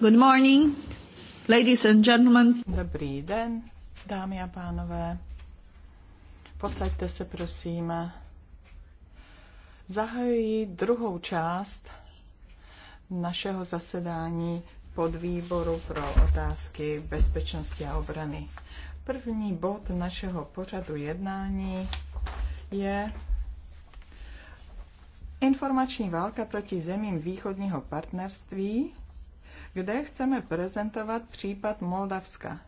Good morning, ladies and gentlemen. Dobrý den, dámy a pánové. Posaďte se, prosím. Zahajuji druhou část našeho zasedání pod výboru pro otázky bezpečnosti a obrany. První bod našeho pořadu jednání je Informační válka proti zemím východního partnerství, kde chceme prezentovat případ Moldavska.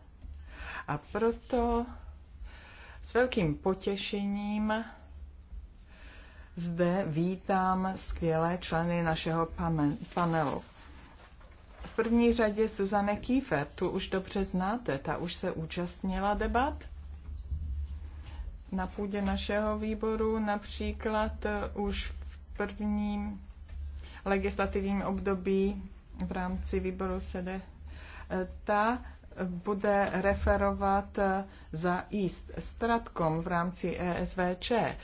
A proto s velkým potěšením zde vítám skvělé členy našeho panelu. V první řadě Suzanne Kiefer, tu už dobře znáte, ta už se účastnila debat na půdě našeho výboru, například eh, už v prvním legislativním období v rámci výboru SEDE. Ta bude referovat e, za East Stratcom v rámci ESVČ. E,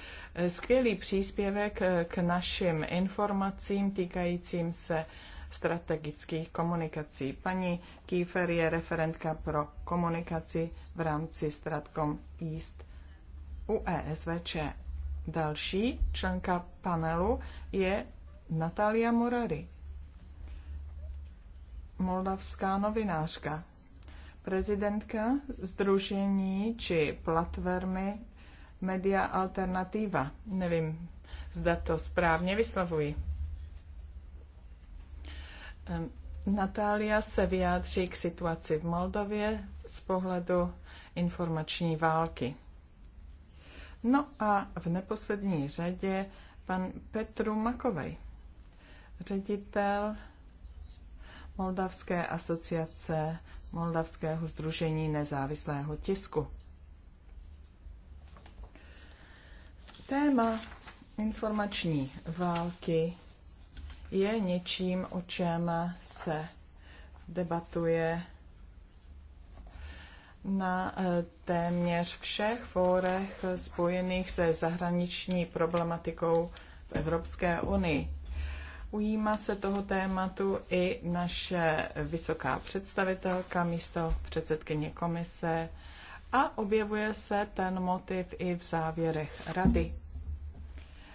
skvělý příspěvek e, k našim informacím týkajícím se strategických komunikací. Paní Kiefer je referentka pro komunikaci v rámci Stratcom East u ESVČ. Další členka panelu je Natalia Morari, moldavská novinářka, prezidentka Združení či platvermy Media Alternativa. Nevím, zda to správně vyslovuji. Natália se vyjádří k situaci v Moldově z pohledu informační války. No a v neposlední řadě pan Petru Makovej, ředitel Moldavské asociace Moldavského združení nezávislého tisku. Téma informační války je něčím, o čem se debatuje na eh, téměř všech fórech spojených se zahraniční problematikou v Evropské unii. Ujíma se toho tématu i naše vysoká představitelka, místo předsedkyně komise a objevuje se ten motiv i v závěrech rady.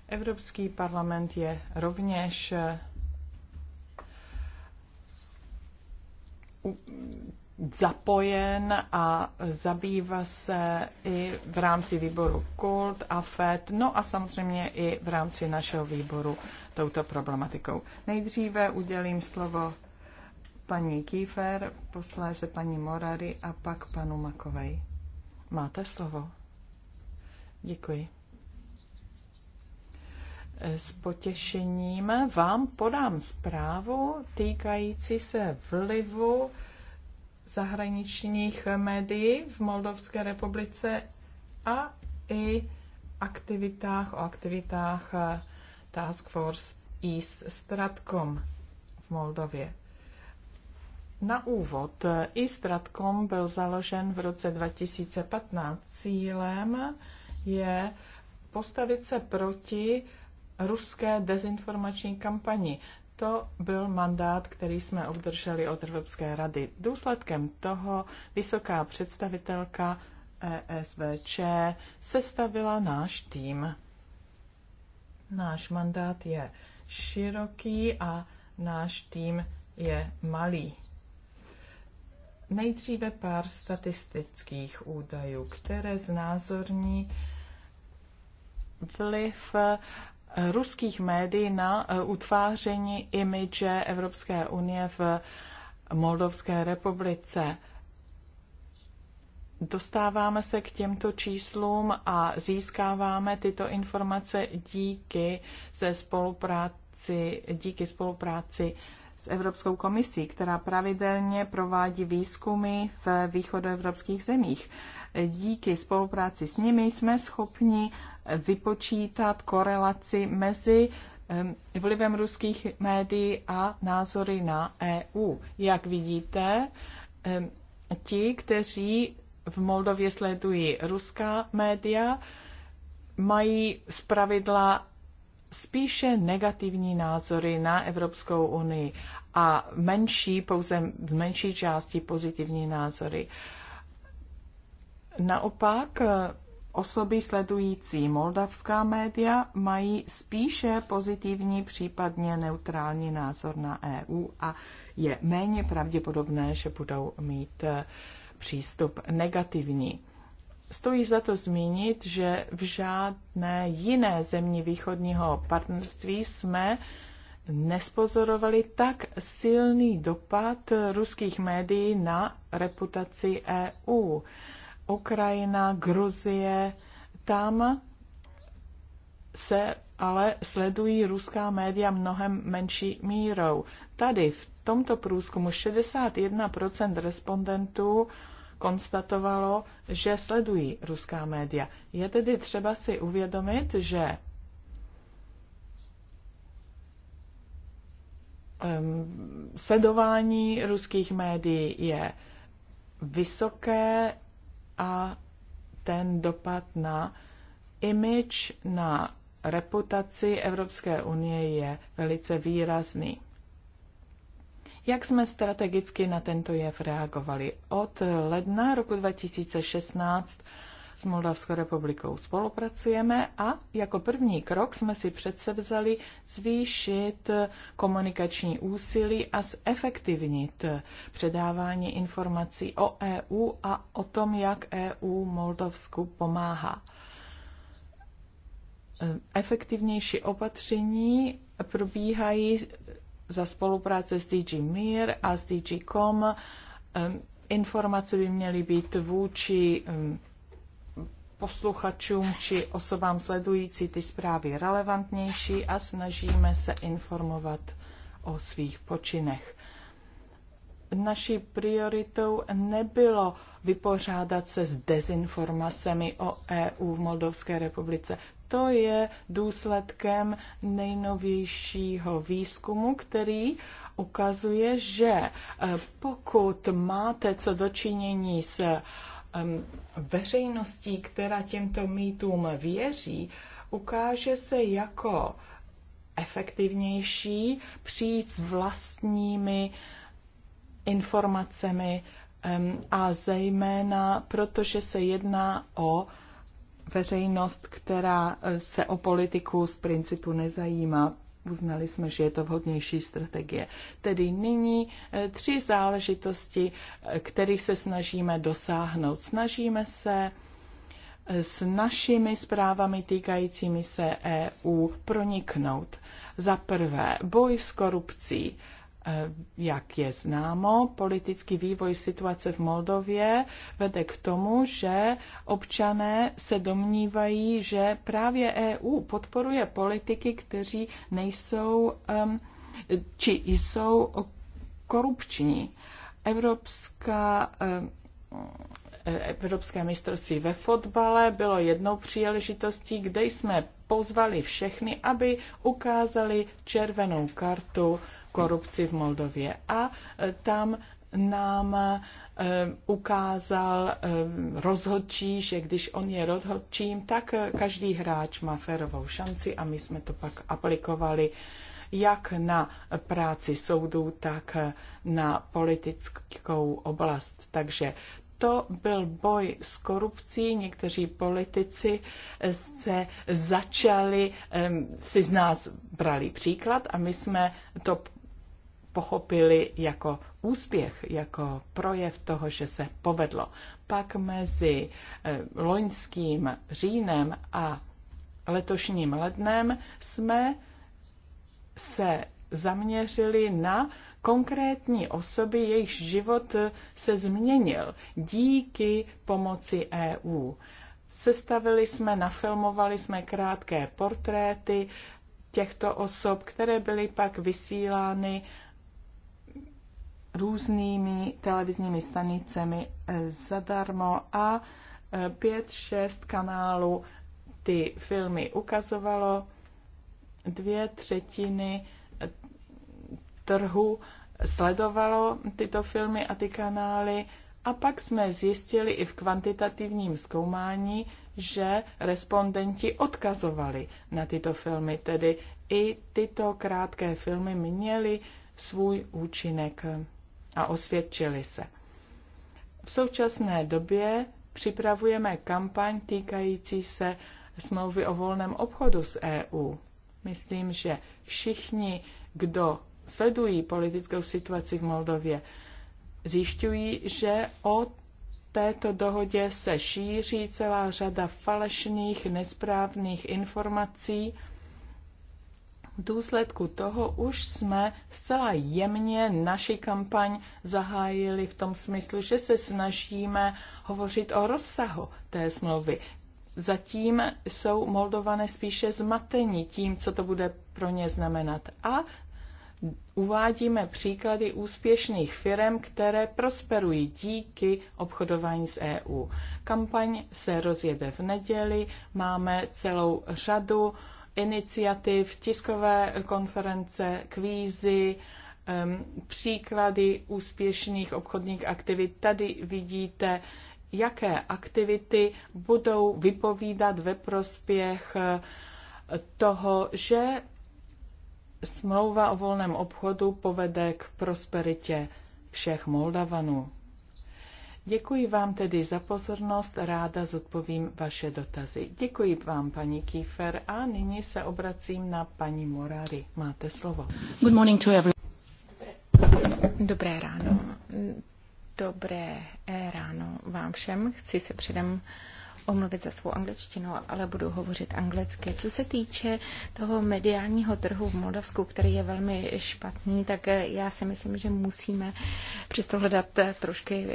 Evropský parlament je rovněž eh, zapojen a zabývá se i v rámci výboru KULT a FED, no a samozřejmě i v rámci našeho výboru touto problematikou. Nejdříve udělím slovo paní Kiefer, posléze paní Morary a pak panu Makovej. Máte slovo. Děkuji. S potěšením vám podám zprávu týkající se vlivu zahraničních médií v Moldovské republice a i aktivitách, o aktivitách eh, Task Force s Stratcom v Moldově. Na úvod, eh, i Stratcom byl založen v roce 2015. Cílem je postavit se proti ruské dezinformační kampani. To byl mandát, který jsme obdrželi od Evropské rady. Důsledkem toho vysoká představitelka ESVČ sestavila náš tým. Náš mandát je široký a náš tým je malý. Nejdříve pár statistických údajů, které znázorní vliv ruských médií na eh, utváření imidže Evropské unie v Moldovské republice. Dostáváme se k těmto číslům a získáváme tyto informace díky ze spolupráci, díky spolupráci s Evropskou komisí, která pravidelně provádí výzkumy v východoevropských zemích. Díky spolupráci s nimi jsme schopni vypočítat korelaci mezi vlivem ruských médií a názory na EU. Jak vidíte, ti, kteří v Moldově sledují ruská média, mají zpravidla spíše negativní názory na Evropskou unii a menší, pouze v menší části pozitivní názory. Naopak Osoby sledující moldavská média mají spíše pozitivní, případně neutrální názor na EU a je méně pravděpodobné, že budou mít eh, přístup negativní. Stojí za to zmínit, že v žádné jiné zemi východního partnerství jsme nespozorovali tak silný dopad ruských médií na reputaci EU. Ukrajina, Gruzie, tam se ale sledují ruská média mnohem menší mírou. Tady v tomto průzkumu 61% respondentů konstatovalo, že sledují ruská média. Je tedy třeba si uvědomit, že sledování ruských médií je vysoké, a ten dopad na image, na reputaci Evropské unie je velice výrazný. Jak jsme strategicky na tento jev reagovali? Od ledna roku 2016 s Moldavskou republikou spolupracujeme a jako první krok jsme si předsevzali zvýšit komunikační úsilí a zefektivnit předávání informací o EU a o tom, jak EU Moldavsku pomáhá. Efektivnější opatření probíhají za spolupráce s DG Mir a s DG Com. Informace by měly být vůči posluchačům či osobám sledující ty zprávy relevantnější a snažíme se informovat o svých počinech. Naší prioritou nebylo vypořádat se s dezinformacemi o EU v Moldovské republice. To je důsledkem nejnovějšího výzkumu, který ukazuje, že eh, pokud máte co dočinění s veřejností, která těmto mýtům věří, ukáže se jako efektivnější přijít s vlastními informacemi a zejména, protože se jedná o veřejnost, která eh, se o politiku z principu nezajímá uznali jsme, že je to vhodnější strategie. Tedy nyní eh, tři záležitosti, eh, kterých se snažíme dosáhnout. Snažíme se eh, s našimi zprávami týkajícími se EU proniknout. Za prvé, boj s korupcí Eh, jak je známo, politický vývoj situace v Moldově vede k tomu, že občané se domnívají, že právě EU podporuje politiky, kteří nejsou či jsou korupční. Evropská Evropské mistrovství ve fotbale bylo jednou příležitostí, kde jsme pozvali všechny, aby ukázali červenou kartu korupci v Moldově. A e, tam nám e, ukázal e, rozhodčí, že když on je rozhodčím, tak každý hráč má férovou šanci a my jsme to pak aplikovali jak na práci soudů, tak na politickou oblast. Takže to byl boj s korupcí. Někteří politici se začali, si z nás brali příklad a my jsme to pochopili jako úspěch, jako projev toho, že se povedlo. Pak mezi eh, loňským říjnem a letošním lednem jsme se zaměřili na konkrétní osoby, jejichž život eh, se změnil díky pomoci EU. Sestavili jsme, nafilmovali jsme krátké portréty těchto osob, které byly pak vysílány různými televizními stanicemi eh, zadarmo a eh, pět, šest kanálů ty filmy ukazovalo. Dvě třetiny eh, trhu sledovalo tyto filmy a ty kanály. A pak jsme zjistili i v kvantitativním zkoumání, že respondenti odkazovali na tyto filmy, tedy i tyto krátké filmy měly svůj účinek a osvědčily se. V současné době připravujeme kampaň týkající se smlouvy o volném obchodu s EU. Myslím, že všichni, kdo sledují politickou situaci v Moldově, zjišťují, že o této dohodě se šíří celá řada falešných, nesprávných informací, v důsledku toho už jsme zcela jemně naši kampaň zahájili v tom smyslu, že se snažíme hovořit o rozsahu té smlouvy. Zatím jsou Moldované spíše zmatení tím, co to bude pro ně znamenat. A uvádíme příklady úspěšných firm, které prosperují díky obchodování s EU. Kampaň se rozjede v neděli, máme celou řadu iniciativ, tiskové konference, kvízy, příklady úspěšných obchodních aktivit. Tady vidíte, jaké aktivity budou vypovídat ve prospěch eh, toho, že smlouva o volném obchodu povede k prosperitě všech Moldavanů. Děkuji vám tedy za pozornost, ráda zodpovím vaše dotazy. Děkuji vám, paní Kiefer, a nyní se obracím na paní Morary. Máte slovo. Good morning to everyone. Dobré ráno. Dobré eh, ráno vám všem. Chci se předem omluvit za svou angličtinu, ale budu hovořit anglicky. Co se týče toho mediálního trhu v Moldavsku, který je velmi špatný, tak eh, já si myslím, že musíme přesto hledat eh, trošky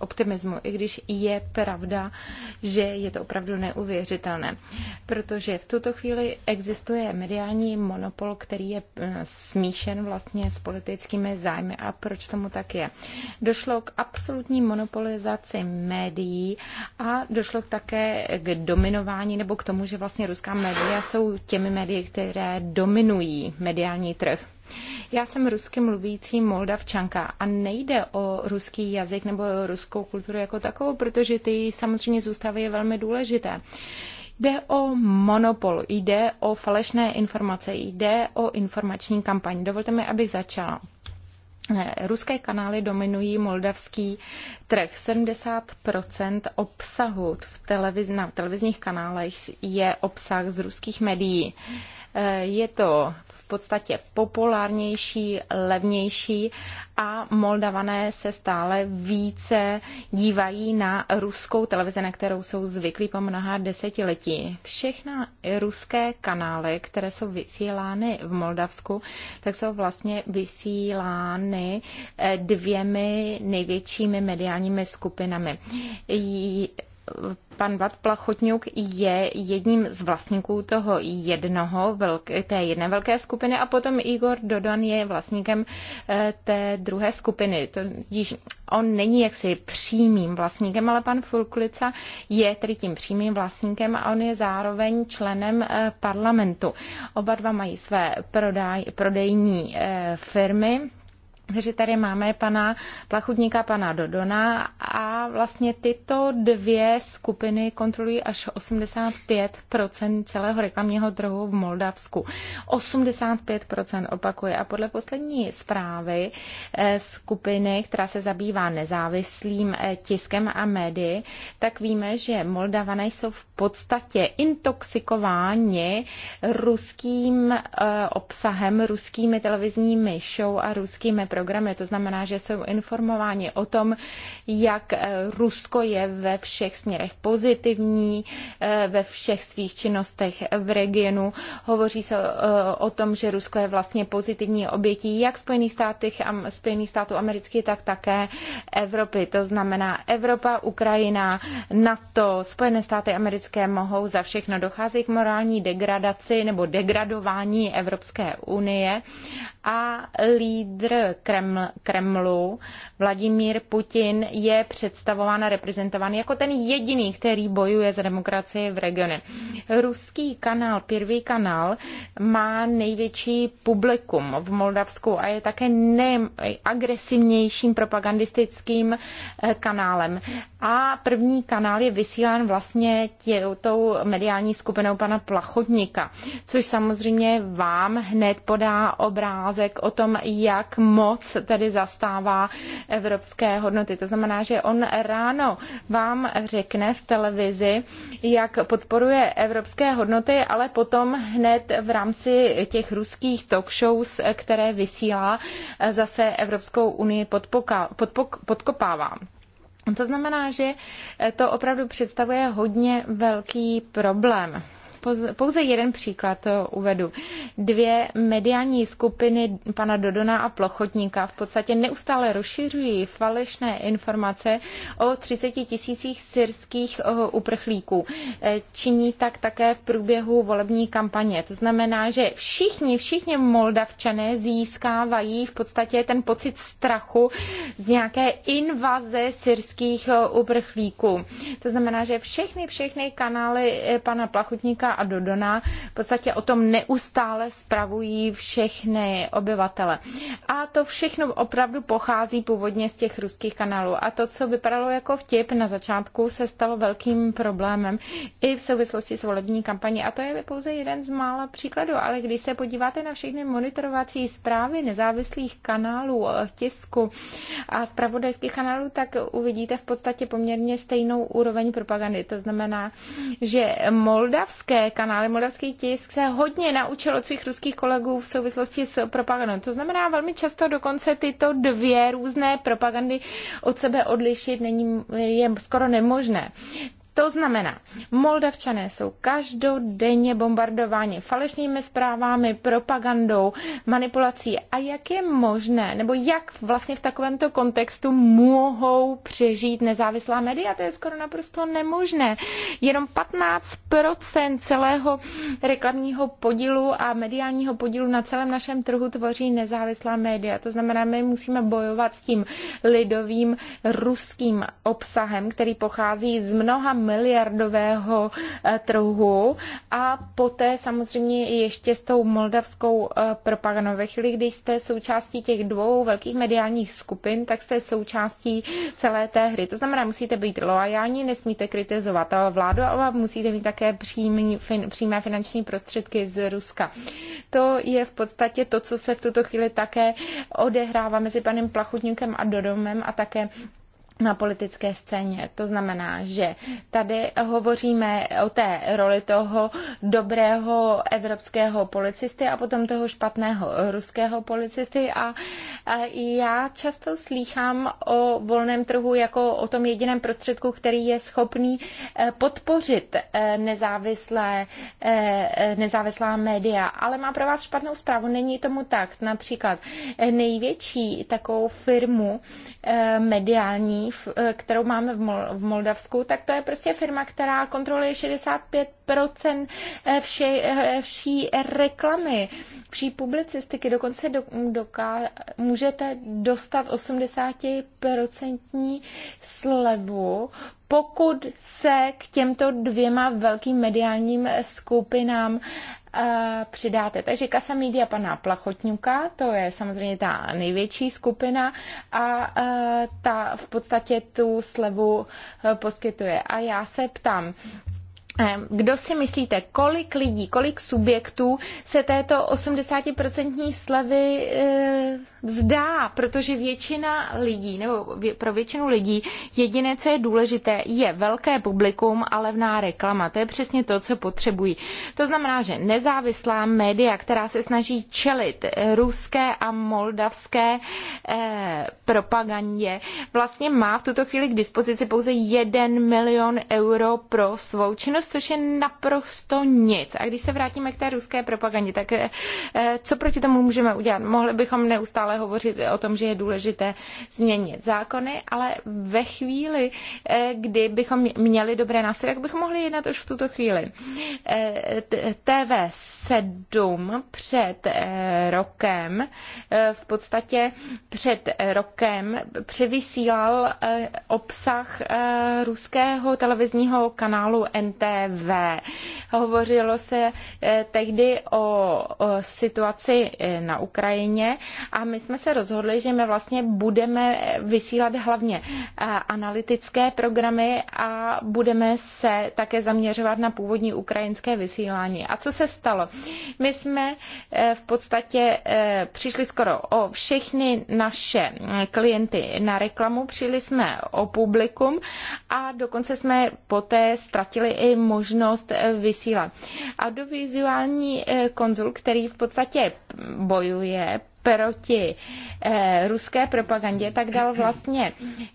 optimismu, i když je pravda, že je to opravdu neuvěřitelné. Protože v tuto chvíli existuje mediální monopol, který je eh, smíšen vlastně s politickými zájmy. A proč tomu tak je? Došlo k absolutní monopolizaci médií a došlo také k dominování nebo k tomu, že vlastně ruská média jsou těmi médii, které dominují mediální trh. Já jsem rusky mluvící moldavčanka a nejde o ruský jazyk nebo o ruskou kulturu jako takovou, protože ty samozřejmě zůstávají velmi důležité. Jde o monopol, jde o falešné informace, jde o informační kampaň. Dovolte mi, abych začala. Eh, ruské kanály dominují moldavský trh. 70 obsahu v televiz, na televizních kanálech je obsah z ruských médií. Eh, je to podstatě populárnější, levnější a Moldavané se stále více dívají na ruskou televizi, na kterou jsou zvyklí po mnoha desetiletí. Všechna ruské kanály, které jsou vysílány v Moldavsku, tak jsou vlastně vysílány eh, dvěmi největšími mediálními skupinami pan Vlad Plachotňuk je jedním z vlastníků toho jednoho, velké, té jedné velké skupiny a potom Igor Dodon je vlastníkem eh, té druhé skupiny. To, již, on není jaksi přímým vlastníkem, ale pan Fulklica je tedy tím přímým vlastníkem a on je zároveň členem eh, parlamentu. Oba dva mají své prodaj, prodejní eh, firmy takže tady máme pana Plachutníka, pana Dodona a vlastně tyto dvě skupiny kontrolují až 85% celého reklamního trhu v Moldavsku. 85% opakuje. A podle poslední zprávy eh, skupiny, která se zabývá nezávislým eh, tiskem a médii, tak víme, že Moldavané jsou v podstatě intoxikováni ruským eh, obsahem, ruskými televizními show a ruskými pro programy. To znamená, že jsou informováni o tom, jak eh, Rusko je ve všech směrech pozitivní, eh, ve všech svých činnostech v regionu. Hovoří se eh, o tom, že Rusko je vlastně pozitivní obětí jak Spojených, státech, Spojených států amerických, tak také Evropy. To znamená Evropa, Ukrajina, NATO, Spojené státy americké mohou za všechno. docházet k morální degradaci nebo degradování Evropské unie a lídr Kreml, Kremlu, Vladimír Putin je představován a reprezentován jako ten jediný, který bojuje za demokracii v regionu. Ruský kanál, Pirvý kanál, má největší publikum v Moldavsku a je také nejagresivnějším propagandistickým eh, kanálem. A první kanál je vysílán vlastně tě, tou mediální skupinou pana Plachotníka, což samozřejmě vám hned podá obrázek o tom, jak moc moc tedy zastává evropské hodnoty. To znamená, že on ráno vám řekne v televizi, jak podporuje evropské hodnoty, ale potom hned v rámci těch ruských talk shows, které vysílá, zase Evropskou unii podpoka, podpok, podkopává. To znamená, že to opravdu představuje hodně velký problém. Pouze jeden příklad to uvedu. Dvě mediální skupiny pana Dodona a Plochotníka v podstatě neustále rozšiřují falešné informace o 30 tisících syrských eh, uprchlíků. Eh, činí tak také v průběhu volební kampaně. To znamená, že všichni, všichni moldavčané získávají v podstatě ten pocit strachu z nějaké invaze syrských eh, uprchlíků. To znamená, že všechny, všechny kanály pana Plachutníka a do Dona v podstatě o tom neustále spravují všechny obyvatele. A to všechno opravdu pochází původně z těch ruských kanálů. A to, co vypadalo jako vtip na začátku, se stalo velkým problémem i v souvislosti s volební kampaní. A to je pouze jeden z mála příkladů, ale když se podíváte na všechny monitorovací zprávy nezávislých kanálů, eh, tisku a zpravodajských kanálů, tak uvidíte v podstatě poměrně stejnou úroveň propagandy. To znamená, že moldavské kanály, moldavský tisk se hodně naučil od svých ruských kolegů v souvislosti s propagandou. To znamená, velmi často dokonce tyto dvě různé propagandy od sebe odlišit není, je skoro nemožné. To znamená, Moldavčané jsou každodenně bombardováni falešnými zprávami, propagandou, manipulací. A jak je možné, nebo jak vlastně v takovémto kontextu mohou přežít nezávislá média? To je skoro naprosto nemožné. Jenom 15% celého reklamního podílu a mediálního podílu na celém našem trhu tvoří nezávislá média. To znamená, my musíme bojovat s tím lidovým ruským obsahem, který pochází z mnoha miliardového eh, trhu a poté samozřejmě ještě s tou moldavskou eh, propagandou. Ve chvíli, když jste součástí těch dvou velkých mediálních skupin, tak jste součástí celé té hry. To znamená, musíte být loajální, nesmíte kritizovat vládu a musíte mít také přímé finanční prostředky z Ruska. To je v podstatě to, co se v tuto chvíli také odehrává mezi panem Plachutňukem a Dodomem a také na politické scéně. To znamená, že tady hovoříme o té roli toho dobrého evropského policisty a potom toho špatného ruského policisty a, já často slýchám o volném trhu jako o tom jediném prostředku, který je schopný eh, podpořit eh, nezávislé, eh, nezávislá média. Ale má pro vás špatnou zprávu, není tomu tak. Například největší takovou firmu mediální Eh, kterou máme v Moldavsku, tak to je prostě firma, která kontroluje 65% eh, vše, eh, vší reklamy, vší publicistiky. Dokonce do, doká, můžete dostat 80% slevu, pokud se k těmto dvěma velkým mediálním skupinám eh, přidáte. Takže Kasa Media pana Plachotňuka, to je samozřejmě ta největší skupina a eh, ta v podstatě tu slevu eh, poskytuje. A já se ptám, Ehm, kdo si myslíte, kolik lidí, kolik subjektů se této 80% slevy eh, vzdá? Protože většina lidí, nebo pro většinu lidí, jediné, co je důležité, je velké publikum a levná reklama. To je přesně to, co potřebují. To znamená, že nezávislá média, která se snaží čelit eh, ruské a moldavské eh, propagandě, vlastně má v tuto chvíli k dispozici pouze 1 milion euro pro svou činnost což je naprosto nic. A když se vrátíme k té ruské propagandě, tak eh, co proti tomu můžeme udělat? Mohli bychom neustále hovořit o tom, že je důležité změnit zákony, ale ve chvíli, eh, kdy bychom měli dobré nástroje, tak bychom mohli jednat už v tuto chvíli. Eh, TV7 před rokem, v podstatě před rokem převysílal obsah ruského televizního kanálu NT BV. Hovořilo se eh, tehdy o situaci eh, na Ukrajině a my jsme se rozhodli, že my vlastně budeme vysílat hlavně eh, analytické programy a budeme se také zaměřovat na původní ukrajinské vysílání. A co se stalo? My jsme v podstatě přišli skoro o všechny naše klienty na reklamu, přišli jsme o publikum a dokonce jsme poté ztratili i možnost eh, vysílat. Audiovizuální eh, konzul, který v podstatě bojuje proti eh, ruské propagandě, tak dal vlastně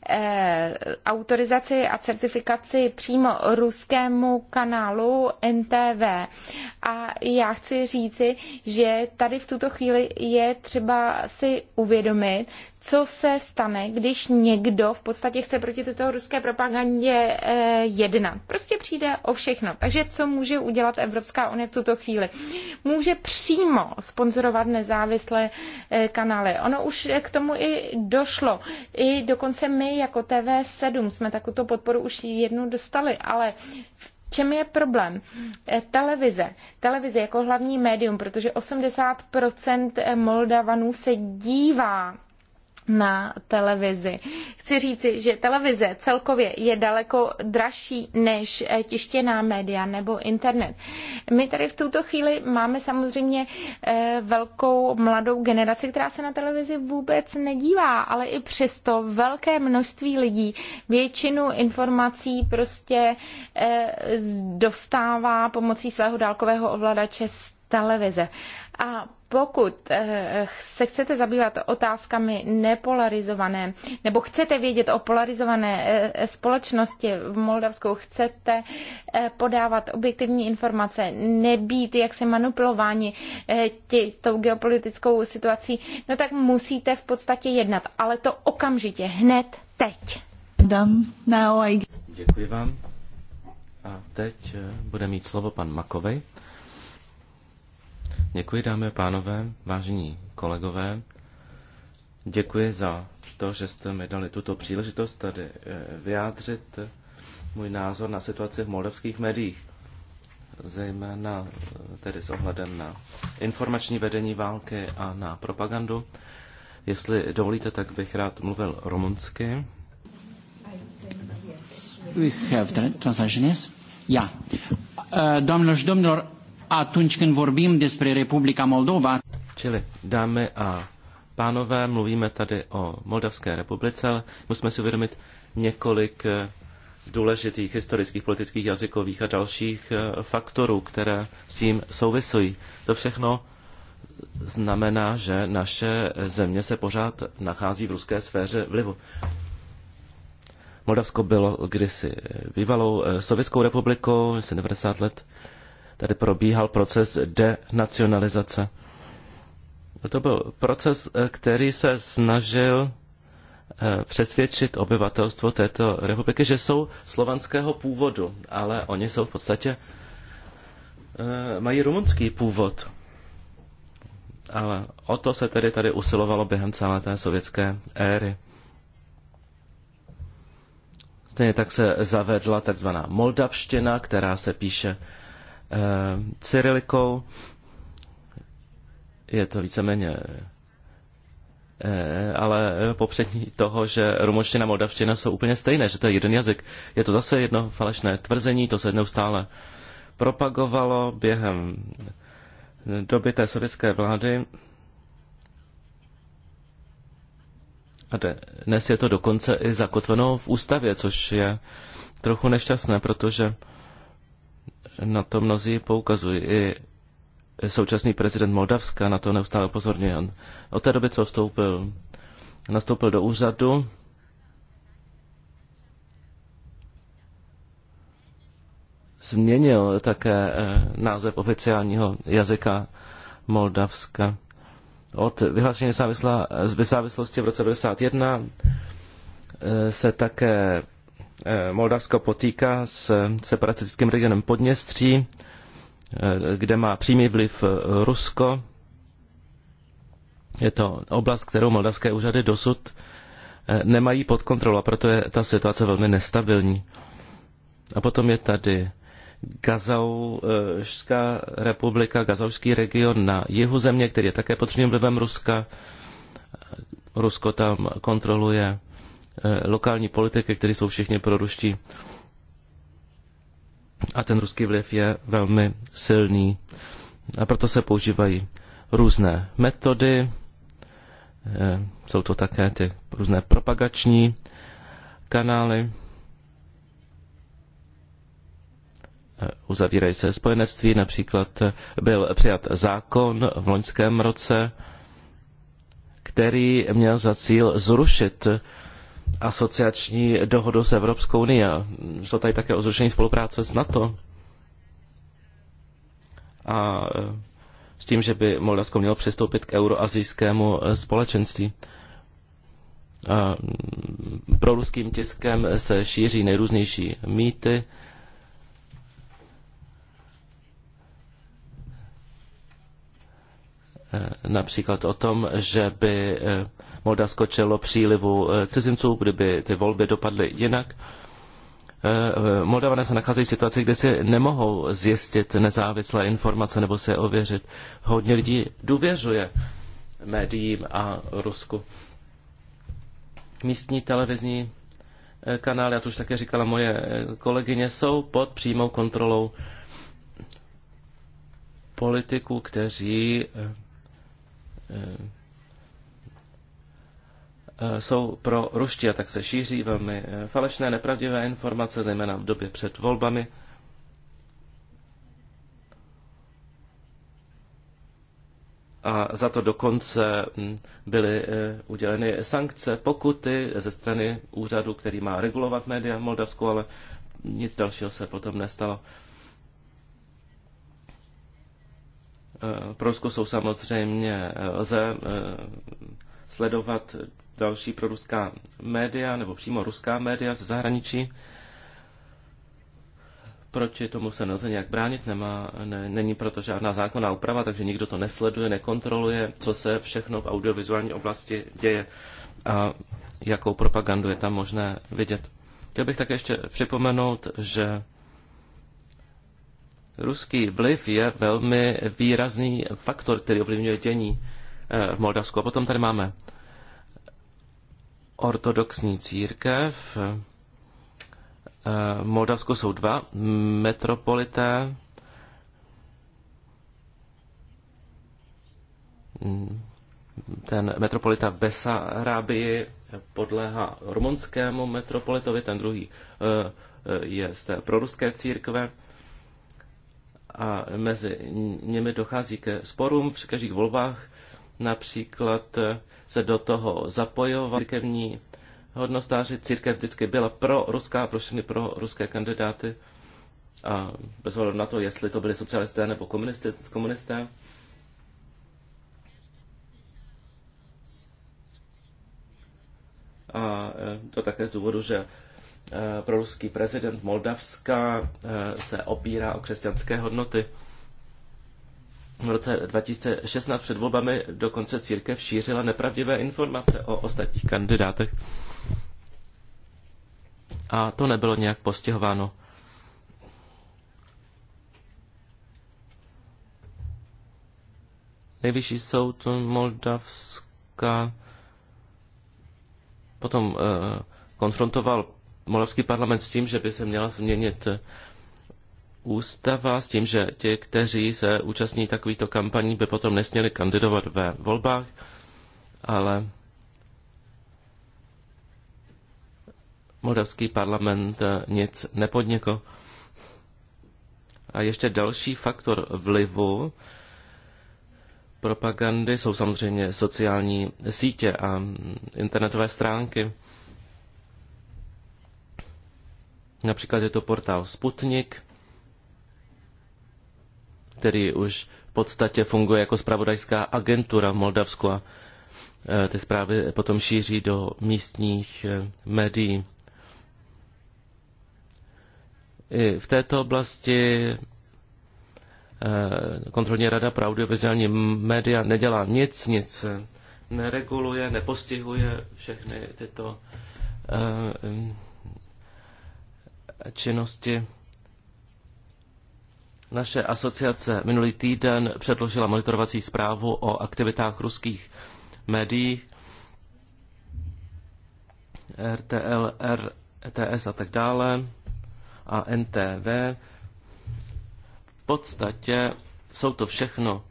eh, autorizaci a certifikaci přímo ruskému kanálu NTV. A já chci říci, že tady v tuto chvíli je třeba si uvědomit, co se stane, když někdo v podstatě chce proti této ruské propagandě eh, jednat. Prostě přijde o všechno. Takže co může udělat Evropská unie v tuto chvíli? Může přímo sponzorovat sponzorovat nezávislé eh, kanály. Ono už k tomu i došlo. I dokonce my jako TV7 jsme takuto podporu už jednu dostali, ale v čem je problém? Eh, televize. Televize jako hlavní médium, protože 80% eh, Moldavanů se dívá na televizi. Chci říci, že televize celkově je daleko dražší než tištěná média nebo internet. My tady v tuto chvíli máme samozřejmě eh, velkou mladou generaci, která se na televizi vůbec nedívá, ale i přesto velké množství lidí většinu informací prostě eh, dostává pomocí svého dálkového ovladače z televize. A pokud eh, se chcete zabývat otázkami nepolarizované, nebo chcete vědět o polarizované eh, společnosti v Moldavsku, chcete eh, podávat objektivní informace, nebýt jak se manipulováni tě, tou geopolitickou situací, no tak musíte v podstatě jednat. Ale to okamžitě, hned teď. Děkuji vám. A teď bude mít slovo pan Makovej. Děkuji, dámy a pánové, vážení kolegové. Děkuji za to, že jste mi dali tuto příležitost tady eh, vyjádřit můj názor na situaci v moldavských médiích, zejména eh, tedy s ohledem na informační vedení války a na propagandu. Jestli dovolíte, tak bych rád mluvil rumunsky. We have translation, yes? Ja. Uh, doamnelor și domnilor, atunci când vorbim despre Republika Moldova. Čili, dámy a pánové, mluvíme tady o Moldavské republice, ale musíme si uvědomit několik eh, důležitých historických, politických, jazykových a dalších eh, faktorů, které s tím souvisují. To všechno znamená, že naše země se pořád nachází v ruské sféře vlivu. Moldavsko bylo kdysi bývalou eh, sovětskou republikou, 90 let tady probíhal proces denacionalizace. To byl proces, eh, který se snažil eh, přesvědčit obyvatelstvo této republiky, že jsou slovanského původu, ale oni jsou v podstatě eh, mají rumunský původ. Ale o to se tedy tady usilovalo během celé té sovětské éry. Stejně tak se zavedla takzvaná moldavština, která se píše Eh, cyrilikou. Je to víceméně eh, ale popřední toho, že rumunština a moldavština jsou úplně stejné, že to je jeden jazyk. Je to zase jedno falešné tvrzení, to se neustále propagovalo během doby té sovětské vlády. A dnes je to dokonce i zakotveno v ústavě, což je trochu nešťastné, protože na to mnozí poukazují. I současný prezident Moldavska na to neustále upozorňuje. On od té doby, co vstoupil, nastoupil do úřadu, změnil také eh, název oficiálního jazyka Moldavska. Od vyhlášení závislosti v roce 1991 eh, se také Eh, Moldavsko potýká s separatistickým regionem Podněstří, eh, kde má přímý vliv eh, Rusko. Je to oblast, kterou moldavské úřady dosud nemají pod kontrolou a proto je ta situace velmi nestabilní. A potom je tady Gazaušská republika, Gazaušský region na jihu země, který je také pod vlivem Ruska. Rusko tam kontroluje Eh, lokální politiky, které jsou všichni proruští. A ten ruský vliv je velmi silný. A proto se používají různé metody, eh, jsou to také ty různé propagační kanály. Eh, uzavírají se spojenectví, například byl přijat zákon v loňském roce, který měl za cíl zrušit asociační dohodu s Evropskou unii. Šlo tady také o zrušení spolupráce s NATO. A e, s tím, že by Moldavsko mělo přistoupit k euroazijskému e, společenství. A pro ruským tiskem se šíří nejrůznější mýty. E, například o tom, že by Moldavsko čelo přílivu eh, cizinců, kdyby ty volby dopadly jinak. Eh, eh, Moldavané se nacházejí v situaci, kde si nemohou zjistit nezávislé informace nebo se ověřit. Hodně lidí důvěřuje médiím a Rusku. Místní televizní kanály, já to už také říkala moje kolegyně, jsou pod přímou kontrolou politiků, kteří Eh, jsou pro ruští a tak se šíří velmi eh, falešné, nepravdivé informace, zejména v době před volbami. A za to dokonce hm, byly eh, uděleny sankce, pokuty ze strany úřadu, který má regulovat média v Moldavsku, ale nic dalšího se potom nestalo. Prosku jsou samozřejmě lze sledovat další pro ruská média, nebo přímo ruská média ze zahraničí. Proti tomu se nelze nějak bránit, nemá, ne, není proto žádná zákonná úprava, takže nikdo to nesleduje, nekontroluje, co se všechno v audiovizuální oblasti děje a jakou propagandu je tam možné vidět. Chtěl bych také ještě připomenout, že ruský vliv je velmi výrazný faktor, který ovlivňuje dění eh, v Moldavsku. A potom tady máme ortodoxní církev. V eh, Moldavsku jsou dva metropolité. Ten metropolita v Besarábii podléhá rumunskému metropolitovi, ten druhý eh, je z té proruské církve a mezi nimi dochází ke sporům při každých volbách například eh, se do toho zapojoval církevní hodnostáři. Církev vždycky byla pro ruská pro všechny pro ruské kandidáty. A bez ohledu na to, jestli to byli socialisté nebo komunisté, komunisté. A eh, to také z důvodu, že eh, proruský prezident Moldavska se opírá o křesťanské hodnoty v roce 2016 před volbami dokonce církev šířila nepravdivé informace o ostatních kandidátech. A to nebylo nějak postihováno. Nejvyšší soud Moldavska potom eh, konfrontoval moldavský parlament s tím, že by se měla změnit eh, ústava s tím, že ti, kteří se účastní takovýchto kampaní, by potom nesměli kandidovat ve volbách, ale moldavský parlament nic nepodnikl. A ještě další faktor vlivu propagandy jsou samozřejmě sociální sítě a internetové stránky. Například je to portál Sputnik, který už v podstatě funguje jako spravodajská agentura v Moldavsku a e, ty zprávy potom šíří do místních e, médií. I v této oblasti e, kontrolní rada pro audiovizuální média nedělá nic, nic nereguluje, nepostihuje všechny tyto činnosti. Naše asociace minulý týden předložila monitorovací zprávu o aktivitách ruských médií, RTL, RTS a tak dále a NTV. V podstatě jsou to všechno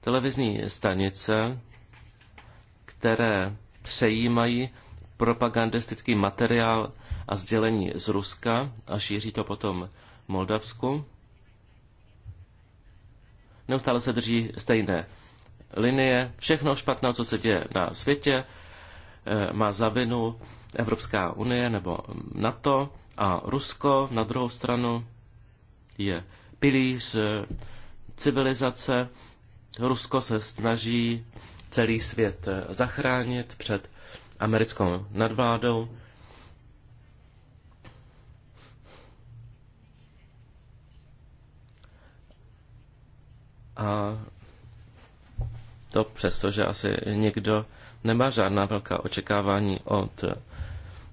televizní stanice, které přejímají propagandistický materiál a sdělení z Ruska a šíří to potom Moldavsku. Neustále se drží stejné linie. Všechno špatné, co se děje na světě, eh, má za vinu Evropská unie nebo NATO a Rusko na druhou stranu je pilíř eh, civilizace. Rusko se snaží celý svět eh, zachránit před americkou nadvládou A to přesto, že asi někdo nemá žádná velká očekávání od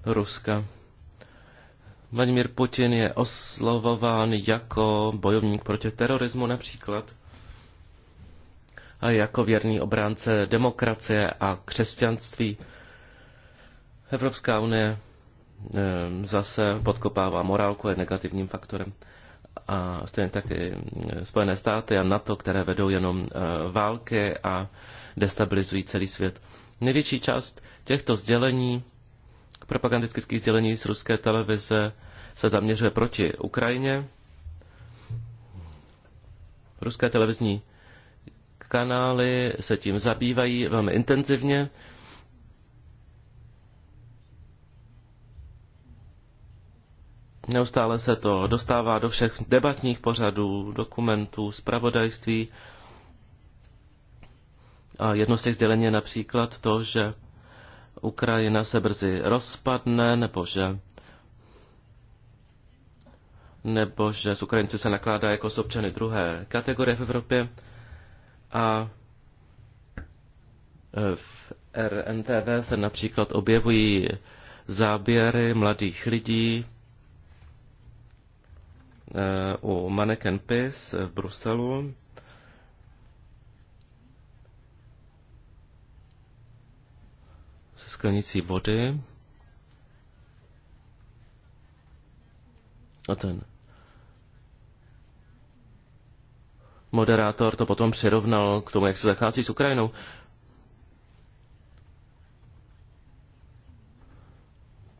Ruska. Vladimír Putin je oslovován jako bojovník proti terorismu například a jako věrný obránce demokracie a křesťanství. Evropská unie eh, zase podkopává morálku je negativním faktorem a stejně taky mm, Spojené státy a NATO, které vedou jenom eh, války a destabilizují celý svět. Největší část těchto sdělení, propagandistických sdělení z ruské televize, se zaměřuje proti Ukrajině. Ruské televizní kanály se tím zabývají velmi intenzivně. Neustále se to dostává do všech debatních pořadů, dokumentů, zpravodajství. A jedno z těch sdělení je například to, že Ukrajina se brzy rozpadne, nebo že nebo že z Ukrajinci se nakládá jako z občany druhé kategorie v Evropě. A e, v RNTV se například objevují záběry mladých lidí, Eh, u Manneken PIS v Bruselu. Se sklenicí vody. A ten moderátor to potom přirovnal k tomu, jak se zachází s Ukrajinou.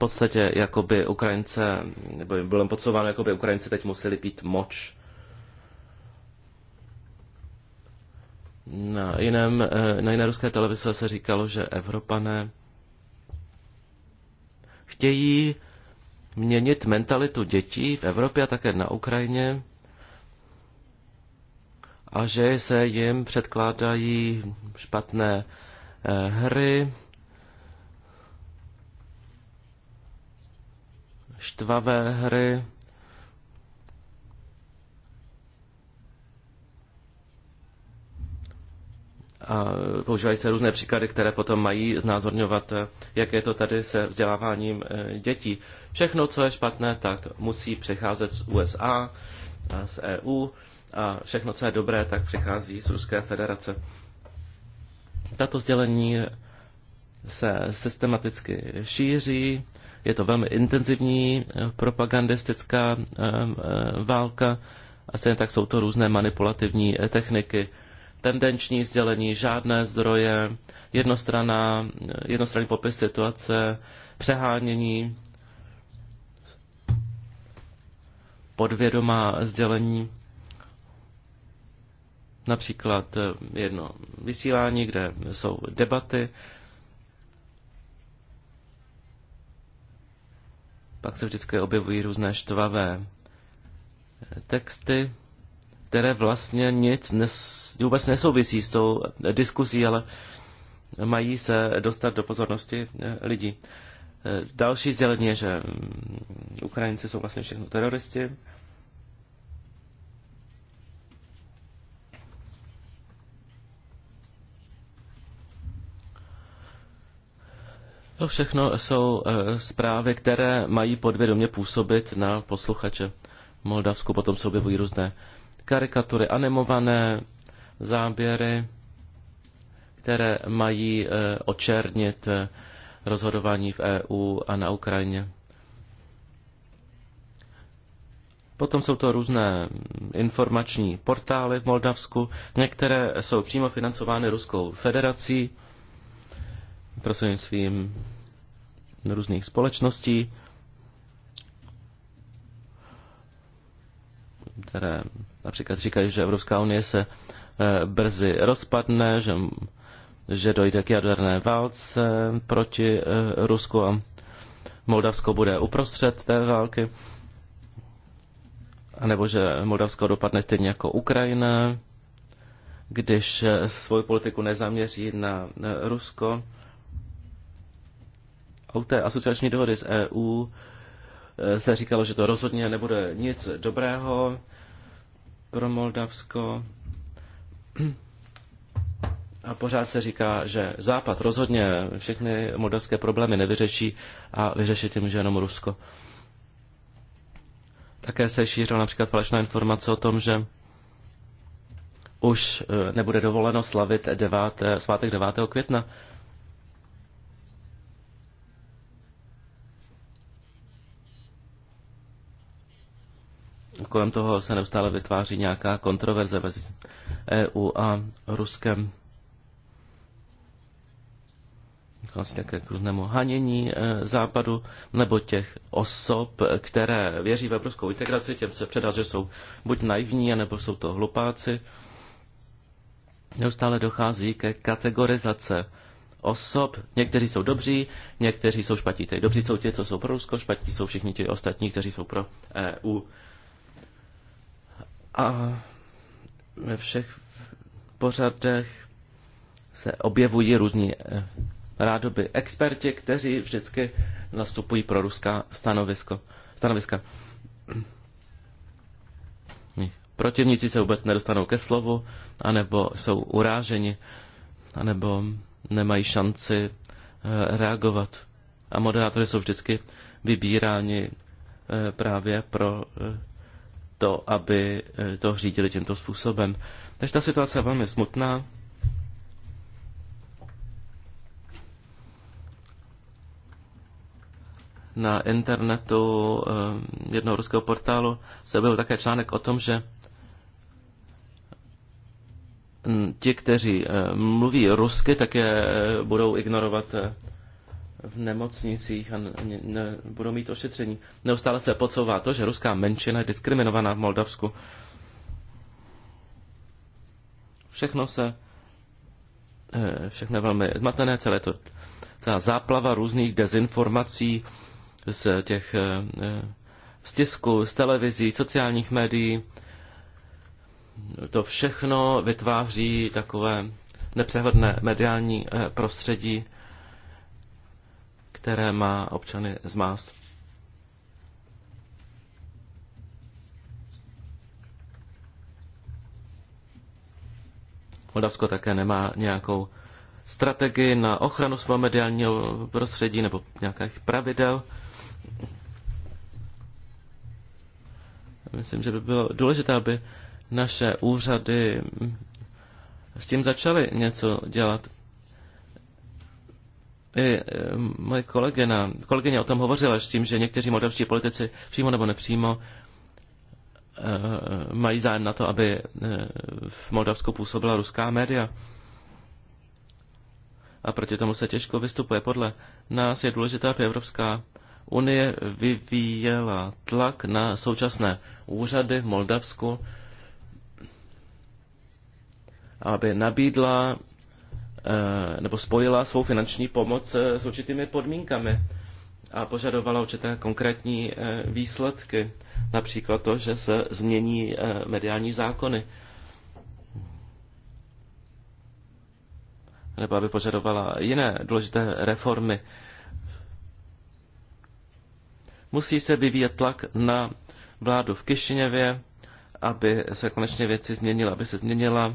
podstatě jakoby Ukrajince, nebo jim bylo podsouváno, jakoby Ukrajinci teď museli pít moč. Na, jiném, eh, na jiné ruské televize se říkalo, že Evropané chtějí měnit mentalitu dětí v Evropě a také na Ukrajině a že se jim předkládají špatné eh, hry, štvavé hry. A používají se různé příklady, které potom mají znázorňovat, jak je to tady se vzděláváním eh, dětí. Všechno, co je špatné, tak musí přecházet z USA, a z EU a všechno, co je dobré, tak přichází z Ruské federace. Tato sdělení se systematicky šíří je to velmi intenzivní eh, propagandistická eh, eh, válka a stejně tak jsou to různé manipulativní techniky. Tendenční sdělení, žádné zdroje, jednostranná, jednostranný popis situace, přehánění, podvědomá sdělení. Například jedno vysílání, kde jsou debaty pak se vždycky objevují různé štvavé eh, texty, které vlastně nic nes, vůbec nesouvisí s tou eh, diskuzí, ale mají se dostat do pozornosti eh, lidí. Další sdělení je, že mm, Ukrajinci jsou vlastně všechno teroristi. To všechno jsou eh, zprávy, které mají podvědomě působit na posluchače. V Moldavsku potom se objevují různé karikatury, animované záběry, které mají eh, očernit eh, rozhodování v EU a na Ukrajině. Potom jsou to různé informační portály v Moldavsku. Některé jsou přímo financovány Ruskou federací prostřednictvím různých společností, které například říkají, že Evropská unie se eh, brzy rozpadne, že, že dojde k jaderné válce proti eh, Rusku a Moldavsko bude uprostřed té války, anebo že Moldavsko dopadne stejně jako Ukrajina, když eh, svou politiku nezaměří na Rusko. U té asociační dohody z EU e, se říkalo, že to rozhodně nebude nic dobrého pro Moldavsko. A pořád se říká, že Západ rozhodně všechny moldavské problémy nevyřeší a vyřešit je může jenom Rusko. Také se šířila například falešná informace o tom, že už e, nebude dovoleno slavit 9, e, svátek 9. května. kolem toho se neustále vytváří nějaká kontroverze mezi EU a Ruskem. Vlastně k různému hanění e, západu nebo těch osob, které věří v evropskou integraci, těm se předá, že jsou buď naivní, nebo jsou to hlupáci. Neustále dochází ke kategorizace osob. Někteří jsou dobří, někteří jsou špatní. dobří jsou ti, co jsou pro Rusko, špatní jsou všichni ti ostatní, kteří jsou pro EU. A ve všech pořadech se objevují různí eh, rádoby experti, kteří vždycky nastupují pro ruská stanovisko, stanoviska. Protivníci se vůbec nedostanou ke slovu, anebo jsou uráženi, anebo nemají šanci eh, reagovat. A moderátory jsou vždycky vybíráni eh, právě pro to, aby eh, to řídili tímto způsobem. Takže ta situace je velmi smutná. Na internetu eh, jednoho ruského portálu se byl také článek o tom, že ti, kteří eh, mluví rusky, také budou ignorovat v nemocnicích a ne, ne, budou mít ošetření. Neustále se podsouvá to, že ruská menšina je diskriminovaná v Moldavsku. Všechno se, eh, všechno je velmi zmatené, celé to, celá záplava různých dezinformací z těch eh, eh, z tisku, z televizí, sociálních médií. To všechno vytváří takové nepřehledné mediální prostředí, které má občany zmást. Moldavsko také nemá nějakou strategii na ochranu svého mediálního prostředí nebo nějakých pravidel. Myslím, že by bylo důležité, aby naše úřady s tím začaly něco dělat. I e, e, moje kolegyna, kolegyně o tom hovořila s tím, že někteří moldavští politici přímo nebo nepřímo e, mají zájem na to, aby v Moldavsku působila ruská média. A proti tomu se těžko vystupuje. Podle nás je důležité, aby Evropská unie vyvíjela tlak na současné úřady v Moldavsku, aby nabídla Eh, nebo spojila svou finanční pomoc eh, s určitými podmínkami a požadovala určité konkrétní eh, výsledky, například to, že se změní mediální zákony. nebo aby požadovala jiné důležité reformy. Musí se vyvíjet tlak na vládu v Kišiněvě, aby se konečně věci změnila, aby se změnila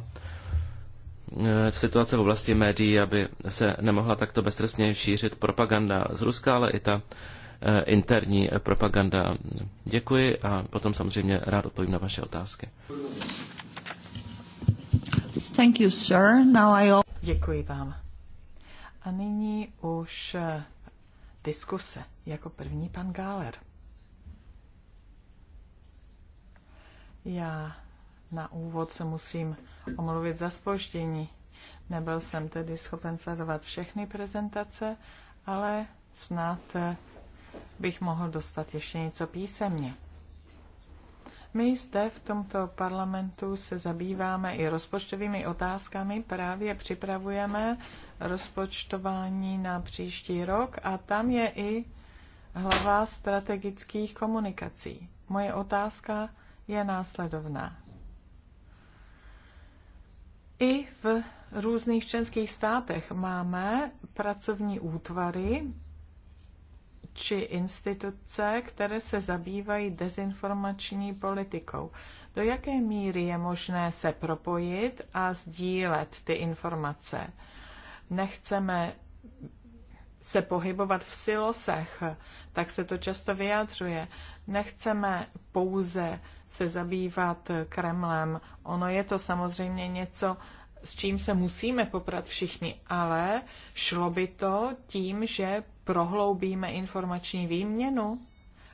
Eh, situace v oblasti médií, aby se nemohla takto beztrestně šířit propaganda z Ruska, ale i ta eh, interní propaganda. Děkuji a potom samozřejmě rád odpovím na vaše otázky. Thank you, sir. Now I... Děkuji vám. A nyní už eh, diskuse. Jako první pan Gáler. Já na úvod se musím omluvit za spoždění. Nebyl jsem tedy schopen sledovat všechny prezentace, ale snad eh, bych mohl dostat ještě něco písemně. My zde v tomto parlamentu se zabýváme i rozpočtovými otázkami, právě připravujeme rozpočtování na příští rok a tam je i hlava strategických komunikací. Moje otázka je následovná. I v různých členských státech máme pracovní útvary či instituce, které se zabývají dezinformační politikou. Do jaké míry je možné se propojit a sdílet ty informace? Nechceme se pohybovat v silosech, tak se to často vyjadřuje. Nechceme pouze se zabývat Kremlem. Ono je to samozřejmě něco, s čím se musíme poprat všichni, ale šlo by to tím, že prohloubíme informační výměnu,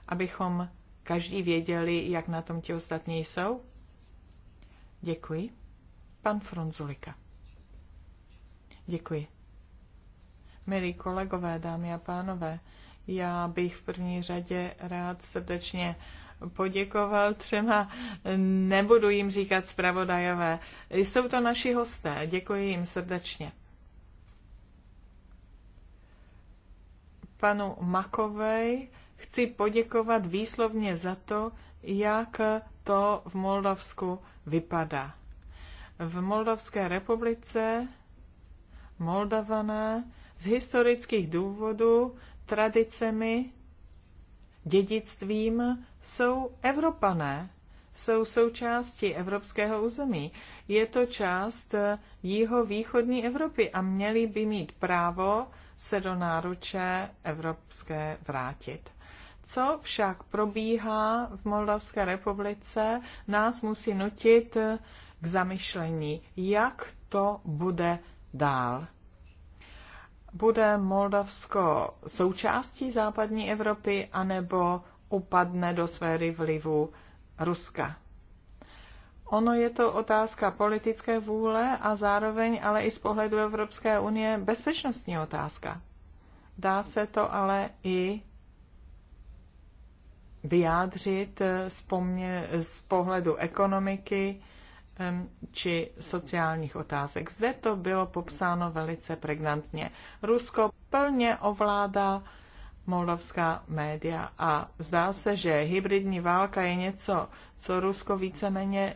abychom každý věděli, jak na tom ti ostatní jsou? Děkuji. Pan Fronzulika. Děkuji. Milí kolegové, dámy a pánové, já bych v první řadě rád srdečně poděkoval třema, nebudu jim říkat zpravodajové. Jsou to naši hosté, děkuji jim srdečně. Panu Makovej chci poděkovat výslovně za to, jak to v Moldavsku vypadá. V Moldavské republice Moldavané z historických důvodů, tradicemi dědictvím jsou Evropané, jsou součástí evropského území. Je to část jihovýchodní Evropy a měli by mít právo se do náruče evropské vrátit. Co však probíhá v Moldavské republice, nás musí nutit k zamyšlení, jak to bude dál. Bude Moldavsko součástí západní Evropy anebo upadne do sféry vlivu Ruska? Ono je to otázka politické vůle a zároveň ale i z pohledu Evropské unie bezpečnostní otázka. Dá se to ale i vyjádřit z, pomě- z pohledu ekonomiky či sociálních otázek. Zde to bylo popsáno velice pregnantně. Rusko plně ovládá moldavská média a zdá se, že hybridní válka je něco, co Rusko víceméně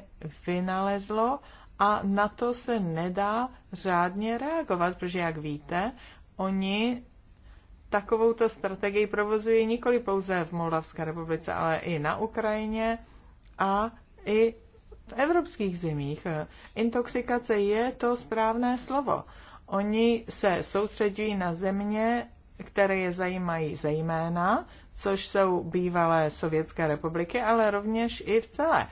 vynalezlo a na to se nedá řádně reagovat, protože jak víte, oni takovouto strategii provozují nikoli pouze v Moldavské republice, ale i na Ukrajině a i v evropských zemích eh, intoxikace je to správné slovo. Oni se soustředují na země, které je zajímají zejména, což jsou bývalé Sovětské republiky, ale rovněž i v celé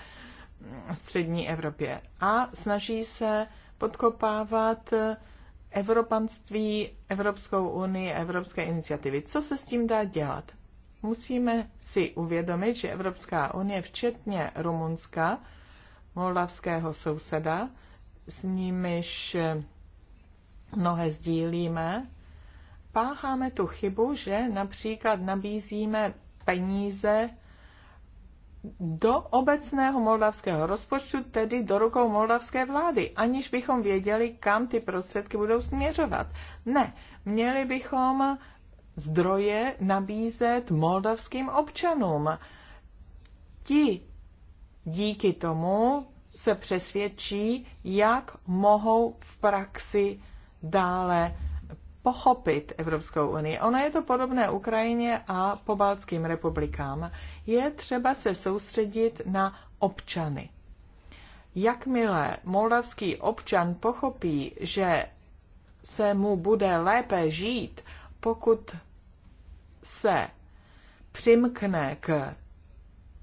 střední Evropě. A snaží se podkopávat eh, evropanství, Evropskou unii, evropské iniciativy. Co se s tím dá dělat? Musíme si uvědomit, že Evropská unie, včetně Rumunska, moldavského souseda, s nimiž eh, mnohé sdílíme, pácháme tu chybu, že například nabízíme peníze do obecného moldavského rozpočtu, tedy do rukou moldavské vlády, aniž bychom věděli, kam ty prostředky budou směřovat. Ne, měli bychom zdroje nabízet moldavským občanům. Ti díky tomu se přesvědčí, jak mohou v praxi dále pochopit Evropskou unii. Ono je to podobné Ukrajině a pobaltským republikám. Je třeba se soustředit na občany. Jakmile moldavský občan pochopí, že se mu bude lépe žít, pokud se přimkne k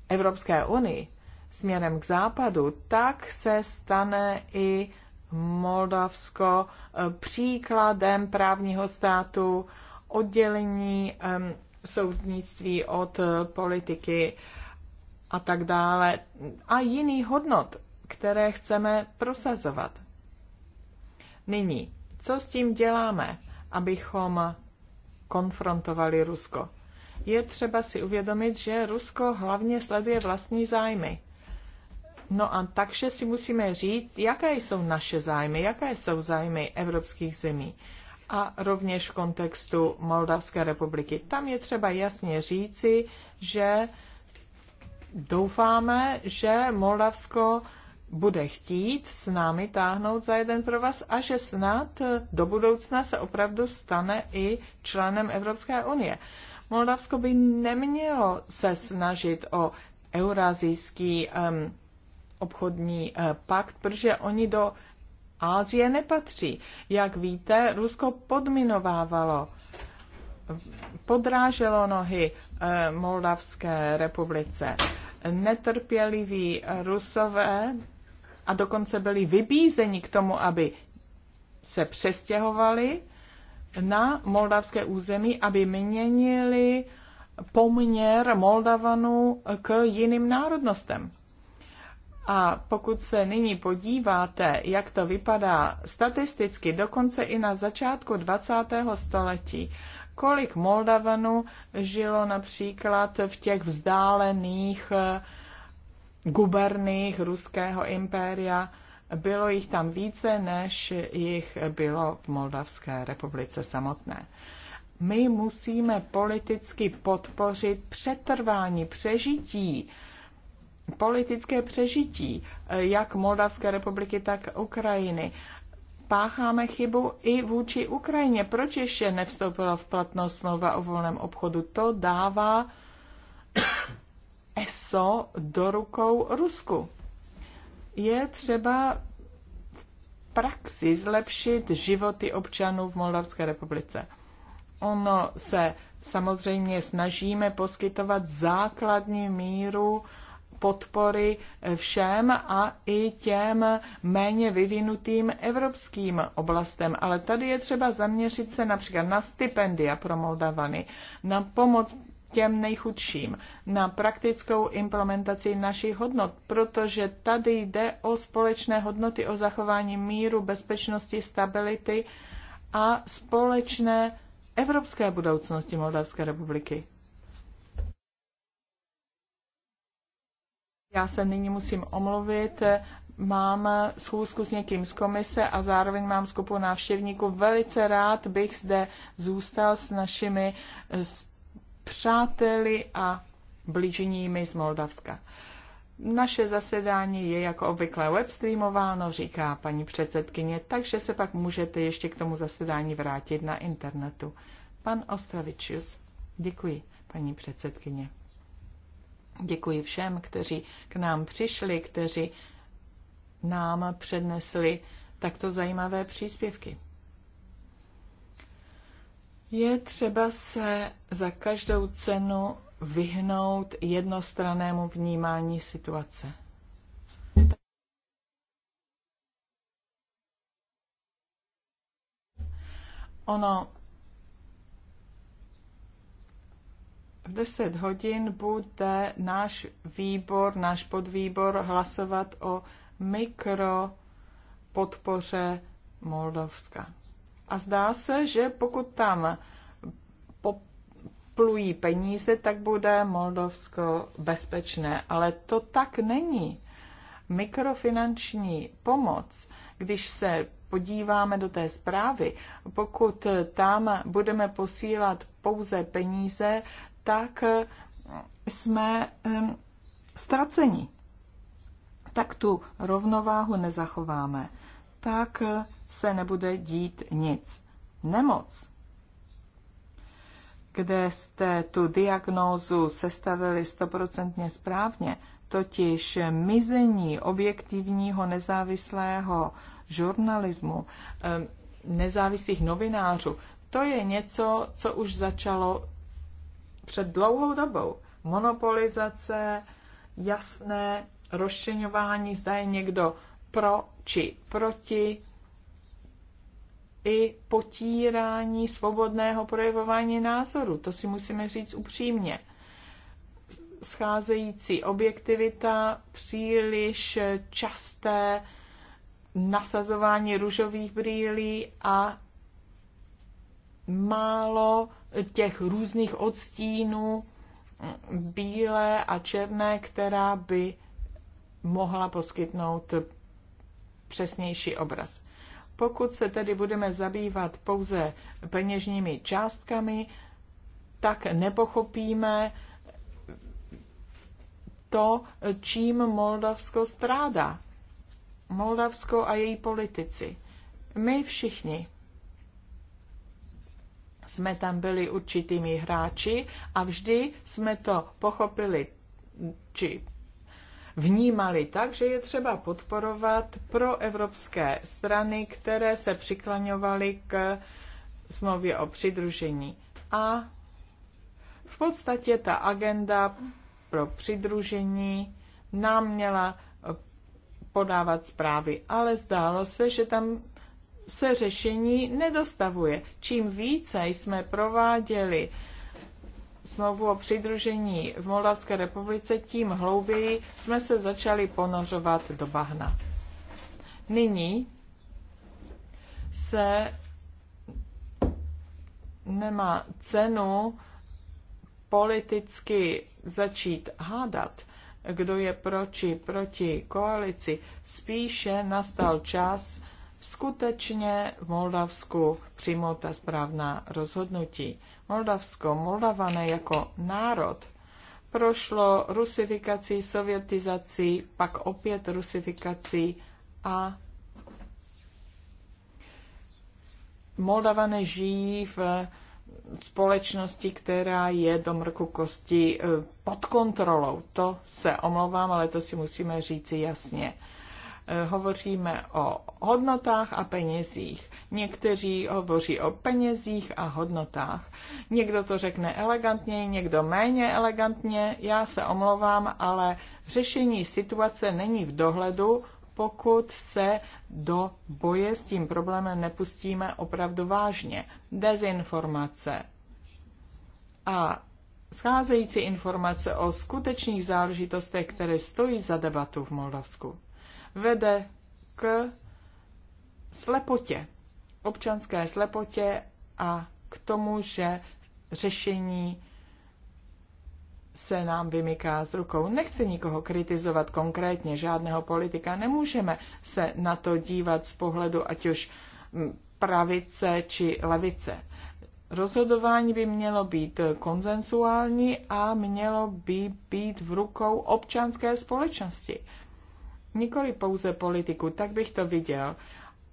Evropské unii, směrem k západu, tak se stane i Moldavsko eh, příkladem právního státu, oddělení soudnictví od eh, politiky a tak dále a jiný hodnot, které chceme prosazovat. Nyní, co s tím děláme, abychom konfrontovali Rusko? Je třeba si uvědomit, že Rusko hlavně sleduje vlastní zájmy No a takže si musíme říct, jaké jsou naše zájmy, jaké jsou zájmy evropských zemí. A rovněž v kontextu Moldavské republiky. Tam je třeba jasně říci, že doufáme, že Moldavsko bude chtít s námi táhnout za jeden pro vás a že snad do budoucna se opravdu stane i členem Evropské unie. Moldavsko by nemělo se snažit o eurazijský um, obchodní eh, pakt, protože oni do Ázie nepatří. Jak víte, Rusko podminovávalo, podráželo nohy eh, Moldavské republice. Netrpěliví Rusové a dokonce byli vybízeni k tomu, aby se přestěhovali na moldavské území, aby měnili poměr Moldavanů k jiným národnostem. A pokud se nyní podíváte, jak to vypadá statisticky, dokonce i na začátku 20. století, kolik Moldavanů žilo například v těch vzdálených eh, guberních ruského impéria, bylo jich tam více, než jich bylo v Moldavské republice samotné. My musíme politicky podpořit přetrvání, přežití politické přežití eh, jak Moldavské republiky, tak Ukrajiny. Pácháme chybu i vůči Ukrajině. Proč ještě nevstoupila v platnost smlouva o volném obchodu? To dává ESO do rukou Rusku. Je třeba v praxi zlepšit životy občanů v Moldavské republice. Ono se samozřejmě snažíme poskytovat základní míru podpory všem a i těm méně vyvinutým evropským oblastem. Ale tady je třeba zaměřit se například na stipendia pro Moldavany, na pomoc těm nejchudším, na praktickou implementaci našich hodnot, protože tady jde o společné hodnoty, o zachování míru, bezpečnosti, stability a společné evropské budoucnosti Moldavské republiky. Já se nyní musím omluvit. Mám schůzku s někým z komise a zároveň mám skupu návštěvníků. Velice rád bych zde zůstal s našimi přáteli a blížními z Moldavska. Naše zasedání je jako obvykle webstreamováno, říká paní předsedkyně, takže se pak můžete ještě k tomu zasedání vrátit na internetu. Pan Ostravičius, děkuji, paní předsedkyně. Děkuji všem, kteří k nám přišli, kteří nám přednesli takto zajímavé příspěvky. Je třeba se za každou cenu vyhnout jednostranému vnímání situace. Ono 10 hodin bude náš výbor, náš podvýbor hlasovat o mikropodpoře Moldavska. A zdá se, že pokud tam plují peníze, tak bude Moldovsko bezpečné. Ale to tak není. Mikrofinanční pomoc, když se podíváme do té zprávy, pokud tam budeme posílat pouze peníze, tak eh, jsme ztraceni. Tak tu rovnováhu nezachováme. Tak eh, se nebude dít nic. Nemoc, kde jste tu diagnózu sestavili stoprocentně správně, totiž mizení objektivního nezávislého žurnalismu, nezávislých novinářů, to je něco, co už začalo před dlouhou dobou. Monopolizace, jasné rozšiňování, zda je někdo pro či proti, i potírání svobodného projevování názoru. To si musíme říct upřímně. Scházející objektivita, příliš časté nasazování růžových brýlí a málo těch různých odstínů mm, bílé a černé, která by mohla poskytnout přesnější obraz. Pokud se tedy budeme zabývat pouze peněžními částkami, tak nepochopíme to, čím Moldavsko strádá. Moldavsko a její politici. My všichni jsme tam byli určitými hráči a vždy jsme to pochopili či vnímali tak, že je třeba podporovat proevropské strany, které se přiklaňovaly k smlouvě o přidružení. A v podstatě ta agenda pro přidružení nám měla podávat zprávy, ale zdálo se, že tam se řešení nedostavuje. Čím více jsme prováděli smlouvu o přidružení v Moldavské republice, tím hlouběji jsme se začali ponořovat do bahna. Nyní se nemá cenu politicky začít hádat, kdo je proči, proti koalici. Spíše nastal čas skutečně v Moldavsku přijmout ta správná rozhodnutí. Moldavsko, Moldavané jako národ prošlo rusifikací, sovětizací, pak opět rusifikací a Moldavané žijí v společnosti, která je do mrku kosti eh, pod kontrolou. To se omlouvám, ale to si musíme říci jasně. Eh, hovoříme o hodnotách a penězích. Někteří hovoří o penězích a hodnotách. Někdo to řekne elegantně, někdo méně elegantně. Já se omlouvám, ale řešení situace není v dohledu, pokud se do boje s tím problémem nepustíme opravdu vážně. Dezinformace a scházející informace o skutečných záležitostech, které stojí za debatu v Moldavsku vede k slepotě, občanské slepotě a k tomu, že řešení se nám vymyká z rukou. Nechci nikoho kritizovat konkrétně, žádného politika. Nemůžeme se na to dívat z pohledu ať už mm, pravice či levice. Rozhodování by mělo být konzensuální a mělo by být v rukou občanské společnosti nikoli pouze politiku, tak bych to viděl,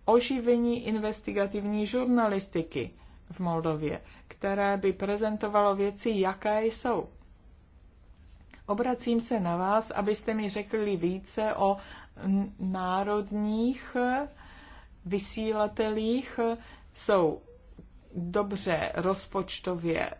oživení investigativní žurnalistiky v Moldově, které by prezentovalo věci, jaké jsou. Obracím se na vás, abyste mi řekli více o národních vysílatelích. Jsou dobře rozpočtově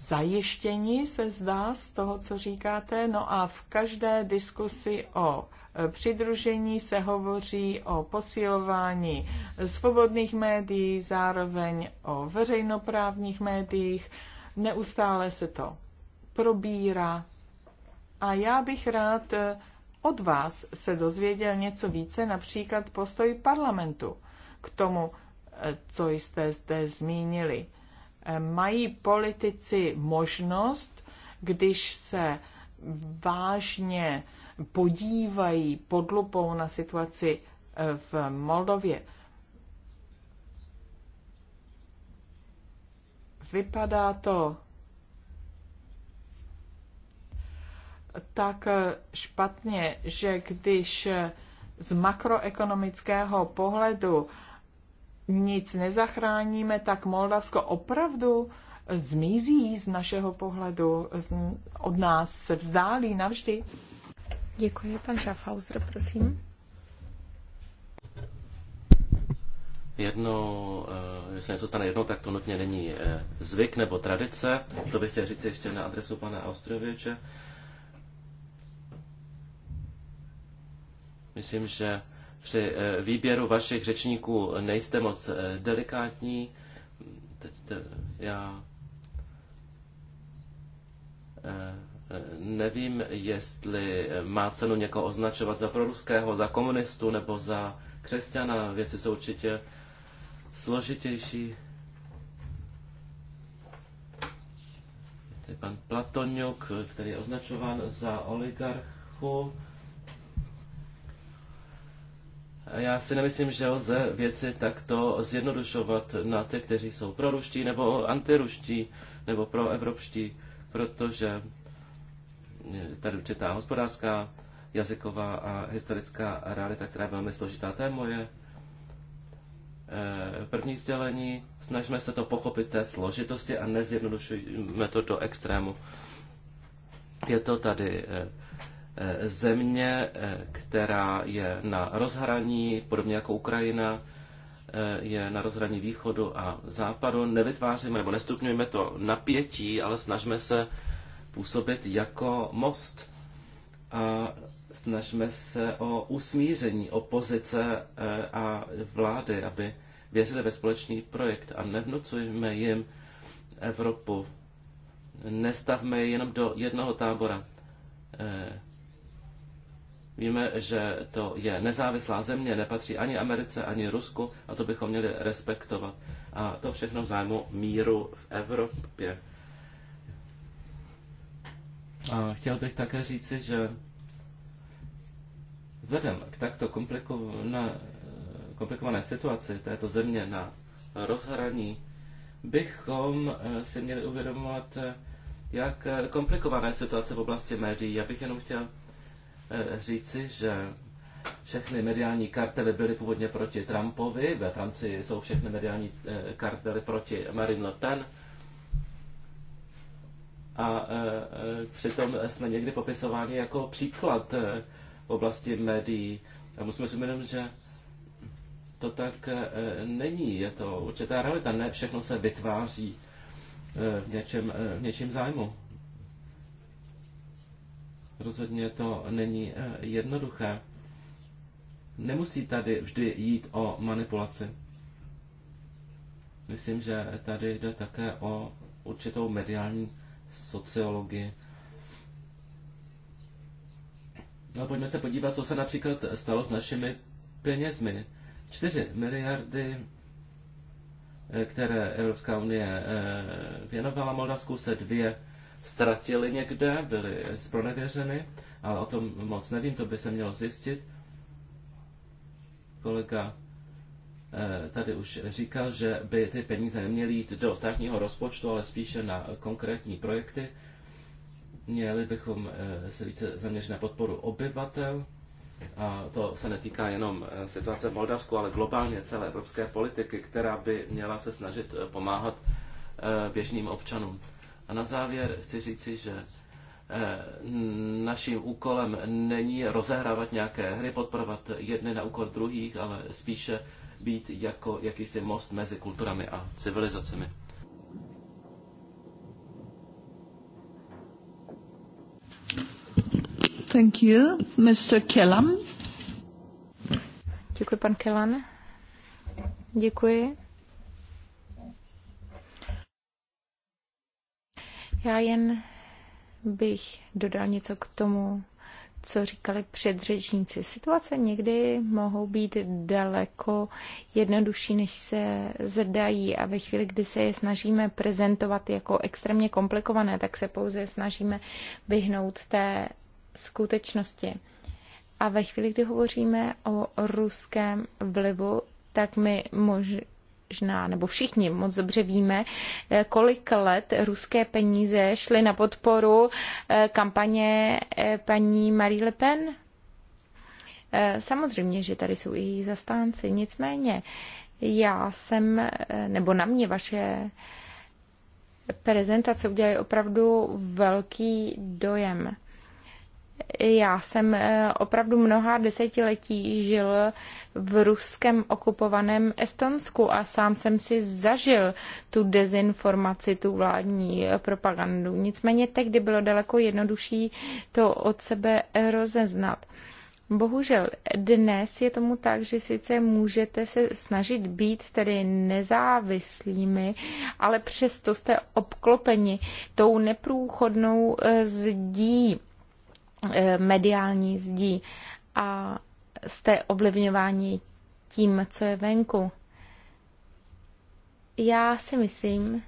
zajištění, se zdá z toho, co říkáte. No a v každé diskusi o přidružení se hovoří o posilování svobodných médií, zároveň o veřejnoprávních médiích. Neustále se to probírá. A já bych rád eh, od vás se dozvěděl něco více, například postoj parlamentu k tomu, eh, co jste zde zmínili. Eh, mají politici možnost, když se vážně podívají pod lupou na situaci eh, v Moldově, vypadá to tak eh, špatně, že když eh, z makroekonomického pohledu nic nezachráníme, tak Moldavsko opravdu zmizí z našeho pohledu, od nás se vzdálí navždy. Děkuji. Pan Schaffhauser, prosím. Jedno, že eh, se něco stane jednou, tak to nutně není eh, zvyk nebo tradice. To bych chtěl říct ještě na adresu pana Austrověče. Myslím, že při eh, výběru vašich řečníků nejste moc delikátní. Teď te, já Nevím, jestli má cenu někoho označovat za proruského, za komunistu nebo za křesťana. Věci jsou určitě složitější. Tady pan Platoniuk, který je označován za oligarchu. Já si nemyslím, že lze věci takto zjednodušovat na ty, kteří jsou proruští nebo antiruští nebo proevropští, protože tady určitá hospodářská, jazyková a historická realita, která je velmi složitá. To je moje eh, první sdělení. Snažíme se to pochopit té složitosti a nezjednodušujeme to do extrému. Je to tady eh, eh, země, která je na rozhraní, podobně jako Ukrajina, je na rozhraní východu a západu. Nevytváříme nebo nestupňujeme to napětí, ale snažíme se působit jako most. A snažme se o usmíření opozice eh, a vlády, aby věřili ve společný projekt a nevnucujme jim Evropu. Nestavme je jenom do jednoho tábora. Eh, víme, že to je nezávislá země, nepatří ani Americe, ani Rusku a to bychom měli respektovat. A to všechno v zájmu míru v Evropě. A chtěl bych také říci, že vzhledem k takto komplikované, komplikované situaci této země na rozhraní, bychom eh, si měli uvědomovat, eh, jak eh, komplikované situace v oblasti médií. Já bych jenom chtěl říci, že všechny mediální kartely byly původně proti Trumpovi, ve Francii jsou všechny mediální kartely proti Marine Le Pen a e, e, přitom jsme někdy popisováni jako příklad e, v oblasti médií. A musíme si uvědomit, že to tak není. Je to určitá realita. Ne všechno se vytváří v něčem, v něčím zájmu. Rozhodně to není jednoduché. Nemusí tady vždy jít o manipulaci. Myslím, že tady jde také o určitou mediální sociologii. No a pojďme se podívat, co se například stalo s našimi penězmi. 4 miliardy, eh, které Evropská unie eh, věnovala Moldavsku, se dvě ztratily někde, byly zpronevěřeny, ale o tom moc nevím, to by se mělo zjistit. Kolega Eh, tady už říkal, že by ty peníze neměly jít do státního rozpočtu, ale spíše na konkrétní projekty. Měli bychom eh, se více zaměřit na podporu obyvatel. A to se netýká jenom eh, situace v Moldavsku, ale globálně celé evropské politiky, která by měla se snažit pomáhat běžným občanům. A na závěr chci říci, že naším úkolem není rozehrávat nějaké hry, podporovat jedny na úkor druhých, ale spíše být jako jakýsi most mezi kulturami a civilizacemi. Thank you. Mr. Kellam. Děkuji, pan Kellan. Děkuji. Já jen bych dodal něco k tomu, co říkali předřečníci. Situace někdy mohou být daleko jednodušší, než se zdají a ve chvíli, kdy se je snažíme prezentovat jako extrémně komplikované, tak se pouze snažíme vyhnout té skutečnosti. A ve chvíli, kdy hovoříme o ruském vlivu, tak my mož- možná, nebo všichni moc dobře víme, eh, kolik let ruské peníze šly na podporu eh, kampaně eh, paní Marie Le Pen. Samozřejmě, že tady jsou i její zastánci, nicméně já jsem, nebo na mě vaše prezentace udělají opravdu velký dojem já jsem eh, opravdu mnoha desetiletí žil v ruském okupovaném Estonsku a sám jsem si zažil tu dezinformaci, tu vládní eh, propagandu. Nicméně tehdy bylo daleko jednodušší to od sebe eh, rozeznat. Bohužel dnes je tomu tak, že sice můžete se snažit být tedy nezávislými, ale přesto jste obklopeni tou neprůchodnou zdí Eh, mediální zdí a jste ovlivňováni tím, co je venku. Já si myslím,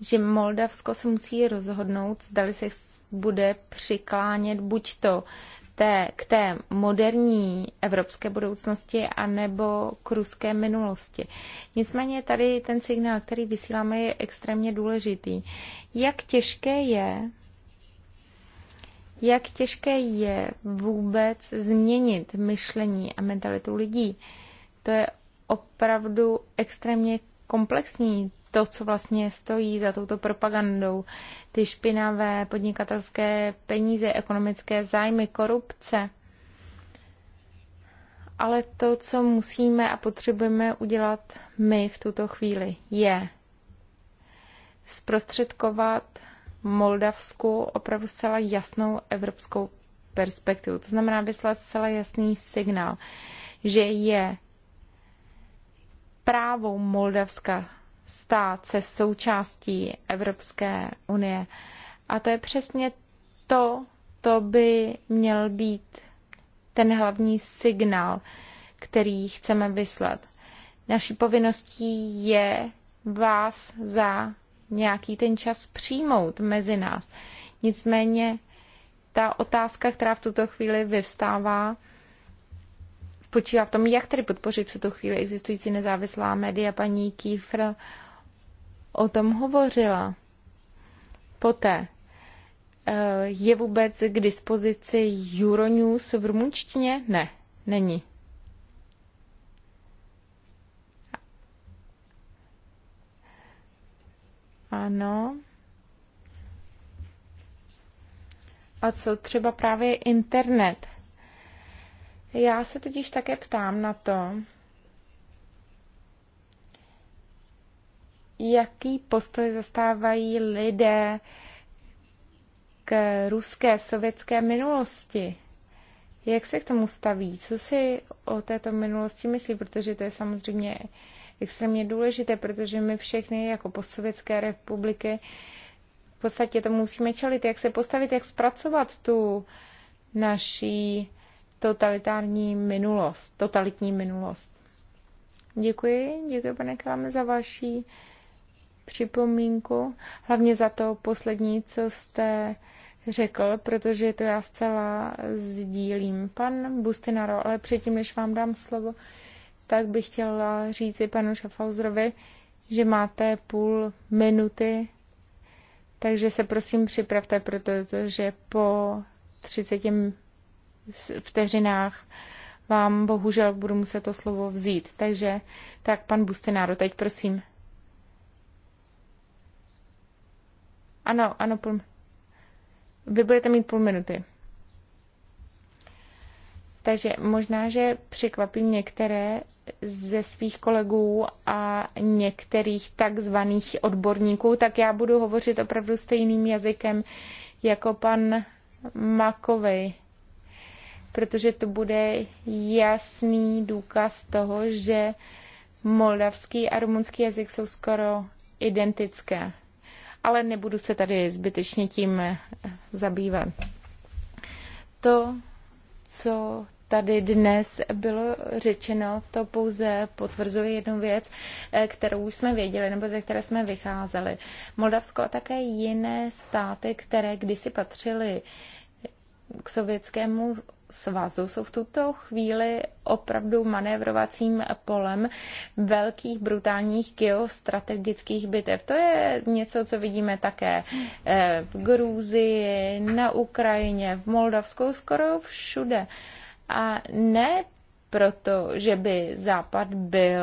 že Moldavsko se musí rozhodnout, zdali se bude přiklánět buď to té, k té moderní evropské budoucnosti anebo k ruské minulosti. Nicméně tady ten signál, který vysíláme, je extrémně důležitý. Jak těžké je jak těžké je vůbec změnit myšlení a mentalitu lidí. To je opravdu extrémně komplexní to, co vlastně stojí za touto propagandou. Ty špinavé podnikatelské peníze, ekonomické zájmy, korupce. Ale to, co musíme a potřebujeme udělat my v tuto chvíli, je zprostředkovat Moldavsku opravdu zcela jasnou evropskou perspektivu. To znamená vyslat zcela jasný signál, že je právou Moldavska stát se součástí Evropské unie. A to je přesně to, to by měl být ten hlavní signál, který chceme vyslat. Naší povinností je vás za nějaký ten čas přijmout mezi nás. Nicméně ta otázka, která v tuto chvíli vyvstává, spočívá v tom, jak tedy podpořit v tuto chvíli existující nezávislá média. Paní Kýfr o tom hovořila. Poté eh, je vůbec k dispozici Euronews v rumunštině? Ne, není. Ano. A co třeba právě internet? Já se totiž také ptám na to, jaký postoj zastávají lidé k ruské sovětské minulosti. Jak se k tomu staví? Co si o této minulosti myslí? Protože to je samozřejmě extrémně důležité, protože my všechny jako postsovětské republiky v podstatě to musíme čelit, jak se postavit, jak zpracovat tu naší totalitární minulost, totalitní minulost. Děkuji, děkuji pane Kráme za vaši připomínku, hlavně za to poslední, co jste řekl, protože to já zcela sdílím. Pan Bustinaro, ale předtím, než vám dám slovo, tak bych chtěla říci panu Schaffhauserovi, že máte půl minuty, takže se prosím připravte, protože po 30 vteřinách vám bohužel budu muset to slovo vzít. Takže tak, pan Bustináro, teď prosím. Ano, ano, půl... Vy budete mít půl minuty. Takže možná, že překvapím některé ze svých kolegů a některých takzvaných odborníků, tak já budu hovořit opravdu stejným jazykem jako pan Makovej, protože to bude jasný důkaz toho, že moldavský a rumunský jazyk jsou skoro identické. Ale nebudu se tady zbytečně tím zabývat. To co tady dnes bylo řečeno, to pouze potvrzuje jednu věc, eh, kterou jsme věděli nebo ze které jsme vycházeli. Moldavsko a také jiné státy, které kdysi patřily k Sovětskému svazu jsou v tuto chvíli opravdu manévrovacím polem velkých brutálních geostrategických bitev. To je něco, co vidíme také eh, v Gruzii, na Ukrajině, v Moldavsku, skoro všude. A ne proto, že by Západ byl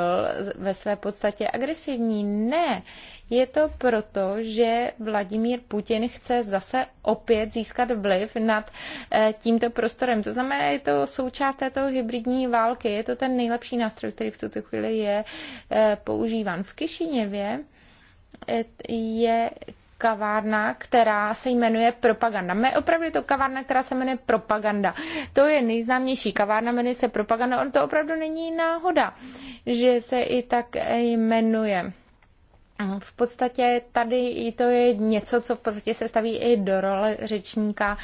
ve své podstatě agresivní. Ne, je to proto, že Vladimír Putin chce zase opět získat vliv nad eh, tímto prostorem. To znamená, je to součást této hybridní války. Je to ten nejlepší nástroj, který v tuto chvíli je eh, používán. V Kišiněvě eh, je kavárna, která se jmenuje Propaganda. Mě opravdu je to kavárna, která se jmenuje Propaganda. To je nejznámější kavárna, jmenuje se Propaganda. On to opravdu není náhoda, že se i tak jmenuje v podstatě tady i to je něco, co v podstatě se staví i do role řečníka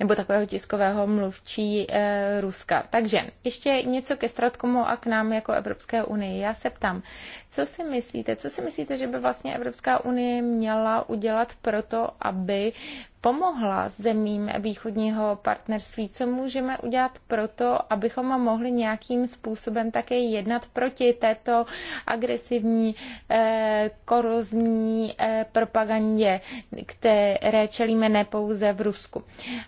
nebo takového tiskového mluvčí e, Ruska. Takže ještě něco ke Stratkomu a k nám jako Evropské unii. Já se ptám, co si myslíte, co si myslíte, že by vlastně Evropská unie měla udělat proto, aby pomohla zemím východního partnerství, co můžeme udělat proto, abychom mohli nějakým způsobem také jednat proti této agresivní eh, korozní eh, propagandě, které čelíme nepouze v Rusku.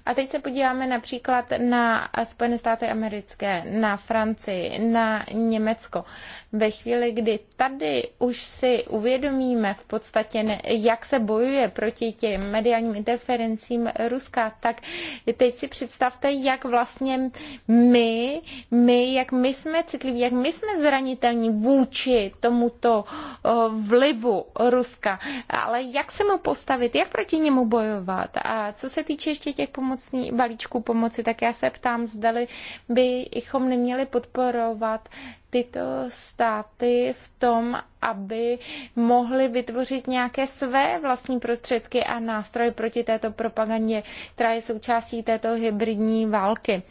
A teď se podíváme například na Spojené státy americké, na Francii, na Německo ve chvíli, kdy tady už si uvědomíme v podstatě, jak se bojuje proti těm mediálním interferencím Ruska, tak teď si představte, jak vlastně my, my, jak my jsme citliví, jak my jsme zranitelní vůči tomuto vlivu Ruska, ale jak se mu postavit, jak proti němu bojovat. A co se týče ještě těch pomocní balíčků pomoci, tak já se ptám, zdali bychom neměli podporovat tyto státy v tom, aby mohly vytvořit nějaké své vlastní prostředky a nástroje proti této propagandě, která je součástí této hybridní války.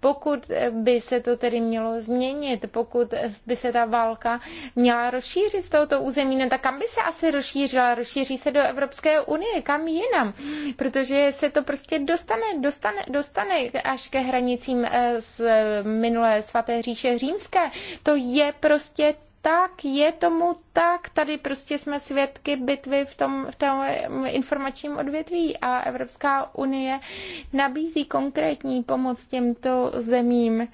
Pokud eh, by se to tedy mělo změnit, pokud eh, by se ta válka měla rozšířit z tohoto území, ne, no tak kam by se asi rozšířila? Rozšíří se do Evropské unie, kam jinam? Protože se to prostě dostane, dostane, dostane až ke hranicím eh, z minulé svaté říše římské. To je prostě tak, je tomu tak. Tady prostě jsme svědky bitvy v tom, v tom informačním odvětví a Evropská unie nabízí konkrétní pomoc těmto zemím.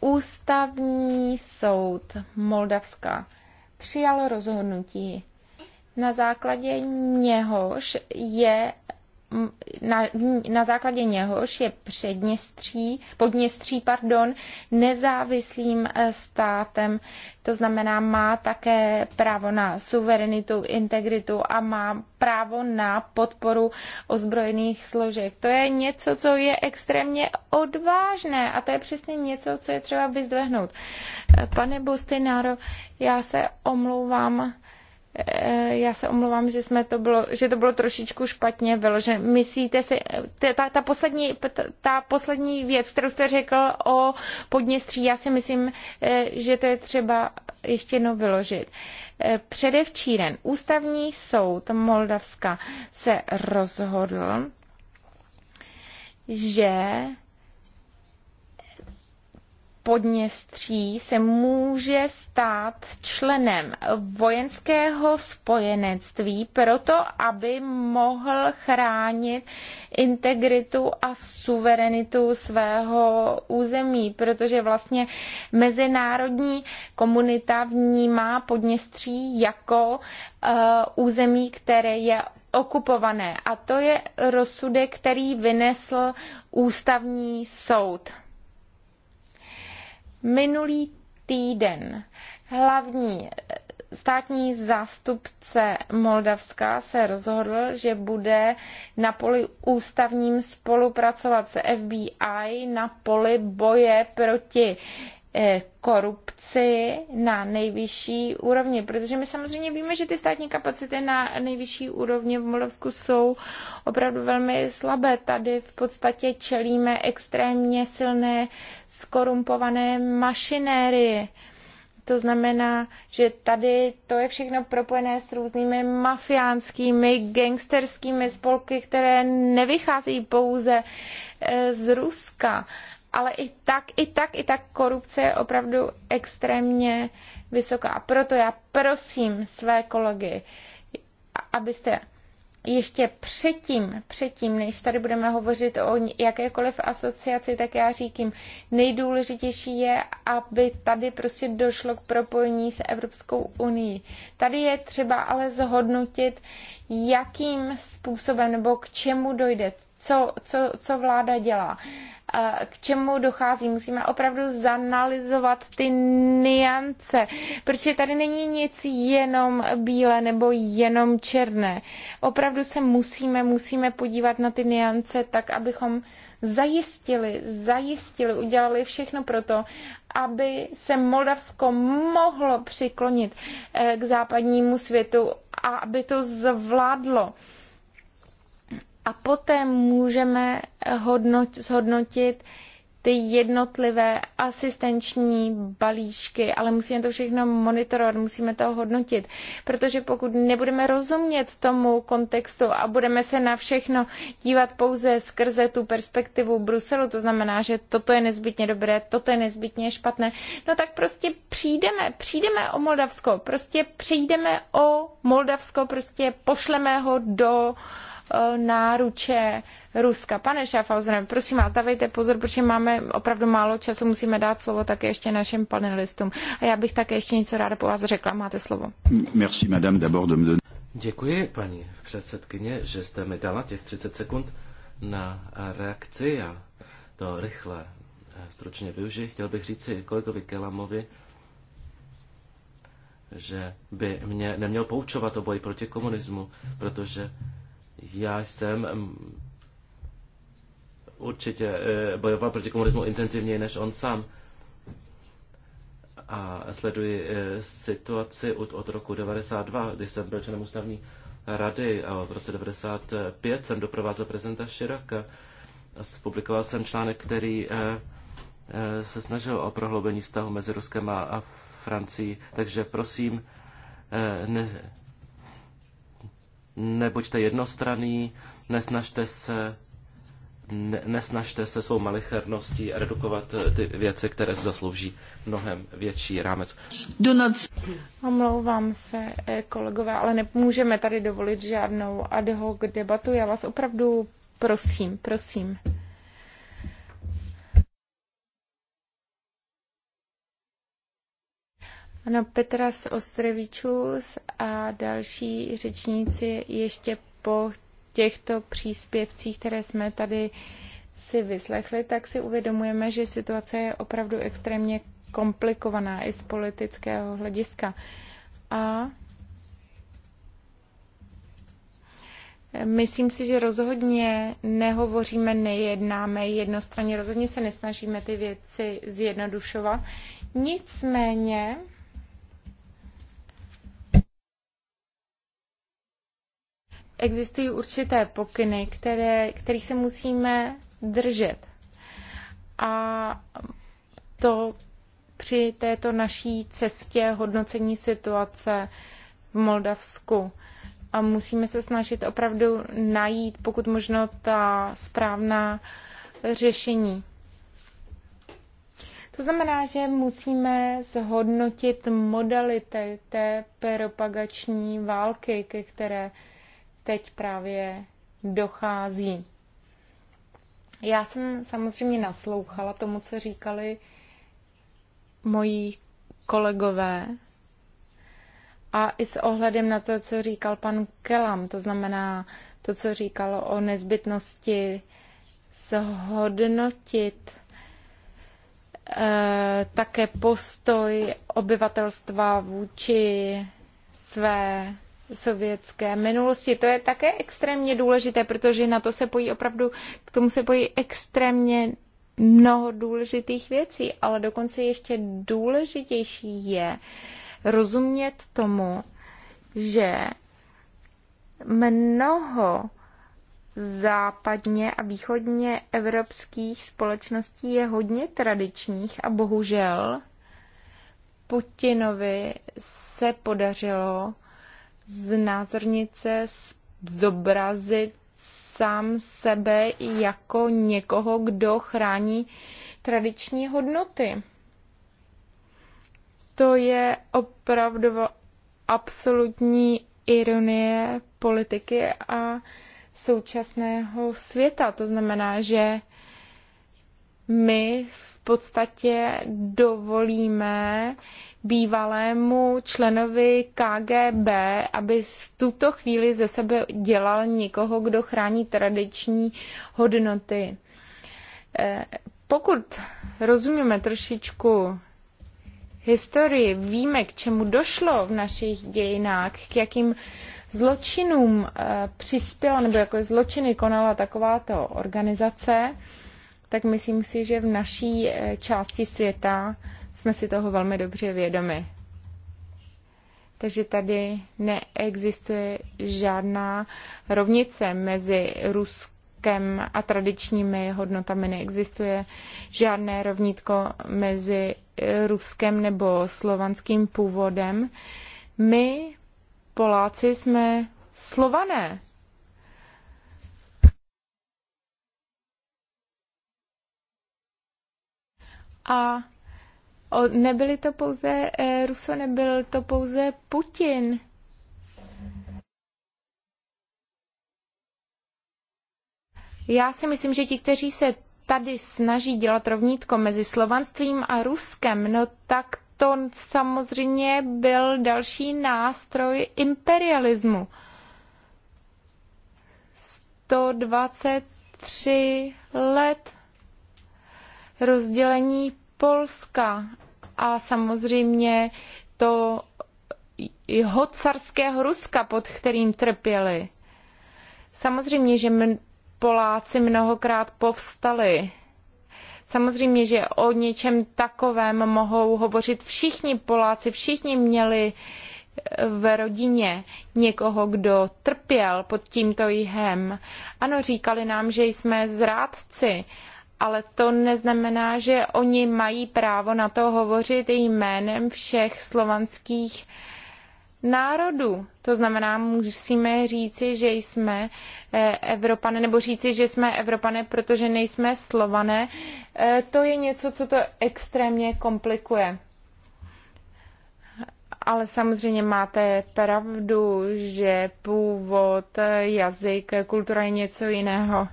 Ústavní soud Moldavska přijal rozhodnutí, na základě něhož je na, na základě něhož je předměstří, podměstří pardon, nezávislým eh, státem. To znamená, má také právo na suverenitu, integritu a má právo na podporu ozbrojených složek. To je něco, co je extrémně odvážné a to je přesně něco, co je třeba vyzdvehnout. Eh, pane Bustináro, já se omlouvám Eh, já se omlouvám, že, jsme to bylo, že to bylo trošičku špatně vyložené. Myslíte si, ta, ta, poslední, ta, ta poslední věc, kterou jste řekl o Podněstří, já si myslím, eh, že to je třeba ještě jednou vyložit. Eh, Předevčíren ústavní soud Moldavska se rozhodl, že Podněstří se může stát členem vojenského spojenectví proto, aby mohl chránit integritu a suverenitu svého území, protože vlastně mezinárodní komunita vnímá Podněstří jako uh, území, které je okupované. A to je rozsudek, který vynesl ústavní soud. Minulý týden hlavní eh, státní zástupce Moldavska se rozhodl, že bude na poli ústavním spolupracovat s FBI na poli boje proti E, korupci na nejvyšší úrovni, protože my samozřejmě víme, že ty státní kapacity na nejvyšší úrovni v Moldavsku jsou opravdu velmi slabé. Tady v podstatě čelíme extrémně silné skorumpované mašinérie. To znamená, že tady to je všechno propojené s různými mafiánskými, gangsterskými spolky, které nevycházejí pouze e, z Ruska, ale i tak, i tak, i tak korupce je opravdu extrémně vysoká. A proto já prosím své kolegy, abyste ještě předtím, předtím, než tady budeme hovořit o jakékoliv asociaci, tak já říkám, nejdůležitější je, aby tady prostě došlo k propojení s Evropskou unii. Tady je třeba ale zhodnotit, jakým způsobem nebo k čemu dojde, co, co, co vláda dělá k čemu dochází. Musíme opravdu zanalizovat ty niance, protože tady není nic jenom bílé nebo jenom černé. Opravdu se musíme, musíme podívat na ty niance tak, abychom zajistili, zajistili, udělali všechno pro to, aby se Moldavsko mohlo přiklonit eh, k západnímu světu a aby to zvládlo a poté můžeme hodnot, zhodnotit ty jednotlivé asistenční balíčky, ale musíme to všechno monitorovat, musíme to hodnotit, protože pokud nebudeme rozumět tomu kontextu a budeme se na všechno dívat pouze skrze tu perspektivu Bruselu, to znamená, že toto je nezbytně dobré, toto je nezbytně špatné, no tak prostě přijdeme, přijdeme o Moldavsko, prostě přijdeme o Moldavsko, prostě pošleme ho do uh, Eh, náruče Ruska. Pane Schaffhausenem, prosím vás, dávejte pozor, protože máme opravdu málo času, musíme dát slovo také ještě našim panelistům. A já bych také ještě něco ráda po vás řekla. Máte slovo. Merci, madame, d'abord de Děkuji, paní předsedkyně, že jste mi dala těch 30 sekund na reakci. Já to rychle eh, stručně využiji. Chtěl bych říci kolegovi Kelamovi, že by mě neměl poučovat o boji proti komunismu, protože já jsem mm, určitě e, bojoval proti komunismu intenzivněji než on sám. A sleduji e, situaci od, od roku 92, kdy jsem byl členem ústavní rady a v roce 95 jsem doprovázel prezidenta Širaka. Publikoval jsem článek, který e, se snažil o prohloubení vztahu mezi Ruskem a, a Francií. Takže prosím, ne, nebuďte jednostraný, nesnažte se, ne, nesnažte se svou malicherností redukovat eh, ty věci, které zaslouží mnohem větší rámec. Omlouvám se, eh, kolegové, ale nemůžeme tady dovolit žádnou ad hoc debatu. Já vás opravdu prosím, prosím. Ano, Petra z Ostrevičus a další řečníci ještě po těchto příspěvcích, které jsme tady si vyslechli, tak si uvědomujeme, že situace je opravdu extrémně komplikovaná i z politického hlediska. A Myslím si, že rozhodně nehovoříme, nejednáme jednostranně, rozhodně se nesnažíme ty věci zjednodušovat. Nicméně existují určité pokyny, které, kterých se musíme držet. A to při této naší cestě hodnocení situace v Moldavsku. A musíme se snažit opravdu najít, pokud možno, ta správná řešení. To znamená, že musíme zhodnotit modality té propagační války, ke které teď právě dochází. Já jsem samozřejmě naslouchala tomu, co říkali moji kolegové a i s ohledem na to, co říkal pan Kelam, to znamená to, co říkal o nezbytnosti zhodnotit e, také postoj obyvatelstva vůči své sovětské minulosti. To je také extrémně důležité, protože na to se pojí opravdu, k tomu se pojí extrémně mnoho důležitých věcí, ale dokonce ještě důležitější je rozumět tomu, že mnoho západně a východně evropských společností je hodně tradičních a bohužel Putinovi se podařilo znázornit se, zobrazit sám sebe jako někoho, kdo chrání tradiční hodnoty. To je opravdu absolutní ironie politiky a současného světa. To znamená, že my v podstatě dovolíme bývalému členovi KGB, aby v tuto chvíli ze sebe dělal někoho, kdo chrání tradiční hodnoty. Eh, pokud rozumíme trošičku historii, víme, k čemu došlo v našich dějinách, k jakým zločinům eh, přispěla, nebo jako zločiny konala takováto organizace, tak myslím si, že v naší eh, části světa jsme si toho velmi dobře vědomi. Takže tady neexistuje žádná rovnice mezi Ruskem a tradičními hodnotami. Neexistuje žádné rovnítko mezi Ruskem nebo slovanským původem. My, Poláci, jsme Slované. A O, nebyly to pouze e, Ruso, nebyl to pouze Putin. Já si myslím, že ti, kteří se tady snaží dělat rovnítko mezi slovanstvím a Ruskem, no tak to samozřejmě byl další nástroj imperialismu. 123 let rozdělení Polska a samozřejmě to jeho carského Ruska, pod kterým trpěli. Samozřejmě, že Poláci mnohokrát povstali. Samozřejmě, že o něčem takovém mohou hovořit všichni Poláci, všichni měli eh, v rodině někoho, kdo trpěl pod tímto jihem. Ano, říkali nám, že jsme zrádci, ale to neznamená, že oni mají právo na to hovořit jménem všech slovanských národů. To znamená, musíme říci, že jsme eh, Evropané, nebo říci, že jsme Evropané, protože nejsme Slované. Eh, to je něco, co to extrémně komplikuje. Ale samozřejmě máte pravdu, že původ, eh, jazyk, kultura je něco jiného.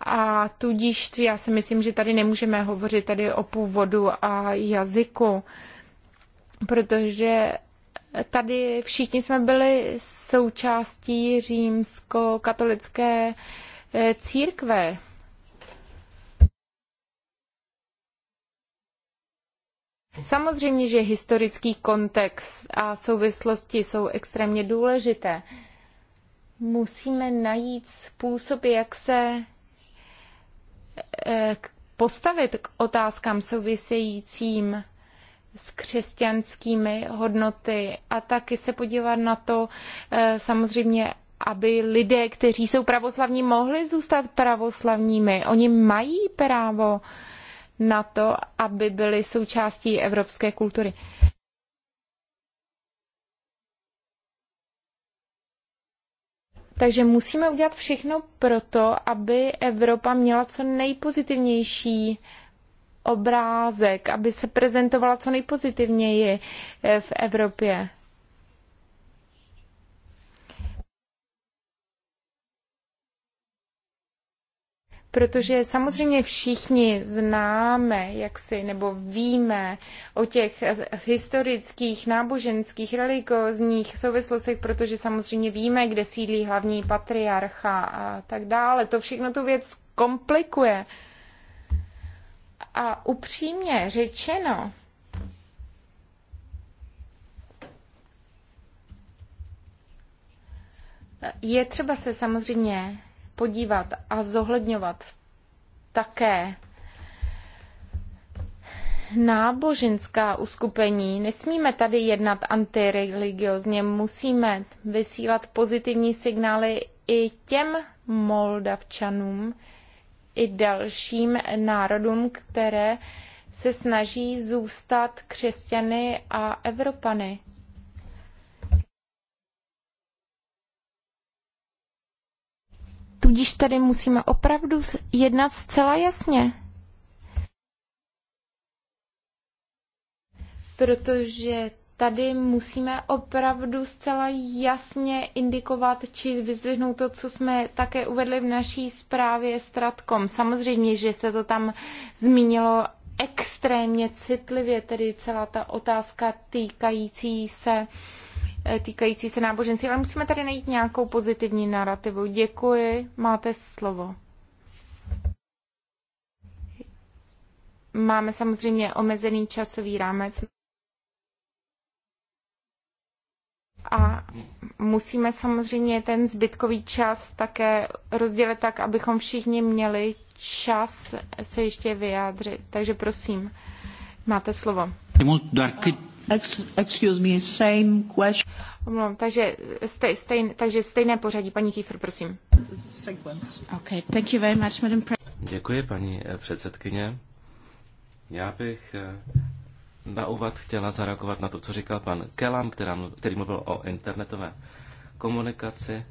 a tudíž já si myslím, že tady nemůžeme hovořit tady o původu a jazyku, protože tady všichni jsme byli součástí římsko-katolické eh, církve. Samozřejmě, že historický kontext a souvislosti jsou extrémně důležité. Musíme najít způsoby, jak se postavit k otázkám souvisejícím s křesťanskými hodnoty a taky se podívat na to eh, samozřejmě aby lidé, kteří jsou pravoslavní, mohli zůstat pravoslavními. Oni mají právo na to, aby byli součástí evropské kultury. Takže musíme udělat všechno pro to, aby Evropa měla co nejpozitivnější obrázek, aby se prezentovala co nejpozitivněji eh, v Evropě. protože samozřejmě všichni známe, jak si, nebo víme o těch historických, náboženských, religiozních souvislostech, protože samozřejmě víme, kde sídlí hlavní patriarcha a tak dále. To všechno tu věc komplikuje. A upřímně řečeno, je třeba se samozřejmě podívat a zohledňovat také náboženská uskupení. Nesmíme tady jednat antireligiozně, musíme vysílat pozitivní signály i těm Moldavčanům, i dalším národům, které se snaží zůstat křesťany a Evropany. Tudíž tady musíme opravdu jednat zcela jasně. Protože tady musíme opravdu zcela jasně indikovat či vyzdvihnout to, co jsme také uvedli v naší zprávě s Tratkom. Samozřejmě, že se to tam zmínilo extrémně citlivě, tedy celá ta otázka týkající se uh, Eh, týkající se náboženství, ale musíme tady najít nějakou pozitivní narrativu. Děkuji, máte slovo. Máme samozřejmě omezený časový rámec. A musíme samozřejmě ten zbytkový čas také rozdělit tak, abychom všichni měli čas se ještě vyjádřit. Takže prosím, máte slovo. Excuse me, same question. Omlouvám, takže, stej, stejn, takže stejné pořadí. Paní Kýfer, prosím. Okay, thank you very much, madam Děkuji, paní eh, předsedkyně. Já bych eh, na úvod chtěla zareagovat na to, co říkal pan Kelam, která, který mluvil o internetové komunikaci.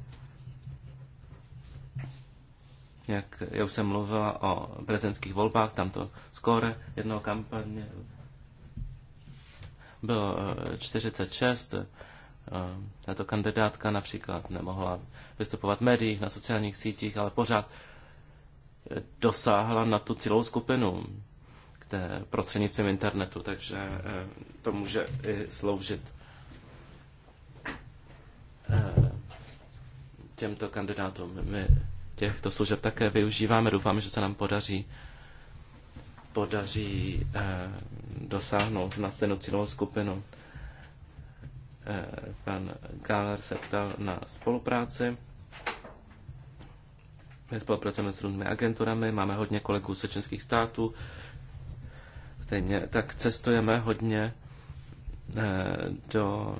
Jak já už jsem mluvila o prezidentských volbách, tam to skóre jednoho kampaně bylo 46, eh, tato kandidátka například nemohla vystupovat v médiích, na sociálních sítích, ale pořád eh, dosáhla na tu celou skupinu které, prostřednictvím internetu, takže eh, to může i sloužit eh, těmto kandidátům. My těchto služeb také využíváme. Doufám, že se nám podaří podaří dosáhnout na stejnou cílovou skupinu Eh, pan Galer se ptal na spolupráci. My spolupracujeme s různými agenturami, máme hodně kolegů z českých států, stejně tak cestujeme hodně eh, do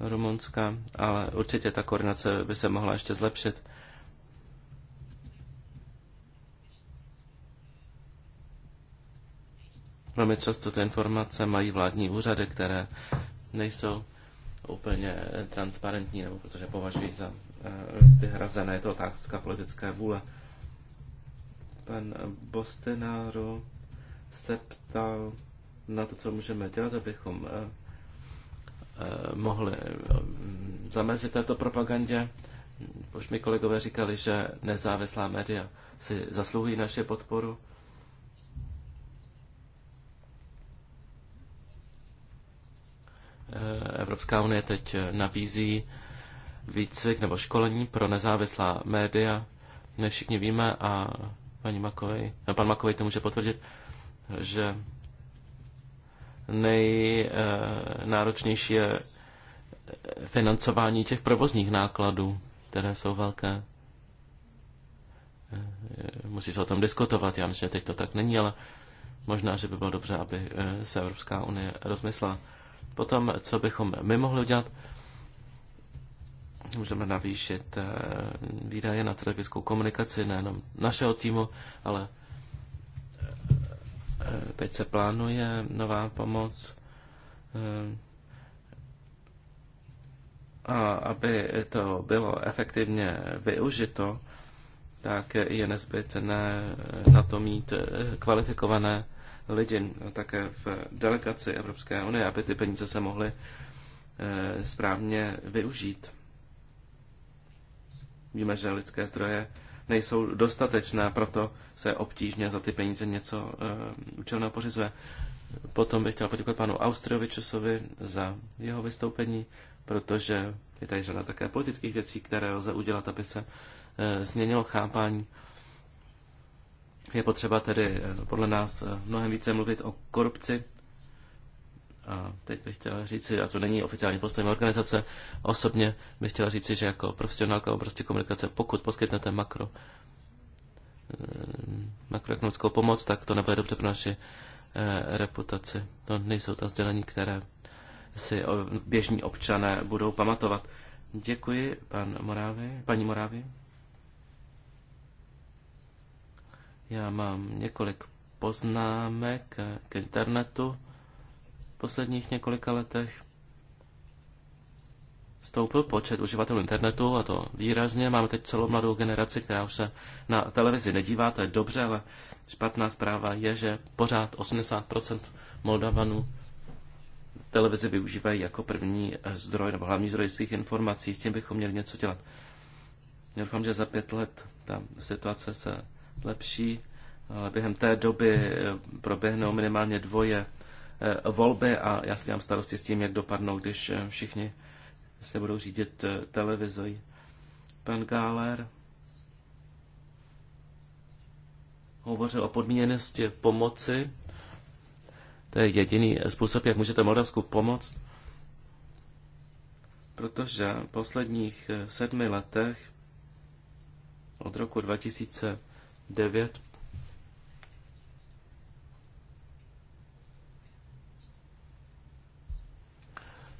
Rumunska, ale určitě ta koordinace by se mohla ještě zlepšit. Velmi často ty informace mají vládní úřady, které nejsou úplně transparentní, nebo protože považují za vyhrazené, eh, je to otázka politické vůle. Pan Bostenáru se ptal na to, co můžeme dělat, abychom eh, eh, mohli mm, zamezit této propagandě. Už mi kolegové říkali, že nezávislá média si zasluhují naše podporu. Eh, Evropská unie teď eh, nabízí výcvik nebo školení pro nezávislá média. My všichni víme a paní Makovej, no pan Makovej to může potvrdit, že nejnáročnější eh, je financování těch provozních nákladů, které jsou velké. Musí se o tom diskutovat, já myslím, že teď to tak není, ale možná, že by bylo dobře, aby se Evropská unie rozmyslela. Potom, co bychom my mohli udělat, můžeme navýšit eh, výdaje na strategickou komunikaci, nejenom našeho týmu, ale eh, teď se plánuje nová pomoc eh, a aby to bylo efektivně využito, tak je nezbytné na to mít kvalifikované lidi no, také v delegaci Evropské unie, aby ty peníze se mohly eh, správně využít. Víme, že lidské zdroje nejsou dostatečné, proto se obtížně za ty peníze něco eh, účelného pořizuje. Potom bych chtěl poděkovat panu Austriovičusovi za jeho vystoupení, protože je tady řada také politických věcí, které lze udělat, aby se eh, změnilo chápání je potřeba tedy eh, podle nás eh, mnohem více mluvit o korupci. A teď bych chtěla říci, a to není oficiální postoj organizace, osobně bych chtěla říci, že jako profesionálka v oblasti komunikace, pokud poskytnete makro, eh, makroekonomickou pomoc, tak to nebude dobře pro naši reputaci. To nejsou ta sdělení, které si běžní občané budou pamatovat. Děkuji, pan Morávy, paní Morávy. Já mám několik poznámek k internetu v posledních několika letech. Stoupil počet uživatelů internetu a to výrazně. Máme teď celou mladou generaci, která už se na televizi nedívá, to je dobře, ale špatná zpráva je, že pořád 80% Moldavanů televizi využívají jako první zdroj nebo hlavní zdroj svých informací. S tím bychom měli něco dělat. Já doufám, že za pět let ta situace se lepší, během té doby eh, proběhnou minimálně dvoje eh, volby a já si dělám starosti s tím, jak dopadnou, když eh, všichni se budou řídit televizí. Pan Gáler hovořil o podmíněnosti pomoci. To je jediný způsob, jak můžete Moldavsku pomoct, protože v posledních sedmi letech od roku 2000 9.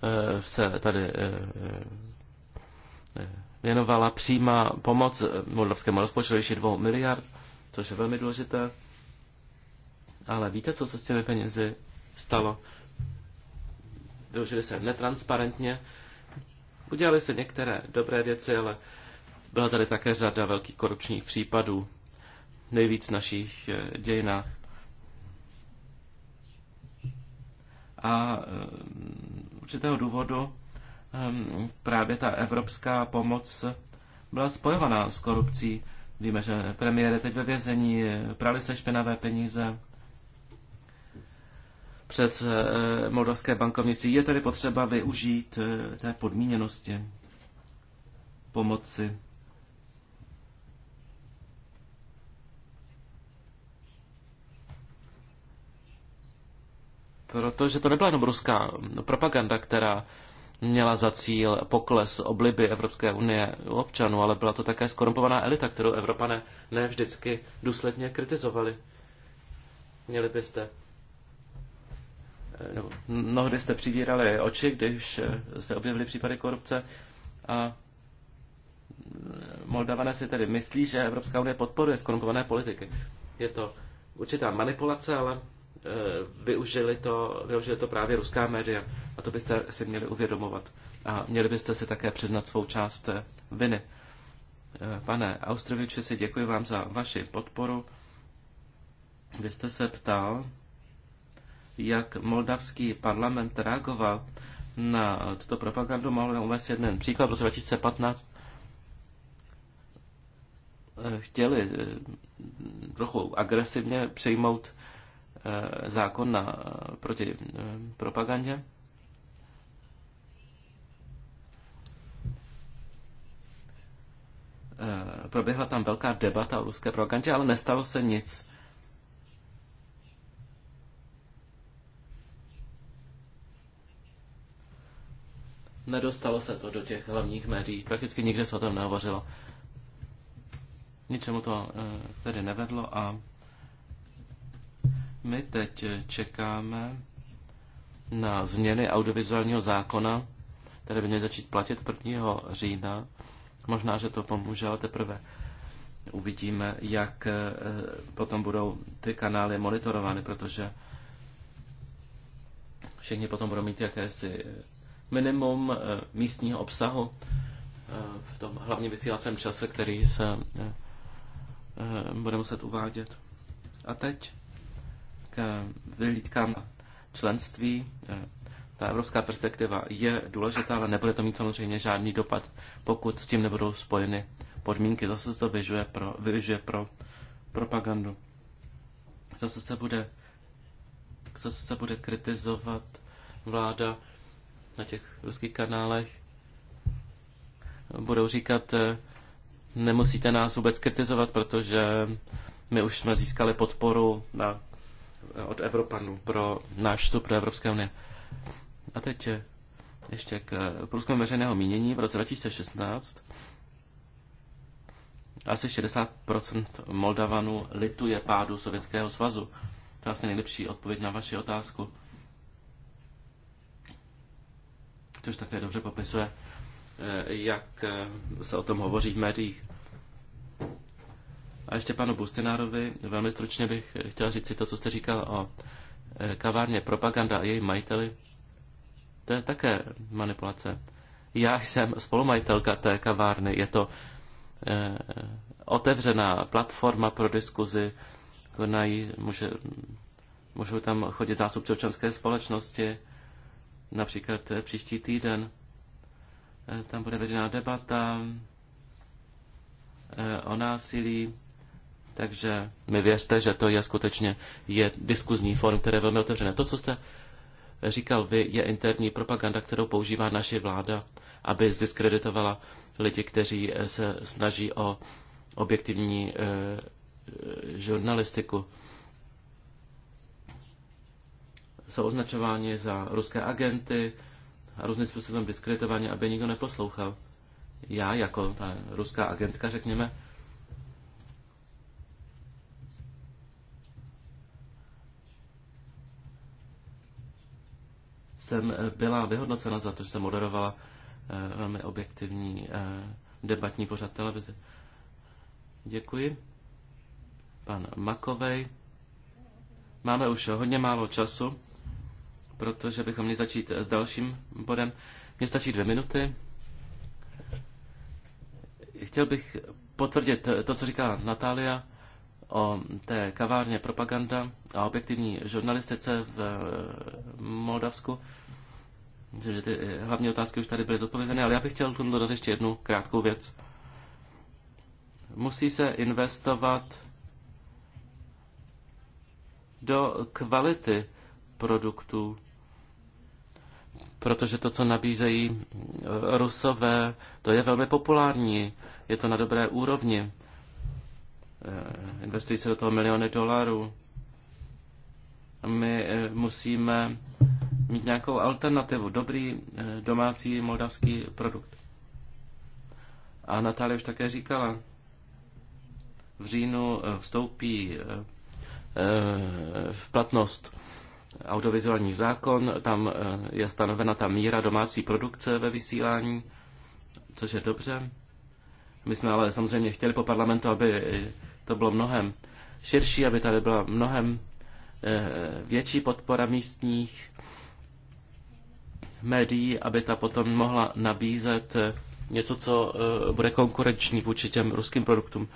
Eh, se tady eh, eh, věnovala přímá pomoc moldavskému rozpočtu ještě 2 miliard, což je velmi důležité. Ale víte, co se s těmi penězi stalo? Dožili se netransparentně. Udělali se některé dobré věci, ale byla tady také řada velkých korupčních případů nejvíc v našich eh, dějinách. A eh, určitého důvodu eh, právě ta evropská pomoc byla spojovaná s korupcí. Víme, že premiér je teď ve vězení, prali se špinavé peníze přes moldavské bankovnictví. Je tedy potřeba využít té podmíněnosti pomoci. protože to nebyla jenom ruská propaganda, která měla za cíl pokles obliby Evropské unie u občanů, ale byla to také skorumpovaná elita, kterou Evropané ne vždycky důsledně kritizovali. Měli byste eh, nebo mnohdy jste přivírali oči, když eh, se objevily případy korupce a eh, Moldavané si tedy myslí, že Evropská unie podporuje skorumpované politiky. Je to určitá manipulace, ale Eh, využili to, využili to právě ruská média. A to byste si měli uvědomovat. A měli byste si také přiznat svou část eh, viny. Eh, pane Austroviči, si děkuji vám za vaši podporu. Vy jste se ptal, jak moldavský parlament reagoval na tuto propagandu. Mohl jsem uvést jeden příklad. V roce 2015 chtěli trochu agresivně přejmout. Eh, zákon na, eh, proti eh, propagandě. Proběhla tam velká debata o ruské propagandě, ale nestalo se nic. Nedostalo se to do těch hlavních médií. Prakticky nikde se o tom nehovořilo. Ničemu to tedy nevedlo a my teď čekáme na změny audiovizuálního zákona, které by měly začít platit 1. října. Možná, že to pomůže, ale teprve uvidíme, jak eh, potom budou ty kanály monitorovány, protože všichni potom budou mít jakési eh, minimum eh, místního obsahu v tom hlavně vysílacím čase, který se bude muset uvádět. A teď k eh, vyhlídkám členství. Eh, ta evropská perspektiva je důležitá, ale nebude to mít samozřejmě žádný dopad, pokud s tím nebudou spojeny podmínky. Zase se to vyžuje pro, vyžuje pro propagandu. Zase se bude, zase se bude kritizovat vláda na těch ruských kanálech. Budou říkat, eh, nemusíte nás vůbec kritizovat, protože my už jsme získali podporu na od Evropanů pro náš vstup do Evropské unie. A teď eh, ještě k eh, průzkumu veřejného mínění v roce 2016. Asi 60% Moldavanů lituje pádu Sovětského svazu. To je asi nejlepší odpověď na vaši otázku. Což také dobře popisuje, eh, jak se o tom hovoří v médiích. A ještě panu Bustinárovi, velmi stručně bych chtěl říct si to, co jste říkal o e, kavárně Propaganda a její majiteli. To je také manipulace. Já jsem spolumajitelka té kavárny. Je to eh, otevřená platforma pro diskuzi. Konají, může, můžou tam chodit zástupci občanské společnosti. Například e, příští týden eh, tam bude veřejná debata eh, o násilí takže mi věřte, že to je skutečně je diskuzní fórum, které je velmi otevřené. To, co jste říkal vy, je interní propaganda, kterou používá naše vláda, aby zdiskreditovala lidi, kteří eh, se snaží o objektivní e, žurnalistiku. Jsou označováni za ruské agenty a různým způsobem diskreditováni, aby nikdo neposlouchal. Já jako ta ruská agentka, řekněme, jsem eh, byla vyhodnocena za to, že jsem moderovala eh, velmi objektivní eh, debatní pořad televize. Děkuji. Pan Makovej. Máme už hodně málo času, protože bychom měli začít s dalším bodem. Mně stačí dvě minuty. Chtěl bych potvrdit to, co říká Natália o té kavárně Propaganda a objektivní žurnalistice v eh, Moldavsku. Myslím, že ty eh, hlavní otázky už tady byly zodpovězeny, ale já bych chtěl dodat ještě jednu krátkou věc. Musí se investovat do kvality produktů, protože to, co nabízejí eh, Rusové, to je velmi populární, je to na dobré úrovni Eh, investují se do toho miliony dolarů. A my eh, musíme mít nějakou alternativu, dobrý eh, domácí moldavský produkt. A Natália už také říkala, v říjnu vstoupí v platnost audiovizuální zákon, tam je stanovena ta míra domácí produkce ve vysílání, což je dobře. My jsme ale samozřejmě chtěli po parlamentu, aby to bylo mnohem širší, aby tady byla mnohem eh, větší podpora místních médií, aby ta potom mohla nabízet eh, něco, co eh, bude konkurenční vůči těm ruským produktům.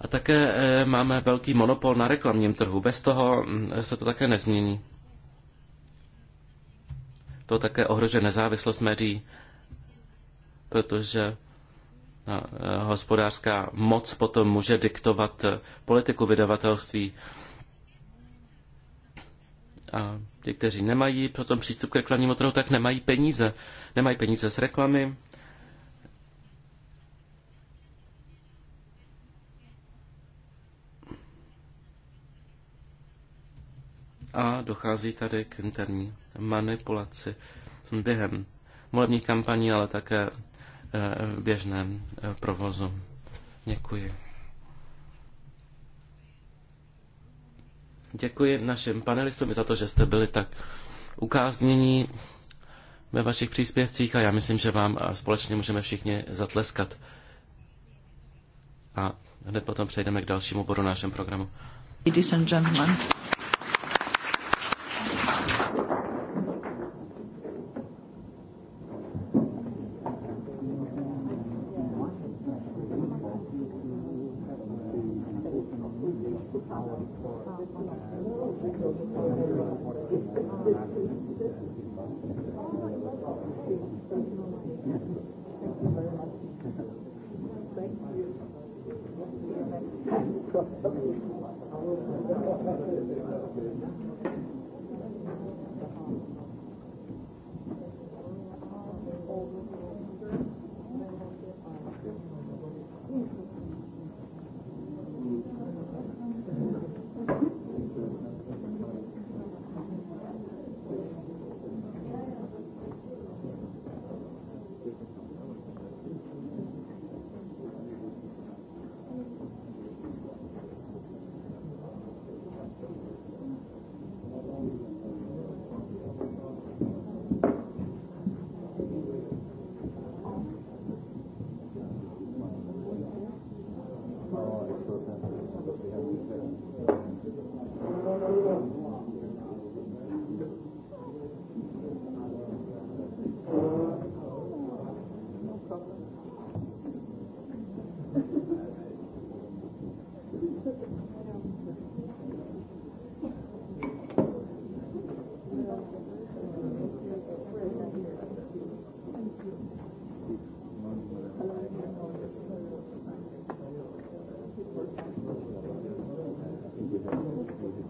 A také máme velký monopol na reklamním trhu. Bez toho hm, se to také nezmění. To také ohrožuje nezávislost médií, protože E, hospodářská moc potom může diktovat e, politiku vydavatelství. A ti, kteří nemají potom přístup k reklamnímu trhu, tak nemají peníze. Nemají peníze z reklamy. A dochází tady k interní manipulaci během volebních kampaní, ale také Eh, v běžném eh, provozu. Děkuji. Děkuji našim panelistům za to, že jste byli tak ukáznění ve vašich příspěvcích a já myslím, že vám společně můžeme všichni zatleskat. A hned potom přejdeme k dalšímu bodu našem programu. Ladies and gentlemen. Thank you.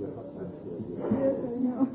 Yes, I know.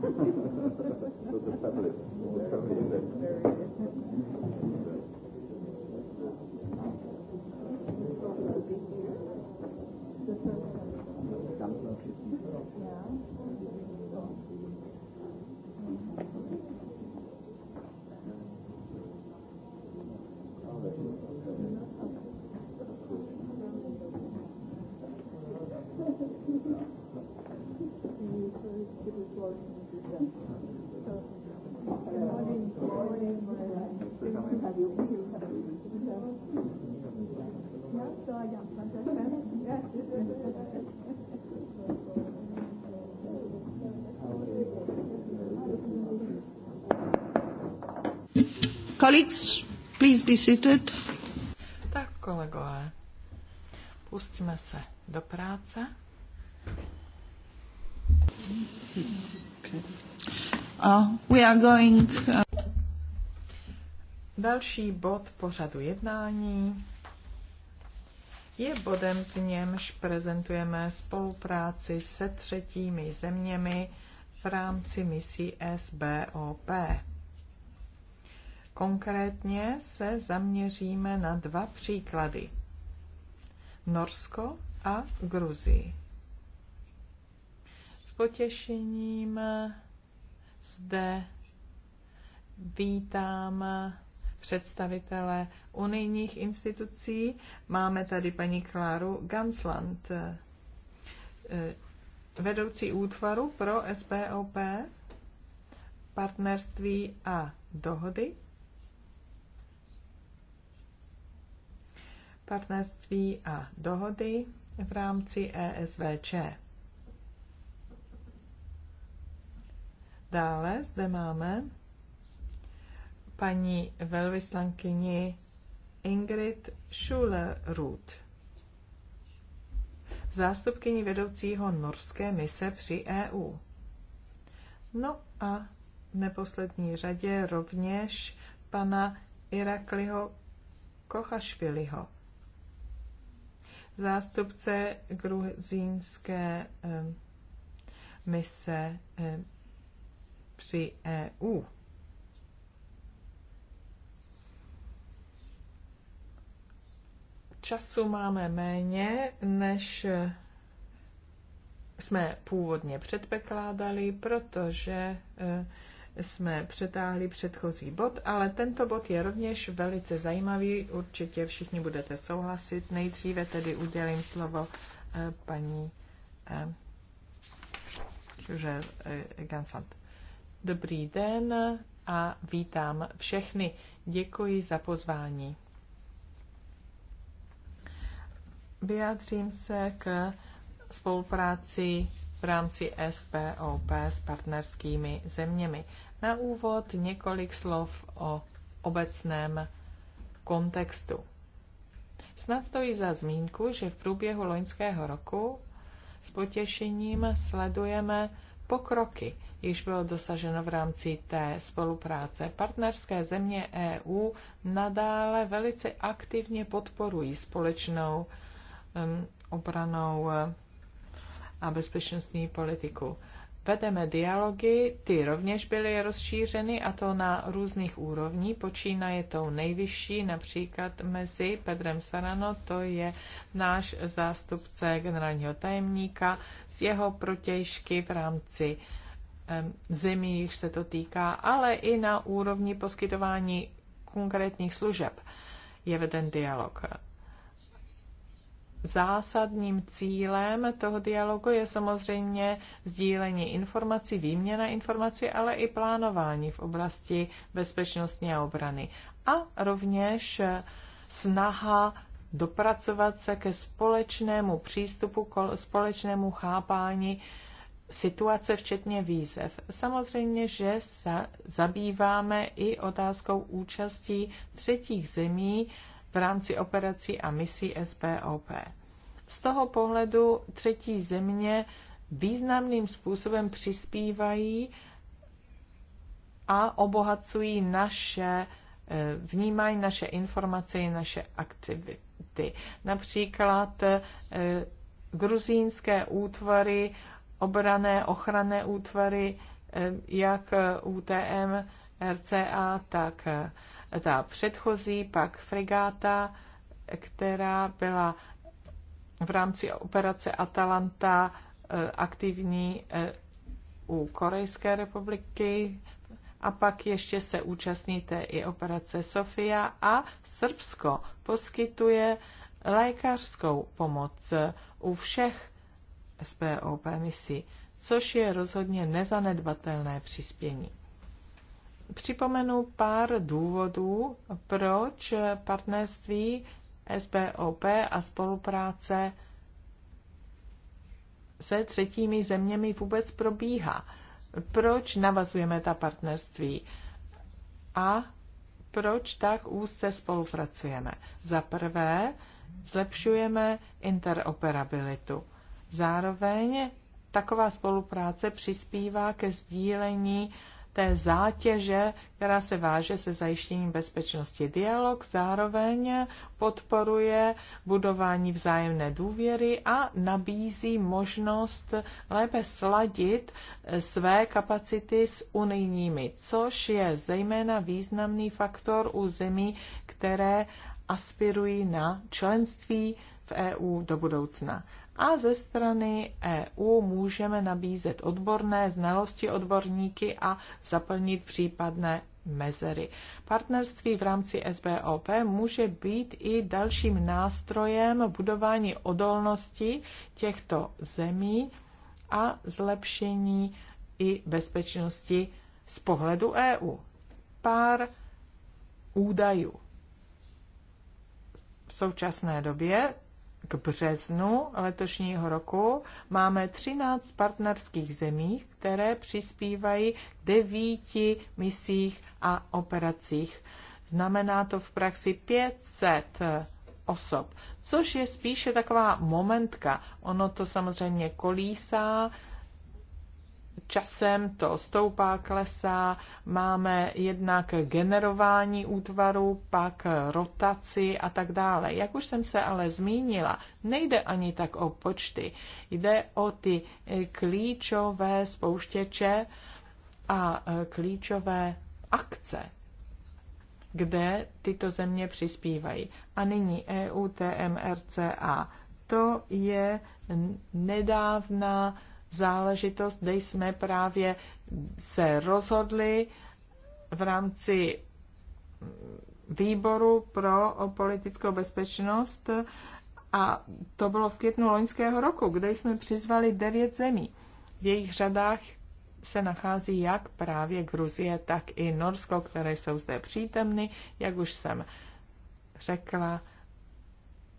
Colleagues, please be seated. Tak, kolegové, pustíme se do práce. Uh, we are going... Uh... Další bod pořadu jednání je bodem, v němž prezentujeme spolupráci se třetími zeměmi v rámci misí SBOP. Konkrétně se zaměříme na dva příklady. Norsko a Gruzii. S potěšením zde vítám představitele unijních institucí. Máme tady paní Kláru Gansland, eh, vedoucí útvaru pro SPOP, partnerství a dohody partnerství a dohody v rámci ESVČ. Dále zde máme paní velvyslankyni Ingrid Schulerud, zástupkyni vedoucího norské mise při EU. No a v neposlední řadě rovněž pana Irakliho Kochašviliho, zástupce gruzínské eh, mise eh, při EU. Času máme méně, než eh, jsme původně předpokládali, protože jsme přetáhli předchozí bod, ale tento bod je rovněž velice zajímavý, určitě všichni budete souhlasit. Nejdříve tedy udělím slovo eh, paní eh, Žužel eh, Gansant. Dobrý den a vítám všechny. Děkuji za pozvání. Vyjádřím se k spolupráci v rámci SPOP s partnerskými zeměmi. Na úvod několik slov o obecném kontextu. Snad stojí za zmínku, že v průběhu loňského roku s potěšením sledujeme pokroky, již bylo dosaženo v rámci té spolupráce. Partnerské země EU nadále velice aktivně podporují společnou um, obranou a bezpečnostní politiku. Vedeme dialogy, ty rovněž byly rozšířeny a to na různých úrovní. Počínaje tou nejvyšší, například mezi Pedrem Sarano, to je náš zástupce generálního tajemníka, z jeho protějšky v rámci zemí, jich se to týká, ale i na úrovni poskytování konkrétních služeb je veden dialog. Zásadním cílem toho dialogu je samozřejmě sdílení informací, výměna informací, ale i plánování v oblasti bezpečnostní a obrany. A rovněž snaha dopracovat se ke společnému přístupu, společnému chápání situace, včetně výzev. Samozřejmě, že se zabýváme i otázkou účastí třetích zemí v rámci operací a misí SPOP Z toho pohledu třetí země významným způsobem přispívají a obohacují naše eh, vnímají naše informace i naše aktivity. Například eh, gruzínské útvary, obrané ochranné útvary, eh, jak UTM, RCA, tak ta předchozí, pak fregáta, která byla v rámci operace Atalanta eh, aktivní eh, u Korejské republiky a pak ještě se účastníte i operace Sofia a Srbsko poskytuje lékařskou pomoc eh, u všech SPOP misí, což je rozhodně nezanedbatelné přispění připomenu pár důvodů, proč partnerství SBOP a spolupráce se třetími zeměmi vůbec probíhá. Proč navazujeme ta partnerství a proč tak úzce spolupracujeme. Za prvé, zlepšujeme interoperabilitu. Zároveň taková spolupráce přispívá ke sdílení té zátěže, která se váže se zajištěním bezpečnosti. Dialog zároveň podporuje budování vzájemné důvěry a nabízí možnost lépe sladit své kapacity s unijními, což je zejména významný faktor u zemí, které aspirují na členství v EU do budoucna a ze strany EU můžeme nabízet odborné znalosti odborníky a zaplnit případné mezery. Partnerství v rámci SBOP může být i dalším nástrojem budování odolnosti těchto zemí a zlepšení i bezpečnosti z pohledu EU. Pár údajů. V současné době k březnu letošního roku máme 13 partnerských zemí, které přispívají k devíti misích a operacích. Znamená to v praxi 500 osob, což je spíše taková momentka. Ono to samozřejmě kolísá, časem to stoupá, klesá. Máme jednak generování útvaru, pak rotaci a tak dále. Jak už jsem se ale zmínila, nejde ani tak o počty. Jde o ty klíčové spouštěče a klíčové akce, kde tyto země přispívají. A nyní EU TMRCA. To je nedávná záležitost, kde jsme právě se rozhodli v rámci výboru pro politickou bezpečnost a to bylo v květnu loňského roku, kde jsme přizvali devět zemí. V jejich řadách se nachází jak právě Gruzie, tak i Norsko, které jsou zde přítomny. Jak už jsem řekla,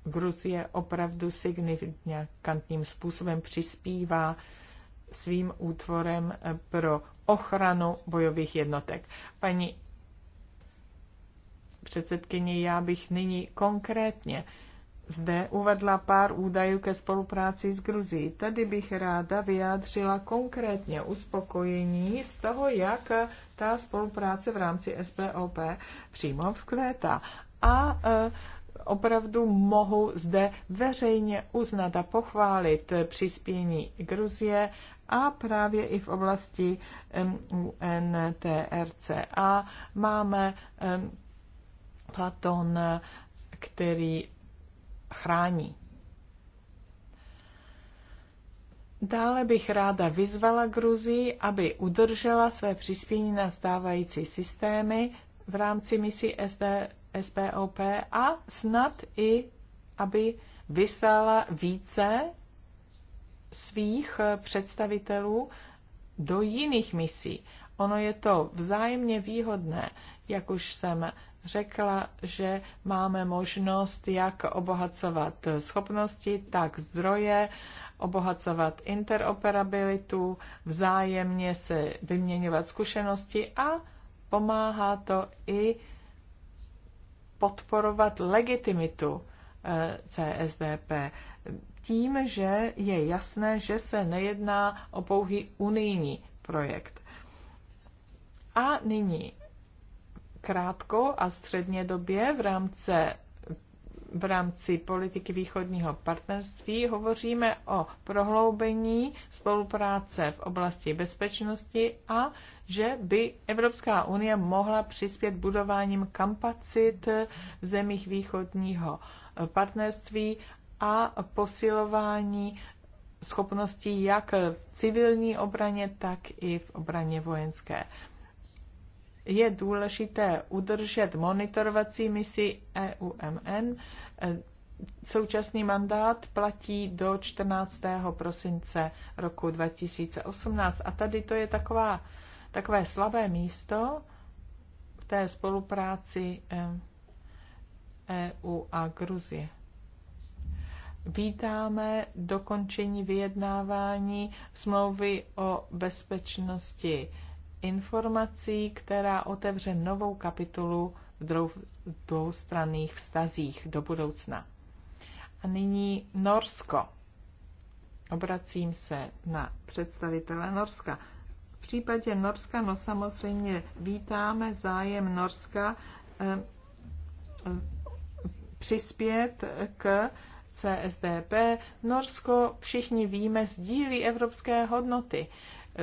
Gruzie opravdu signifikantním způsobem přispívá svým útvorem pro ochranu bojových jednotek. Paní předsedkyně, já bych nyní konkrétně zde uvedla pár údajů ke spolupráci s Gruzí. Tady bych ráda vyjádřila konkrétně uspokojení z toho, jak ta spolupráce v rámci SBOP přímo vzkvétá. A e, opravdu mohu zde veřejně uznat a pochválit přispění Gruzie a právě i v oblasti UNTRCA máme Platon, který chrání. Dále bych ráda vyzvala Gruzii, aby udržela své přispění na stávající systémy v rámci misí SD, SPOP a snad i, aby vyslala více svých eh, představitelů do jiných misí. Ono je to vzájemně výhodné, jak už jsem řekla, že máme možnost jak obohacovat eh, schopnosti, tak zdroje, obohacovat interoperabilitu, vzájemně se vyměňovat zkušenosti a pomáhá to i podporovat legitimitu eh, CSDP tím, že je jasné, že se nejedná o pouhý unijní projekt. A nyní krátko a středně době v rámci v rámci politiky východního partnerství hovoříme o prohloubení spolupráce v oblasti bezpečnosti a že by Evropská unie mohla přispět budováním kapacit v zemích východního partnerství a posilování schopností jak v civilní obraně, tak i v obraně vojenské. Je důležité udržet monitorovací misi EUMN. Současný mandát platí do 14. prosince roku 2018. A tady to je taková, takové slabé místo v té spolupráci EU eh, e a Gruzie Vítáme dokončení vyjednávání smlouvy o bezpečnosti informací, která otevře novou kapitolu v dvoustranných vztazích do budoucna. A nyní Norsko. Obracím se na představitele Norska. V případě Norska, no samozřejmě vítáme zájem Norska eh, eh, přispět k CSDP, Norsko, všichni víme, sdílí evropské hodnoty.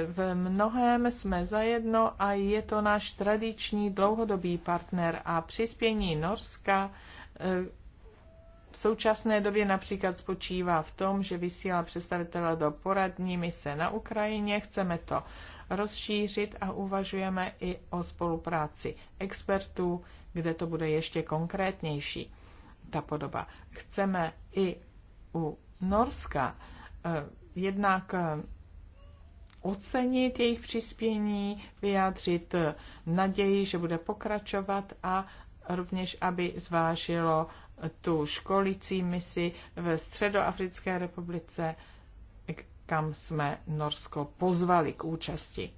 V mnohem jsme zajedno a je to náš tradiční dlouhodobý partner a přispění Norska eh, v současné době například spočívá v tom, že vysílá představitele do poradní mise na Ukrajině. Chceme to rozšířit a uvažujeme i o spolupráci expertů, kde to bude ještě konkrétnější ta podoba. Chceme i u Norska eh, jednak eh, ocenit jejich přispění, vyjádřit eh, naději, že bude pokračovat a rovněž, aby zvážilo tu školící misi ve Středoafrické republice, kam jsme Norsko pozvali k účasti.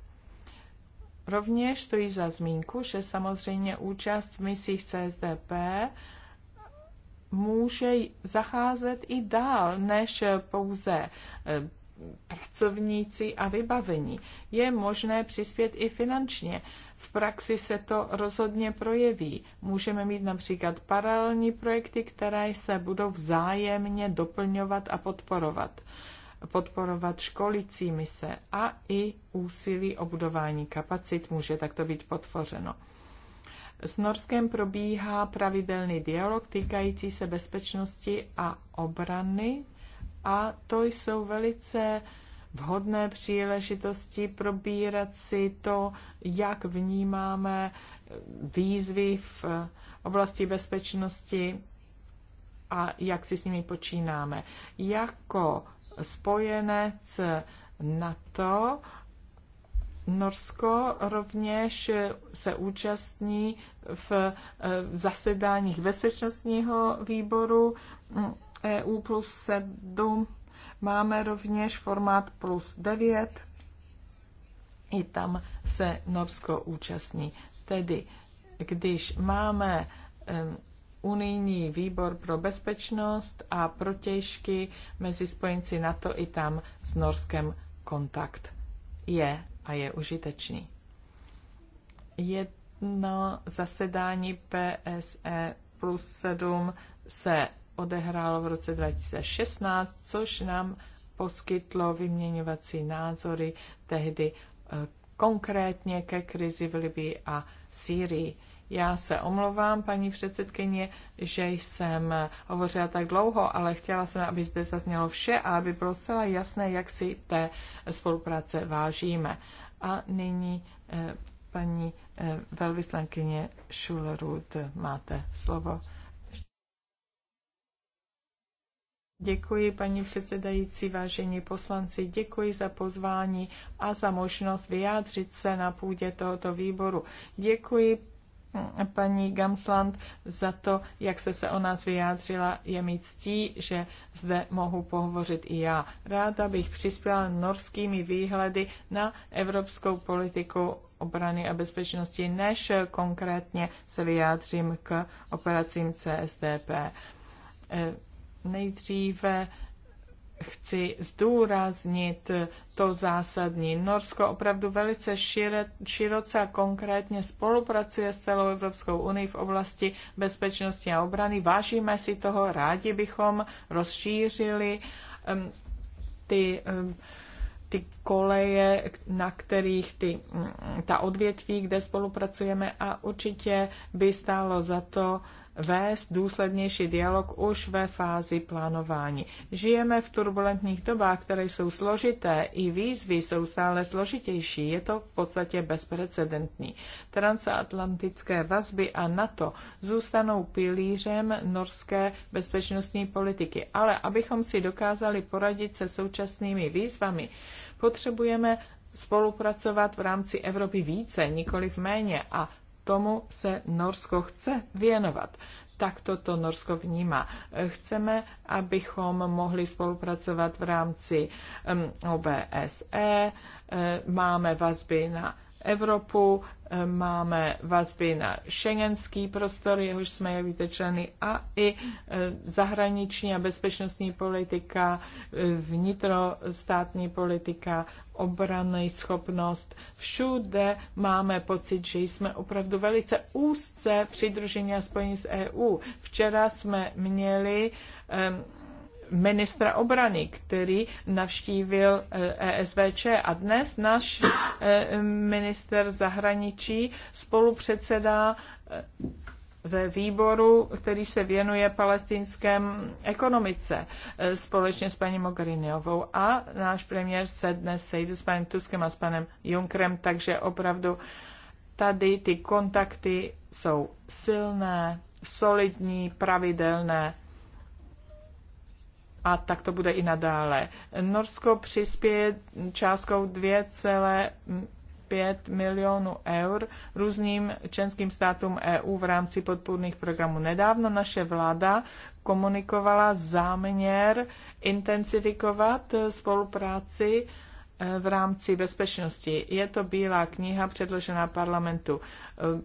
Rovněž stojí za zmínku, že samozřejmě účast v misích CSDP může zacházet i dál než pouze eh, pracovníci a vybavení. Je možné přispět i finančně. V praxi se to rozhodně projeví. Můžeme mít například paralelní projekty, které se budou vzájemně doplňovat a podporovat. Podporovat školicími se a i úsilí o budování kapacit může takto být potvořeno. S Norskem probíhá pravidelný dialog týkající se bezpečnosti a obrany a to jsou velice vhodné příležitosti probírat si to, jak vnímáme výzvy v oblasti bezpečnosti a jak si s nimi počínáme. Jako spojenec NATO Norsko rovněž se účastní v eh, zasedáních bezpečnostního výboru EU plus 7. Máme rovněž formát plus 9. I tam se Norsko účastní. Tedy, když máme unijní výbor pro bezpečnost a protěžky mezi spojenci NATO i tam s Norskem kontakt je a je užitečný. Jedno zasedání PSE plus 7 se odehrálo v roce 2016, což nám poskytlo vyměňovací názory tehdy eh, konkrétně ke krizi v Libii a Sýrii. Já se omlouvám, paní předsedkyně, že jsem hovořila tak dlouho, ale chtěla jsem, aby zde zaznělo vše a aby bylo zcela jasné, jak si té spolupráce vážíme. A nyní eh, paní eh, velvyslankyně Šulerud, máte slovo. Děkuji, paní předsedající, vážení poslanci, děkuji za pozvání a za možnost vyjádřit se na půdě tohoto výboru. Děkuji paní Gamsland za to, jak se se o nás vyjádřila. Je mi ctí, že zde mohu pohovořit i já. Ráda bych přispěla norskými výhledy na evropskou politiku obrany a bezpečnosti, než konkrétně se vyjádřím k operacím CSDP. Eh, nejdříve chci zdůraznit to zásadní. Norsko opravdu velice šire, široce a konkrétně spolupracuje s celou Evropskou unii v oblasti bezpečnosti a obrany. Vážíme si toho, rádi bychom rozšířili um, ty um, ty koleje, na kterých ty, mm, ta odvětví, kde spolupracujeme a určitě by stálo za to vést důslednější dialog už ve fázi plánování. Žijeme v turbulentních dobách, které jsou složité, i výzvy jsou stále složitější. Je to v podstatě bezprecedentní. Transatlantické vazby a NATO zůstanou pilířem norské bezpečnostní politiky. Ale abychom si dokázali poradit se současnými výzvami, potřebujeme spolupracovat v rámci Evropy více, v méně a tomu se Norsko chce věnovat. Tak toto Norsko vnímá. Chceme, abychom mohli spolupracovat v rámci OBSE, e, máme vazby na Evropu, máme vazby na šengenský prostor, jehož jsme, jak víte, členy, a i e, zahraniční a bezpečnostní politika, e, vnitrostátní politika, obrany, schopnost. Všude máme pocit, že jsme opravdu velice úzce přidružení a spojení s EU. Včera jsme měli um, ministra obrany, který navštívil ESVČ eh, e a dnes náš eh, minister zahraničí spolupředsedá eh, ve výboru, který se věnuje palestinské ekonomice společně s paní Mogheriniovou a náš premiér se dnes sejde s panem Tuskem a s panem Junkrem, takže opravdu tady ty kontakty jsou silné, solidní, pravidelné a tak to bude i nadále. Norsko přispěje částkou 2,5 milionů eur různým členským státům EU v rámci podpůrných programů. Nedávno naše vláda komunikovala záměr intenzifikovat spolupráci v rámci bezpečnosti. Je to bílá kniha předložená parlamentu.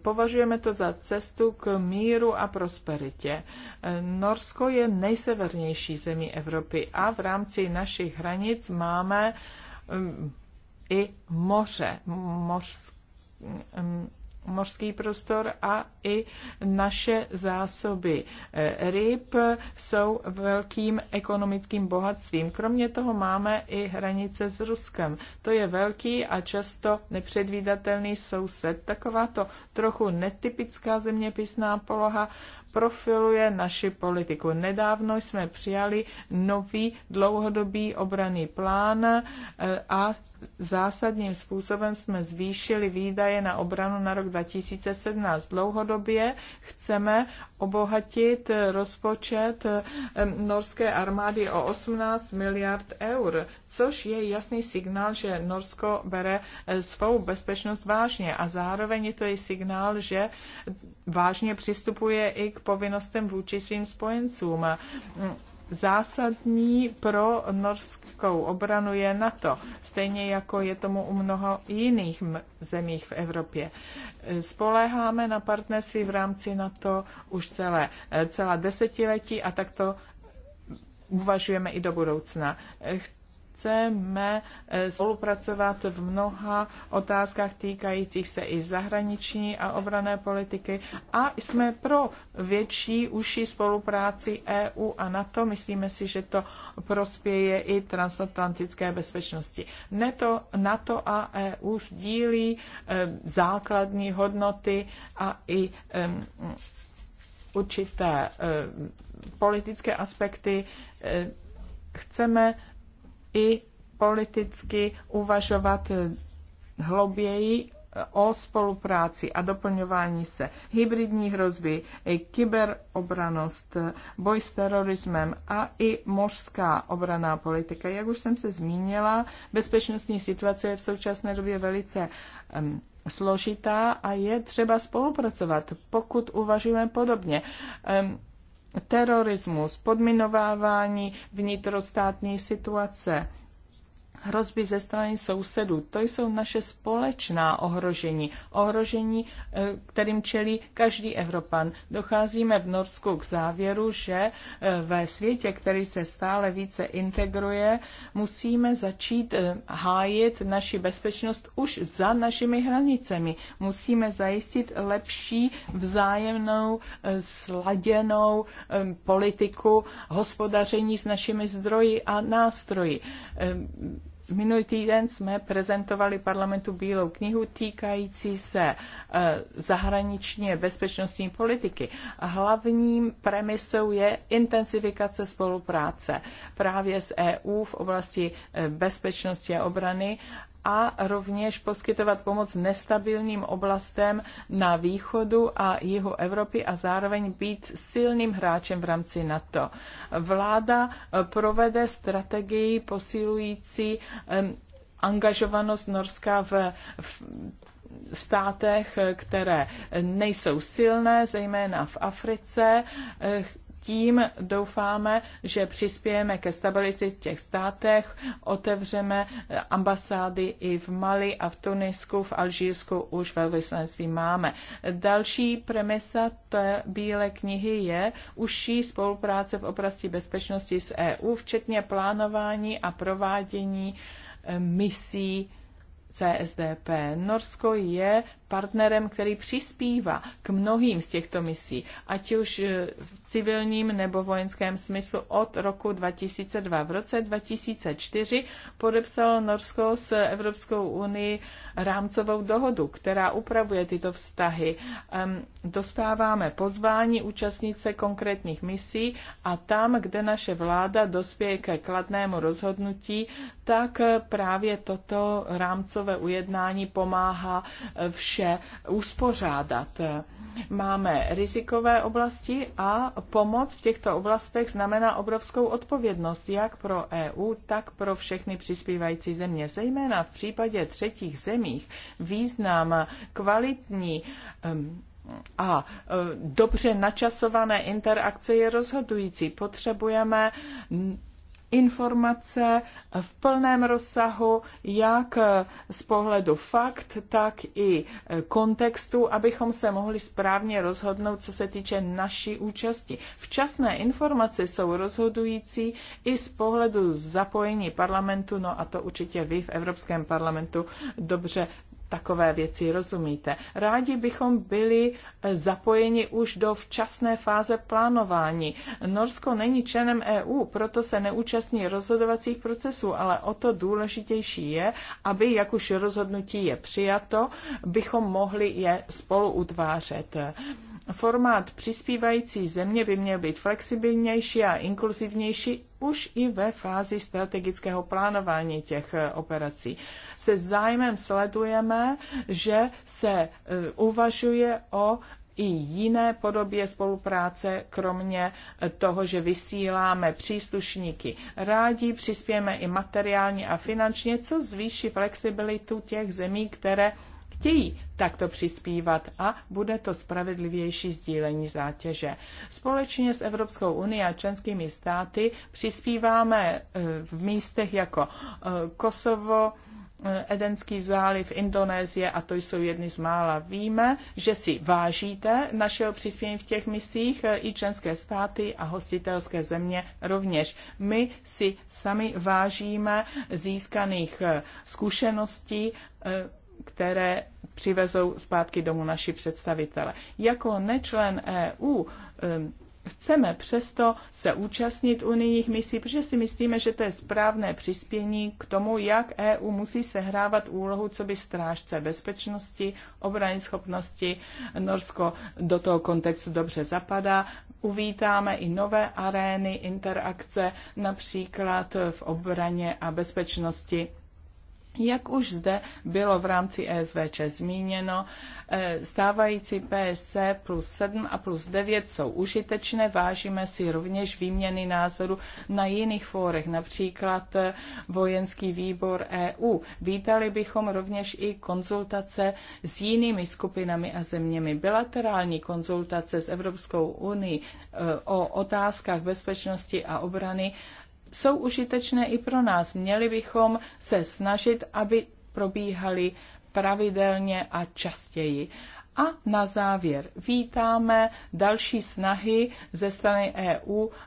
Považujeme to za cestu k míru a prosperitě. Norsko je nejsevernější zemí Evropy a v rámci našich hranic máme um, i moře, mořské mořský prostor a i naše zásoby e, ryb jsou velkým ekonomickým bohatstvím. Kromě toho máme i hranice s Ruskem. To je velký a často nepředvídatelný soused. Taková to trochu netypická zeměpisná poloha profiluje naši politiku. Nedávno jsme přijali nový dlouhodobý obraný plán eh, a zásadním způsobem jsme zvýšili výdaje na obranu na rok 2017. Dlouhodobě chceme obohatit rozpočet eh, norské armády o 18 miliard eur, což je jasný signál, že Norsko bere eh, svou bezpečnost vážně a zároveň je to i signál, že vážně přistupuje i k povinnostem vůči svým spojencům. Zásadní pro norskou obranu je NATO, stejně jako je tomu u mnoha jiných zemích v Evropě. Spoléháme na partnerství v rámci NATO už celé, celá desetiletí a takto uvažujeme i do budoucna chceme eh, spolupracovat v mnoha otázkách týkajících se i zahraniční a obrané politiky a jsme pro větší, užší spolupráci EU a NATO. Myslíme si, že to prospěje i transatlantické bezpečnosti. NATO, NATO a EU sdílí eh, základní hodnoty a i určité eh, politické aspekty chceme i politicky uvažovat hlouběji o spolupráci a doplňování se hybridní hrozby, kyberobranost, boj s terorismem a i mořská obraná politika. Jak už jsem se zmínila, bezpečnostní situace je v současné době velice um, složitá a je třeba spolupracovat, pokud uvažujeme podobně. Um, terorismus, podminovávání vnitrostátní situace, hrozby ze strany sousedů. To jsou naše společná ohrožení. Ohrožení, eh, kterým čelí každý Evropan. Docházíme v Norsku k závěru, že eh, ve světě, který se stále více integruje, musíme začít eh, hájit naši bezpečnost už za našimi hranicemi. Musíme zajistit lepší vzájemnou sladěnou politiku hospodaření s našimi zdroji a nástroji Minulý týden jsme prezentovali parlamentu Bílou knihu týkající se eh, zahraničně bezpečnostní politiky. Hlavním premisou je intenzifikace spolupráce právě s EU v oblasti eh, bezpečnosti a obrany a rovněž poskytovat pomoc nestabilním oblastem na východu a jihu Evropy a zároveň být silným hráčem v rámci NATO. Vláda eh, provede strategii posilující angažovanost Norska v, v státech, eh, které nejsou silné, zejména v Africe. Eh, tím doufáme, že přispějeme ke stabilitě v těch státech, otevřeme eh, ambasády i v Mali a v Tunisku, v Alžírsku už velvyslanectví máme. Další premisa té bílé knihy je užší spolupráce v oblasti bezpečnosti s EU, včetně plánování a provádění eh, misí CSDP. Norsko je partnerem, který přispívá k mnohým z těchto misí, ať už eh, v civilním nebo vojenském smyslu od roku 2002. V roce 2004 podepsalo Norsko s Evropskou unii rámcovou dohodu, která upravuje tyto vztahy. Dostáváme pozvání účastnice konkrétních misí a tam, kde naše vláda dospěje ke kladnému rozhodnutí, tak eh, právě toto rámcové ujednání pomáhá eh, všem vše uspořádat. Máme rizikové oblasti a pomoc v těchto oblastech znamená obrovskou odpovědnost jak pro EU, tak pro všechny přispívající země. Zejména v případě třetích zemích význam kvalitní a e, dobře načasované interakce je rozhodující. Potřebujeme informace v plném rozsahu, jak z pohledu fakt, tak i kontextu, abychom se mohli správně rozhodnout, co se týče naší účasti. Včasné informace jsou rozhodující i z pohledu zapojení parlamentu, no a to určitě vy v Evropském parlamentu dobře takové věci rozumíte. Rádi bychom byli eh, zapojeni už do včasné fáze plánování. Norsko není členem EU, proto se neúčastní rozhodovacích procesů, ale o to důležitější je, aby, jak už rozhodnutí je přijato, bychom mohli je spolu utvářet formát přispívající země by měl být flexibilnější a inkluzivnější už i ve fázi strategického plánování těch eh, operací. Se zájmem sledujeme, že se eh, uvažuje o i jiné podobě spolupráce, kromě eh, toho, že vysíláme příslušníky. Rádi přispějeme i materiálně a finančně, co zvýší flexibilitu těch zemí, které chtějí takto přispívat a bude to spravedlivější sdílení zátěže. Společně s Evropskou unii a členskými státy přispíváme eh, v místech jako eh, Kosovo, eh, Edenský záliv, Indonésie a to jsou jedny z mála. Víme, že si vážíte našeho přispění v těch misích i členské státy a hostitelské země rovněž. My si sami vážíme získaných zkušeností které přivezou zpátky domů naši představitele. Jako nečlen EU chceme přesto se účastnit unijních misí, protože si myslíme, že to je správné přispění k tomu, jak EU musí sehrávat úlohu co by strážce bezpečnosti, obrany schopnosti. Norsko do toho kontextu dobře zapadá. Uvítáme i nové arény, interakce, například v obraně a bezpečnosti jak už zde bylo v rámci ESVČ zmíněno, eh, stávající PSC plus 7 a plus 9 jsou užitečné, vážíme si rovněž výměny názoru na jiných fórech, například eh, vojenský výbor EU. Vítali bychom rovněž i konzultace s jinými skupinami a zeměmi. Bilaterální konzultace s Evropskou unii eh, o otázkách bezpečnosti a obrany jsou užitečné i pro nás. Měli bychom se snažit, aby probíhaly pravidelně a častěji. A na závěr vítáme další snahy ze strany EU eh,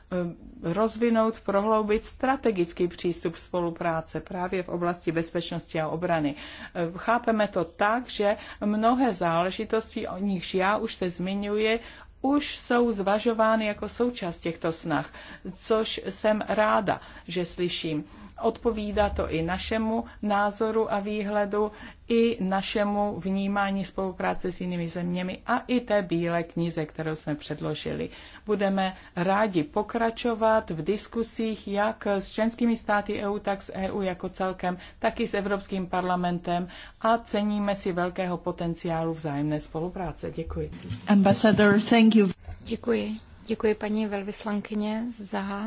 rozvinout, prohloubit strategický přístup spolupráce právě v oblasti bezpečnosti a obrany. Eh, chápeme to tak, že mnohé záležitosti, o nichž já už se zmiňuji, už jsou zvažovány jako součást těchto snah, což jsem ráda, že slyším odpovídá to i našemu názoru a výhledu, i našemu vnímání spolupráce s jinými zeměmi a i té bílé knize, kterou jsme předložili. Budeme rádi pokračovat v diskusích jak s členskými státy EU, tak s EU jako celkem, tak i s Evropským parlamentem a ceníme si velkého potenciálu vzájemné spolupráce. Děkuji. Ambassador, thank you. Děkuji. Děkuji paní velvyslankyně za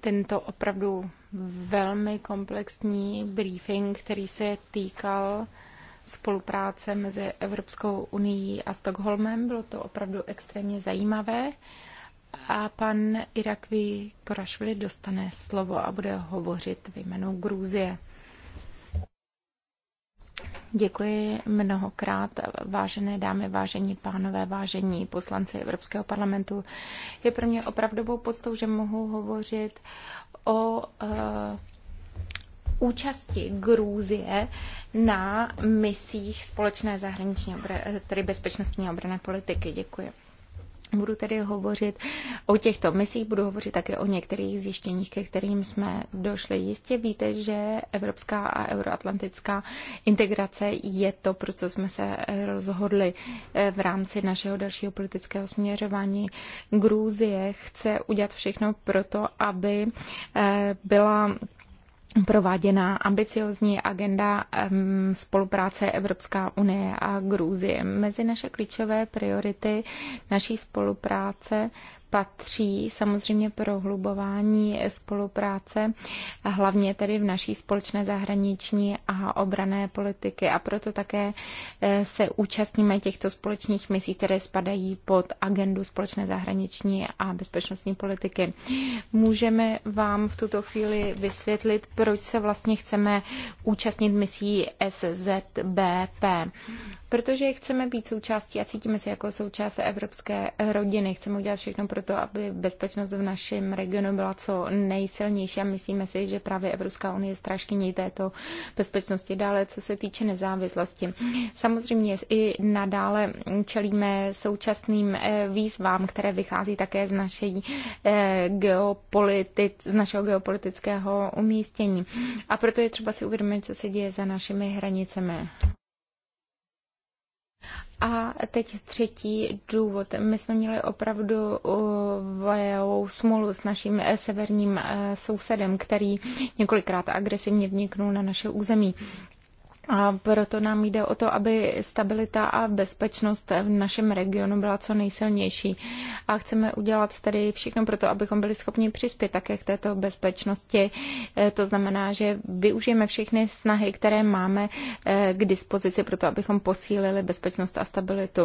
tento opravdu velmi komplexní briefing, který se týkal spolupráce mezi Evropskou unii a Stockholmem. Bylo to opravdu extrémně zajímavé. A pan Irakvi Korašvili dostane slovo a bude hovořit v jménu Gruzie. Děkuji mnohokrát, vážené dámy, vážení pánové, vážení poslanci Evropského parlamentu. Je pro mě opravdovou podstou, že mohu hovořit o eh, účasti Grůzie na misích společné zahraniční, tedy bezpečnostní obrané politiky. Děkuji. Budu tedy hovořit o těchto misích, budu hovořit také o některých zjištěních, ke kterým jsme došli. Jistě víte, že evropská a euroatlantická integrace je to, pro co jsme se rozhodli eh, v rámci našeho dalšího politického směřování. Grůzie chce udělat všechno pro to, aby eh, byla prováděná ambiciozní agenda spolupráce Evropská unie a Gruzie. Mezi naše klíčové priority naší spolupráce patří samozřejmě prohlubování spolupráce, hlavně tedy v naší společné zahraniční a obrané politiky. A proto také e, se účastníme těchto společných misí, které spadají pod agendu společné zahraniční a bezpečnostní politiky. Můžeme vám v tuto chvíli vysvětlit, proč se vlastně chceme účastnit misí SZBP. Protože chceme být součástí a cítíme se jako součást evropské rodiny. Chceme udělat všechno pro to, aby bezpečnost v našem regionu byla co nejsilnější a myslíme si, že právě Evropská unie je straškyní této bezpečnosti. Dále, co se týče nezávislosti. Samozřejmě i nadále čelíme současným eh, výzvám, které vychází také z, naší eh, geopolitic, z našeho geopolitického umístění. A proto je třeba si uvědomit, co se děje za našimi hranicemi. A teď třetí důvod. My jsme měli opravdu uh, smolu s naším eh, severním eh, sousedem, který několikrát agresivně vniknul na naše území. A proto nám jde o to, aby stabilita a bezpečnost v našem regionu byla co nejsilnější. A chceme udělat tedy všechno pro to, abychom byli schopni přispět také k této bezpečnosti. Eh, to znamená, že využijeme všechny snahy, které máme eh, k dispozici pro to, abychom posílili bezpečnost a stabilitu.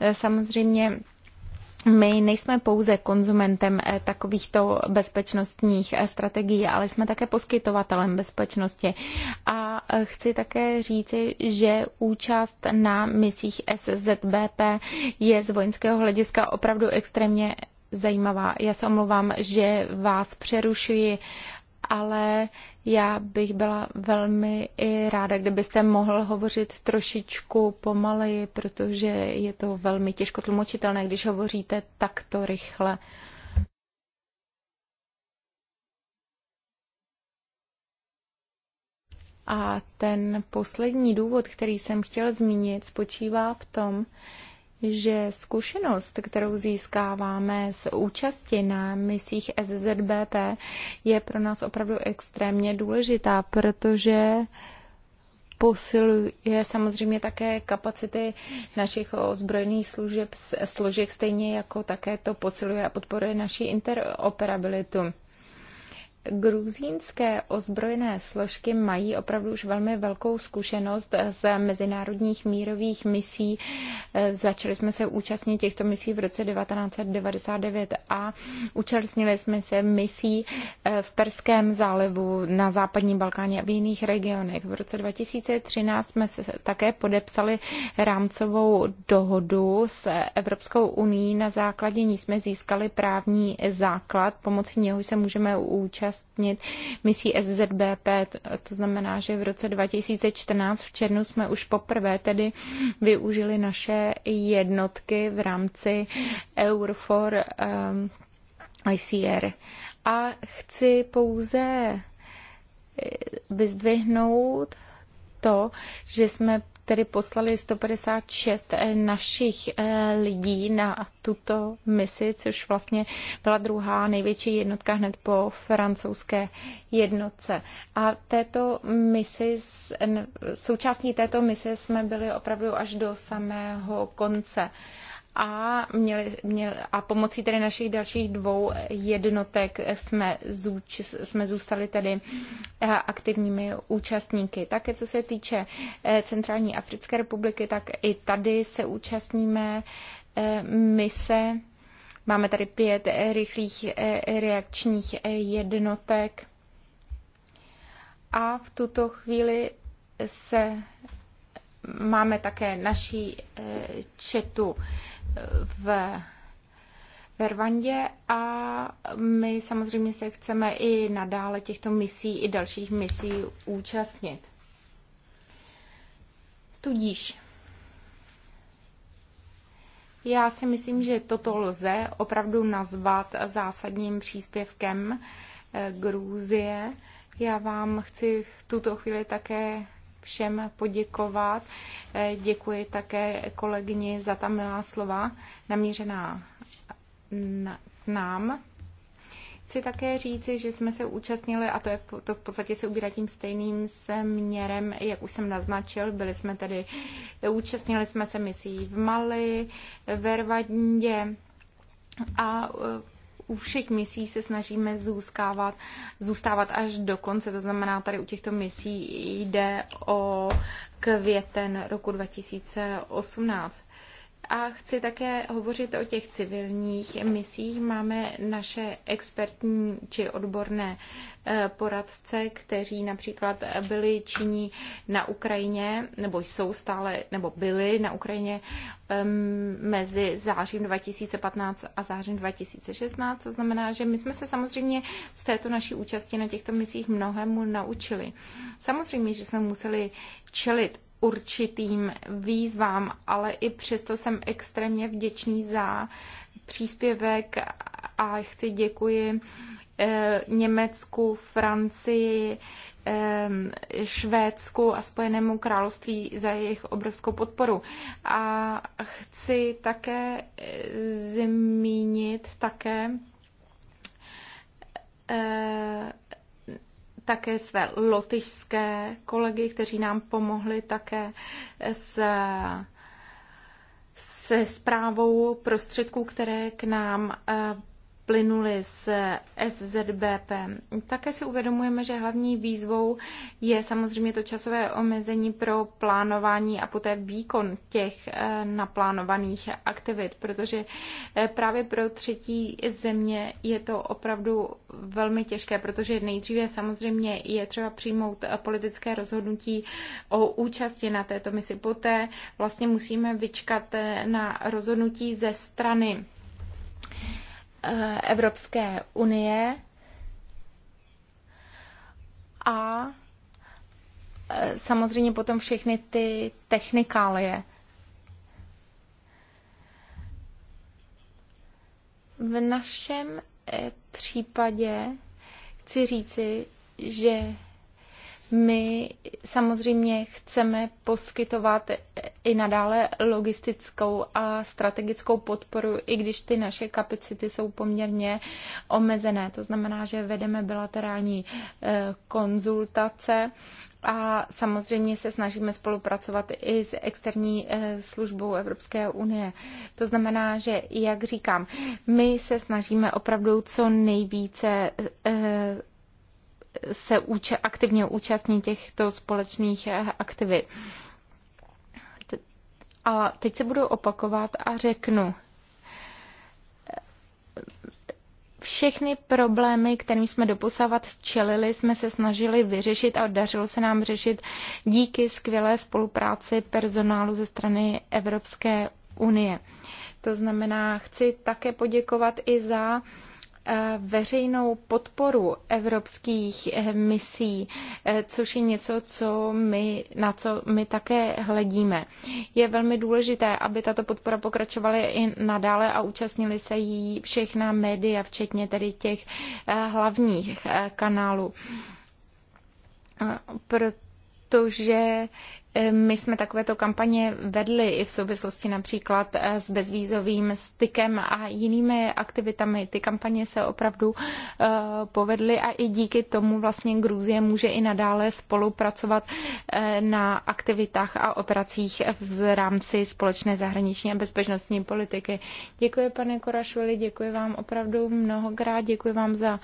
Eh, samozřejmě my nejsme pouze konzumentem takovýchto bezpečnostních strategií, ale jsme také poskytovatelem bezpečnosti. A chci také říci, že účast na misích SZBP je z vojenského hlediska opravdu extrémně zajímavá. Já se omlouvám, že vás přerušuji, ale já bych byla velmi i ráda, kdybyste mohl hovořit trošičku pomaleji, protože je to velmi těžko tlumočitelné, když hovoříte takto rychle. Uh, A ten poslední důvod, který jsem chtěl zmínit, spočívá v tom, že zkušenost, kterou získáváme s účasti na misích SZBP, je pro nás opravdu extrémně důležitá, protože posiluje samozřejmě také kapacity našich ozbrojených služeb, složek, stejně jako také to posiluje a podporuje naši interoperabilitu gruzínské ozbrojené složky mají opravdu už velmi velkou zkušenost z mezinárodních mírových misí. Eh, začali jsme se účastnit těchto misí v roce 1999 a účastnili jsme se misí eh, v Perském zálivu na západním Balkáně a v jiných regionech. V roce 2013 jsme se také podepsali rámcovou dohodu s Evropskou unii. Na základě ní jsme získali právní základ, pomocí něho se můžeme účastnit účastnit misí SZBP. To znamená, že v roce 2014 v černu jsme už poprvé tedy využili naše jednotky v rámci Eurofor um, ehm, ICR. A chci pouze eh, vyzdvihnout to, že jsme tedy poslali 156 eh, našich eh, lidí na tuto misi, což vlastně byla druhá největší jednotka hned po francouzské jednotce. A této misi, součástí této mise jsme byli opravdu až do samého konce a, měli, měli, a pomocí tedy našich dalších dvou jednotek jsme, zůč, jsme zůstali tedy eh, aktivními účastníky. Také co se týče eh, Centrální Africké republiky, tak i tady se účastníme eh, mise. Máme tady pět rychlých reakčních jednotek. A v tuto chvíli se máme také naší četu v ve Rwandě a my samozřejmě se chceme i nadále těchto misí i dalších misí účastnit. Tudíž já si myslím, že toto lze opravdu nazvat zásadním příspěvkem eh, Gruzie. Já vám chci v tuto chvíli také všem poděkovat. Eh, děkuji také kolegyni za ta milá slova namířená na, nám. Chci také říci, že jsme se účastnili, a to, je, to v podstatě se ubírá tím stejným směrem, jak už jsem naznačil, byli jsme tedy, účastnili jsme se misí v Mali, ve Rwandě a eh, u všech misí se snažíme zůstávat, zůstávat až do konce. To znamená, tady u těchto misí jde o květen roku 2018 a chci také hovořit o těch civilních misích. Máme naše expertní či odborné eh, poradce, kteří například byli činí na Ukrajině, nebo jsou stále, nebo byli na Ukrajině mezi zářím 2015 a zářím 2016. To znamená, že my jsme se samozřejmě z této naší účasti na těchto misích mnohému naučili. Samozřejmě, že jsme museli čelit určitým výzvám, ale i přesto jsem extrémně vděčný za příspěvek a chci děkuji eh, Německu, Francii, eh, Švédsku a Spojenému království za jejich obrovskou podporu. A chci také eh, zmínit také také své lotyšské kolegy, kteří nám pomohli také s se zprávou prostředků, které k nám eh, plynuly s SZBP. Také si uvědomujeme, že hlavní výzvou je samozřejmě to časové omezení pro plánování a poté výkon těch eh, naplánovaných aktivit, protože eh, právě pro třetí země je to opravdu velmi těžké, protože nejdříve samozřejmě je třeba přijmout eh, politické rozhodnutí o účasti na této misi. Poté vlastně musíme vyčkat na rozhodnutí ze strany Eh, Evropské unie a eh, samozřejmě potom všechny ty technikálie. V našem eh, případě chci říci, že my samozřejmě chceme poskytovat i nadále logistickou a strategickou podporu, i když ty naše kapacity jsou poměrně omezené. To znamená, že vedeme bilaterální eh, konzultace a samozřejmě se snažíme spolupracovat i s externí eh, službou Evropské unie. To znamená, že, jak říkám, my se snažíme opravdu co nejvíce eh, se úče, aktivně účastní těchto společných eh, aktivit. A teď se budu opakovat a řeknu, eh, všechny problémy, kterým jsme doposavat čelili, jsme se snažili vyřešit a dařilo se nám řešit díky skvělé spolupráci personálu ze strany Evropské unie. To znamená, chci také poděkovat i za uh, Eh, veřejnou podporu evropských eh, misí, eh, což je něco, co my, na co my také hledíme. Je velmi důležité, aby tato podpora pokračovala i nadále a účastnili se jí všechna média, včetně tedy těch hlavních kanálů. protože my jsme takovéto kampaně vedli i v souvislosti například eh, s bezvízovým stykem a jinými aktivitami. Ty kampaně se opravdu eh, povedly a i díky tomu vlastně Gruzie může i nadále spolupracovat eh, na aktivitách a operacích v rámci společné zahraniční a bezpečnostní politiky. Děkuji, pane Korašvili, děkuji vám opravdu mnohokrát, děkuji vám za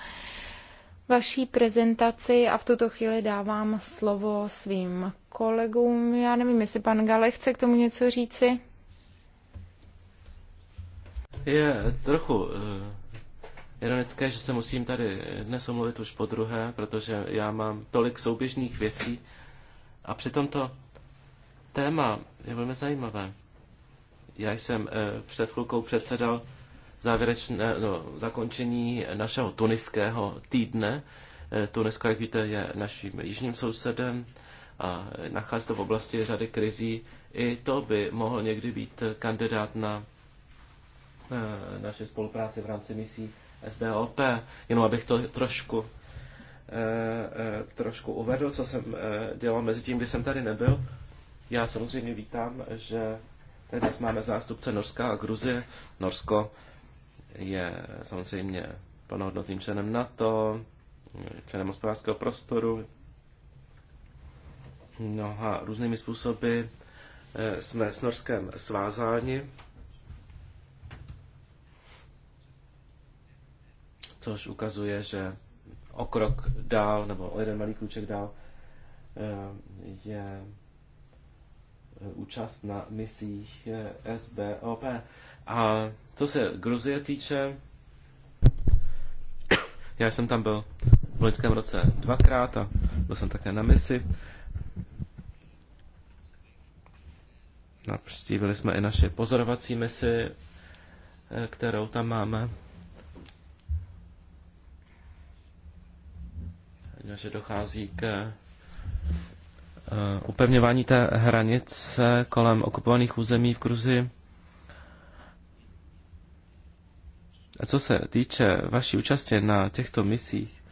vaší prezentaci a v tuto chvíli dávám slovo svým kolegům. Já nevím, jestli pan Gale chce k tomu něco říci. Je trochu uh, ironické, že se musím tady dnes omluvit už po druhé, protože já mám tolik souběžných věcí a přitom to téma je velmi zajímavé. Já jsem uh, před chvilkou předsedal závěrečné, no, zakončení našeho tuniského týdne. Eh, Tunisko, jak víte, je naším jižním sousedem a nachází se v oblasti řady krizí. I to by mohl někdy být kandidát na eh, naše spolupráci v rámci misí SBOP. Jenom abych to trošku, eh, trošku uvedl, co jsem dělal mezi tím, kdy jsem tady nebyl. Já samozřejmě vítám, že tady dnes máme zástupce Norska a Gruzie. Norsko je samozřejmě plnohodnotným členem NATO, členem hospodářského prostoru. a různými způsoby eh, jsme s Norskem svázáni, což ukazuje, že o krok dál, nebo o jeden malý kruček dál, eh, je účast na misích eh, SBOP. A co se Gruzie týče, já jsem tam byl v loňském roce dvakrát a byl jsem také na misi. Navštívili jsme i naše pozorovací misi, eh, kterou tam máme. Že dochází k eh, upevňování té hranice kolem okupovaných území v Gruzii. A co se týče vaší účasti na těchto misích,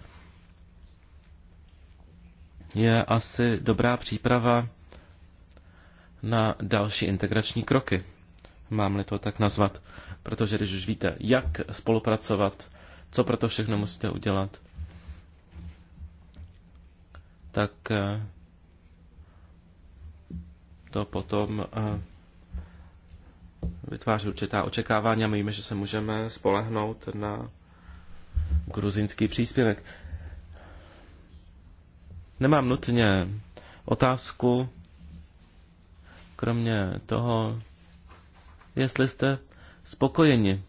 je asi dobrá příprava na další integrační kroky, mám-li to tak nazvat. Protože když už víte, jak spolupracovat, co pro to všechno musíte udělat, tak eh, to potom eh, vytváří určitá očekávání a my víme, že se můžeme spolehnout na gruzinský příspěvek. Nemám nutně otázku, kromě toho, jestli jste spokojeni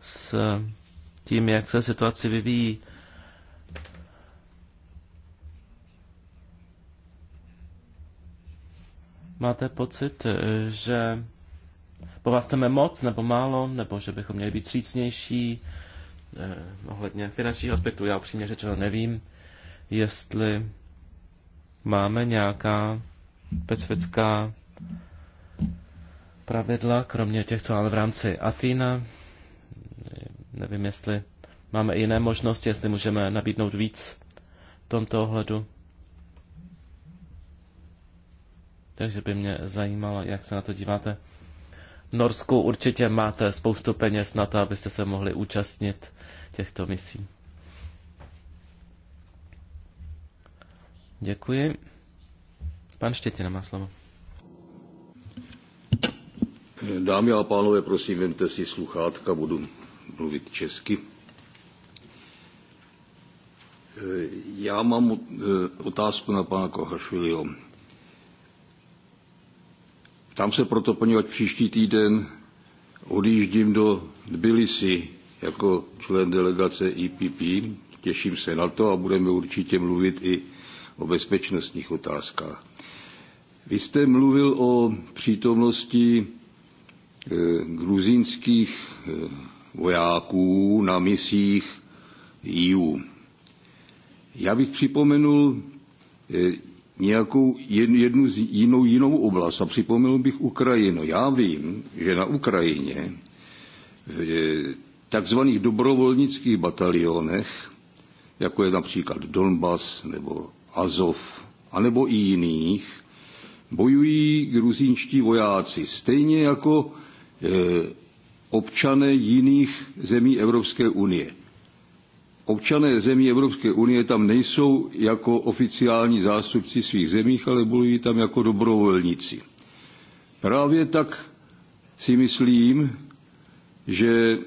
s tím, jak se situace vyvíjí Máte pocit, eh, že po vás chceme moc nebo málo, nebo že bychom měli být přísnější eh, ohledně finančních aspektů? Já upřímně řečeno nevím, jestli máme nějaká specifická pravidla, kromě těch, co máme v rámci Athena. Nevím, jestli máme jiné možnosti, jestli můžeme nabídnout víc v tomto ohledu. Takže by mě zajímalo, jak se na to díváte. V Norsku určitě máte spoustu peněz na to, abyste se mohli účastnit těchto misí. Děkuji. Pan Štětina má slovo. Dámy a pánové, prosím, vemte si sluchátka, budu mluvit česky. Já mám eh, otázku na pana Kohašviliho. Tam se proto, poněvadž příští týden odjíždím do Tbilisi jako člen delegace IPP. E Těším se na to a budeme určitě mluvit i o bezpečnostních otázkách. Vy jste mluvil o přítomnosti eh, gruzínských eh, vojáků na misích EU. Já bych připomenul eh, nějakou jednu jinou, jinou oblast. A připomněl bych Ukrajinu. Já vím, že na Ukrajině v takzvaných dobrovolnických batalionech, jako je například Donbas nebo Azov, anebo i jiných, bojují gruzínští vojáci, stejně jako e, občané jiných zemí Evropské unie. Občané zemí Evropské unie tam nejsou jako oficiální zástupci svých zemích, ale bojují tam jako dobrovolníci. Právě tak si myslím, že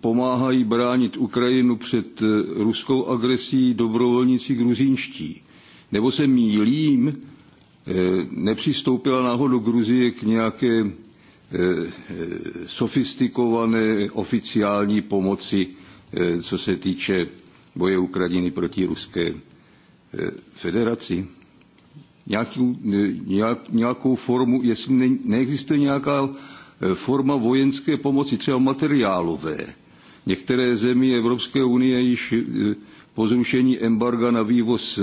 pomáhají bránit Ukrajinu před eh, ruskou agresí dobrovolníci gruzínští. Nebo se mílím, eh, nepřistoupila náhodou Gruzie k nějaké eh, sofistikované oficiální pomoci Eh, co se týče boje Ukrajiny proti Ruské eh, federaci? Nějakou, nějak, nějakou formu, jestli ne, neexistuje nějaká eh, forma vojenské pomoci, třeba materiálové. Některé země Evropské unie již po zrušení embarga na vývoz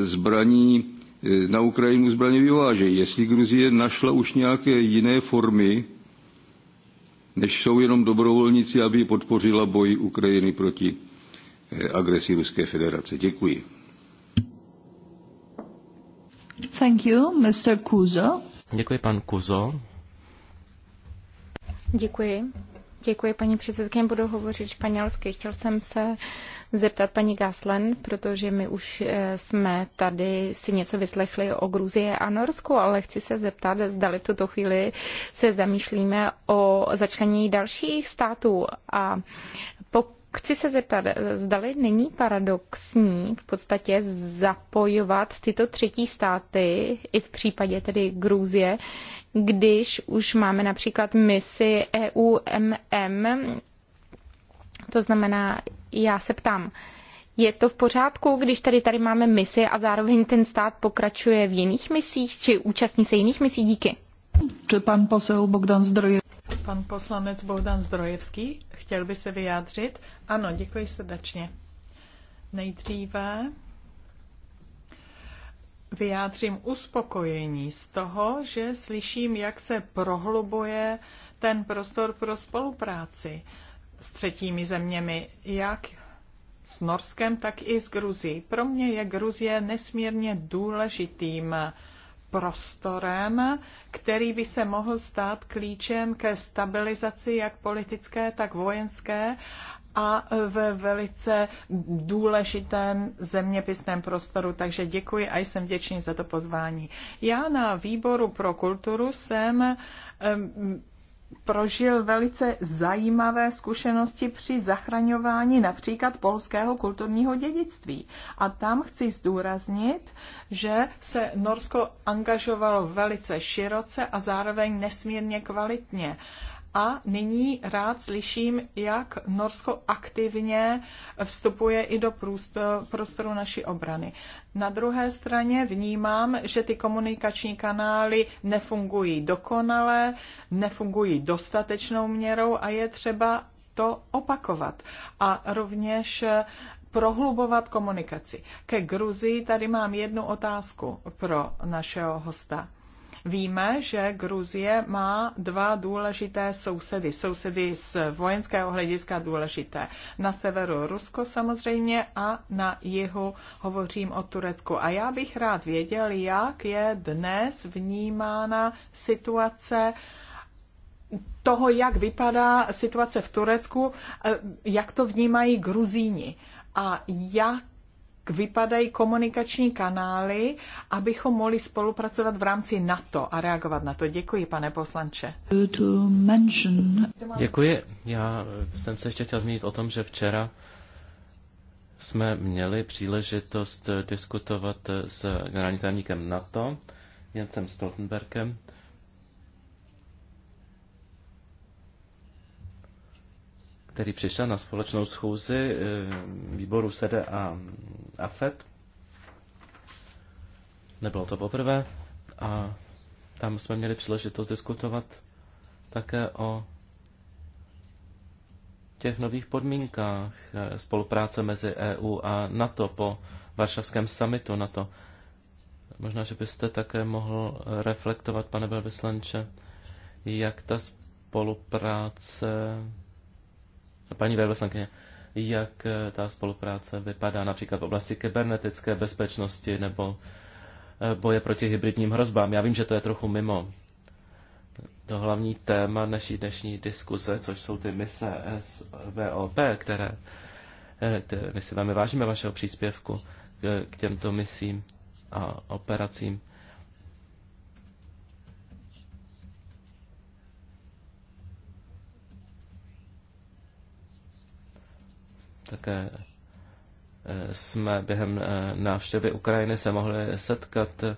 zbraní na Ukrajinu zbraně vyvážejí. Jestli Gruzie našla už nějaké jiné formy než jsou jenom dobrovolníci, aby podpořila boj Ukrajiny proti eh, agresi Ruské federace. Děkuji. Thank you, Mr. Kuzo. Děkuji, pan Kuzo. Děkuji. Děkuji, paní předsedkyně, budu hovořit španělsky. Chtěl jsem se zeptat paní Gaslen, protože my už eh, jsme tady si něco vyslechli o Gruzie a Norsku, ale chci se zeptat, zdali v tuto chvíli se zamýšlíme o začlenění dalších států a pokud chci se zeptat, zdali není paradoxní v podstatě zapojovat tyto třetí státy, i v případě tedy Gruzie, když už máme například misi EUMM to znamená, já se ptám, je to v pořádku, když tady tady máme misi a zároveň ten stát pokračuje v jiných misích, či účastní se jiných misí? Díky. Či pan posel Bogdan Zdroje. Pan poslanec Bohdan Zdrojevský chtěl by se vyjádřit. Ano, děkuji srdečně. Nejdříve vyjádřím uspokojení z toho, že slyším, jak se prohlubuje ten prostor pro spolupráci s třetími zeměmi, jak s Norskem, tak i s Gruzí. Pro mě je Gruzie nesmírně důležitým prostorem, který by se mohl stát klíčem ke stabilizaci jak politické, tak vojenské a ve velice důležitém zeměpisném prostoru, takže děkuji a jsem vděčný za to pozvání. Já na výboru pro kulturu jsem prožil velice zajímavé zkušenosti při zachraňování například polského kulturního dědictví. A tam chci zdůraznit, že se Norsko angažovalo velice široce a zároveň nesmírně kvalitně. Uh, a nyní rád slyším, jak Norsko aktivně vstupuje i do prostoru naší obrany. Na druhé straně vnímám, že ty komunikační kanály nefungují dokonale, nefungují dostatečnou měrou a je třeba to opakovat. A rovněž prohlubovat komunikaci. Ke Gruzii tady mám jednu otázku pro našeho hosta. Víme, že Gruzie má dva důležité sousedy. Sousedy z vojenského hlediska důležité. Na severu Rusko samozřejmě a na jihu hovořím o Turecku. A já bych rád věděl, jak je dnes vnímána situace toho, jak vypadá situace v Turecku, eh, jak to vnímají Gruzíni a jak vypadají komunikační kanály, abychom mohli spolupracovat v rámci NATO a reagovat na to. Děkuji, pane poslanče. Děkuji. Já jsem se ještě chtěl zmínit o tom, že včera jsme měli příležitost diskutovat s generálním tajemníkem NATO, Jensem Stoltenbergem, který přišel na společnou schůzi eh, výboru SEDE a AFET. Nebylo to poprvé a tam jsme měli příležitost diskutovat také o těch nových podmínkách eh, spolupráce mezi EU a NATO po varšavském summitu NATO. Možná, že byste také mohl reflektovat, pane velvyslanče, jak ta spolupráce paní velvyslankyně, jak eh, ta spolupráce vypadá například v oblasti kybernetické bezpečnosti nebo eh, boje proti hybridním hrozbám. Já vím, že to je trochu mimo to hlavní téma naší dnešní diskuze, což jsou ty mise SVOP, které, které eh, my si velmi vážíme vašeho příspěvku k těmto misím a operacím. Také eh, jsme během eh, návštěvy Ukrajiny se mohli setkat eh,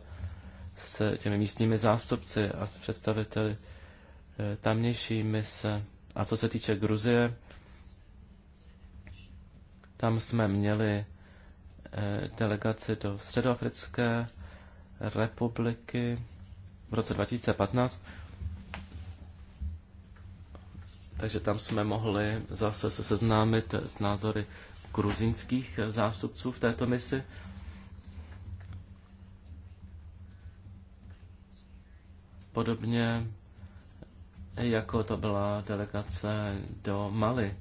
s těmi místními zástupci a s představiteli tamnější mise. A co se týče Gruzie, tam jsme měli delegaci do Středoafrické republiky v roce 2015 takže tam jsme mohli zase se seznámit s názory gruzínských zástupců v této misi. Podobně jako to byla delegace do Mali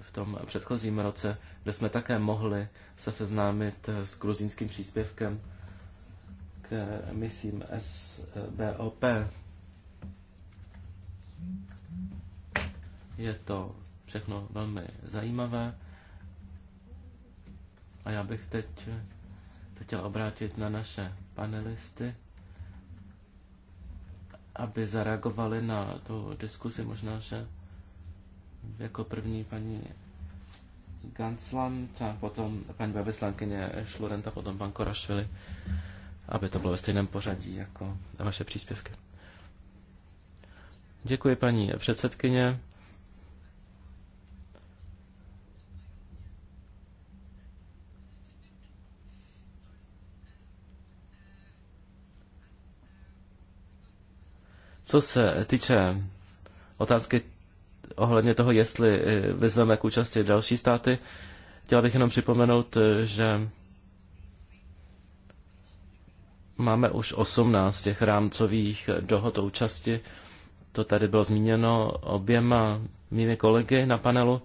v tom předchozím roce, kde jsme také mohli se seznámit s gruzínským příspěvkem k misím SBOP. Je to všechno velmi zajímavé. A já bych teď se chtěl obrátit na naše panelisty, aby zareagovali na tu diskusi. Možná, že jako první paní Gansland a potom paní Babislankyně Šlurenta, potom pan Korašvili, aby to bylo ve stejném pořadí jako vaše příspěvky. Děkuji paní předsedkyně. Co se týče otázky ohledně toho, jestli eh, vyzveme k účasti další státy, chtěla bych jenom připomenout, eh, že máme už 18 těch rámcových dohod o účasti. To tady bylo zmíněno oběma mými kolegy na panelu,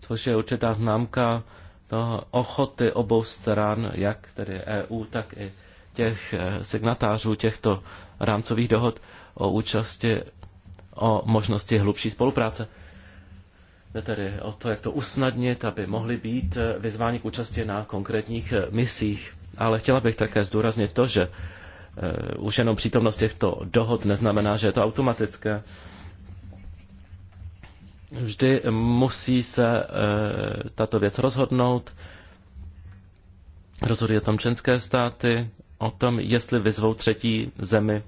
což je určitá známka toho ochoty obou stran, jak tedy EU, tak i těch eh, signatářů těchto rámcových dohod o účasti, o možnosti hlubší spolupráce. Jde tedy o to, jak to usnadnit, aby mohli být eh, vyzváni k účasti na konkrétních eh, misích. Ale chtěla bych také zdůraznit to, že už jenom přítomnost těchto dohod neznamená, že je to automatické. Vždy musí se tato věc rozhodnout. Rozhodují o tom členské státy o tom, jestli vyzvou třetí zemi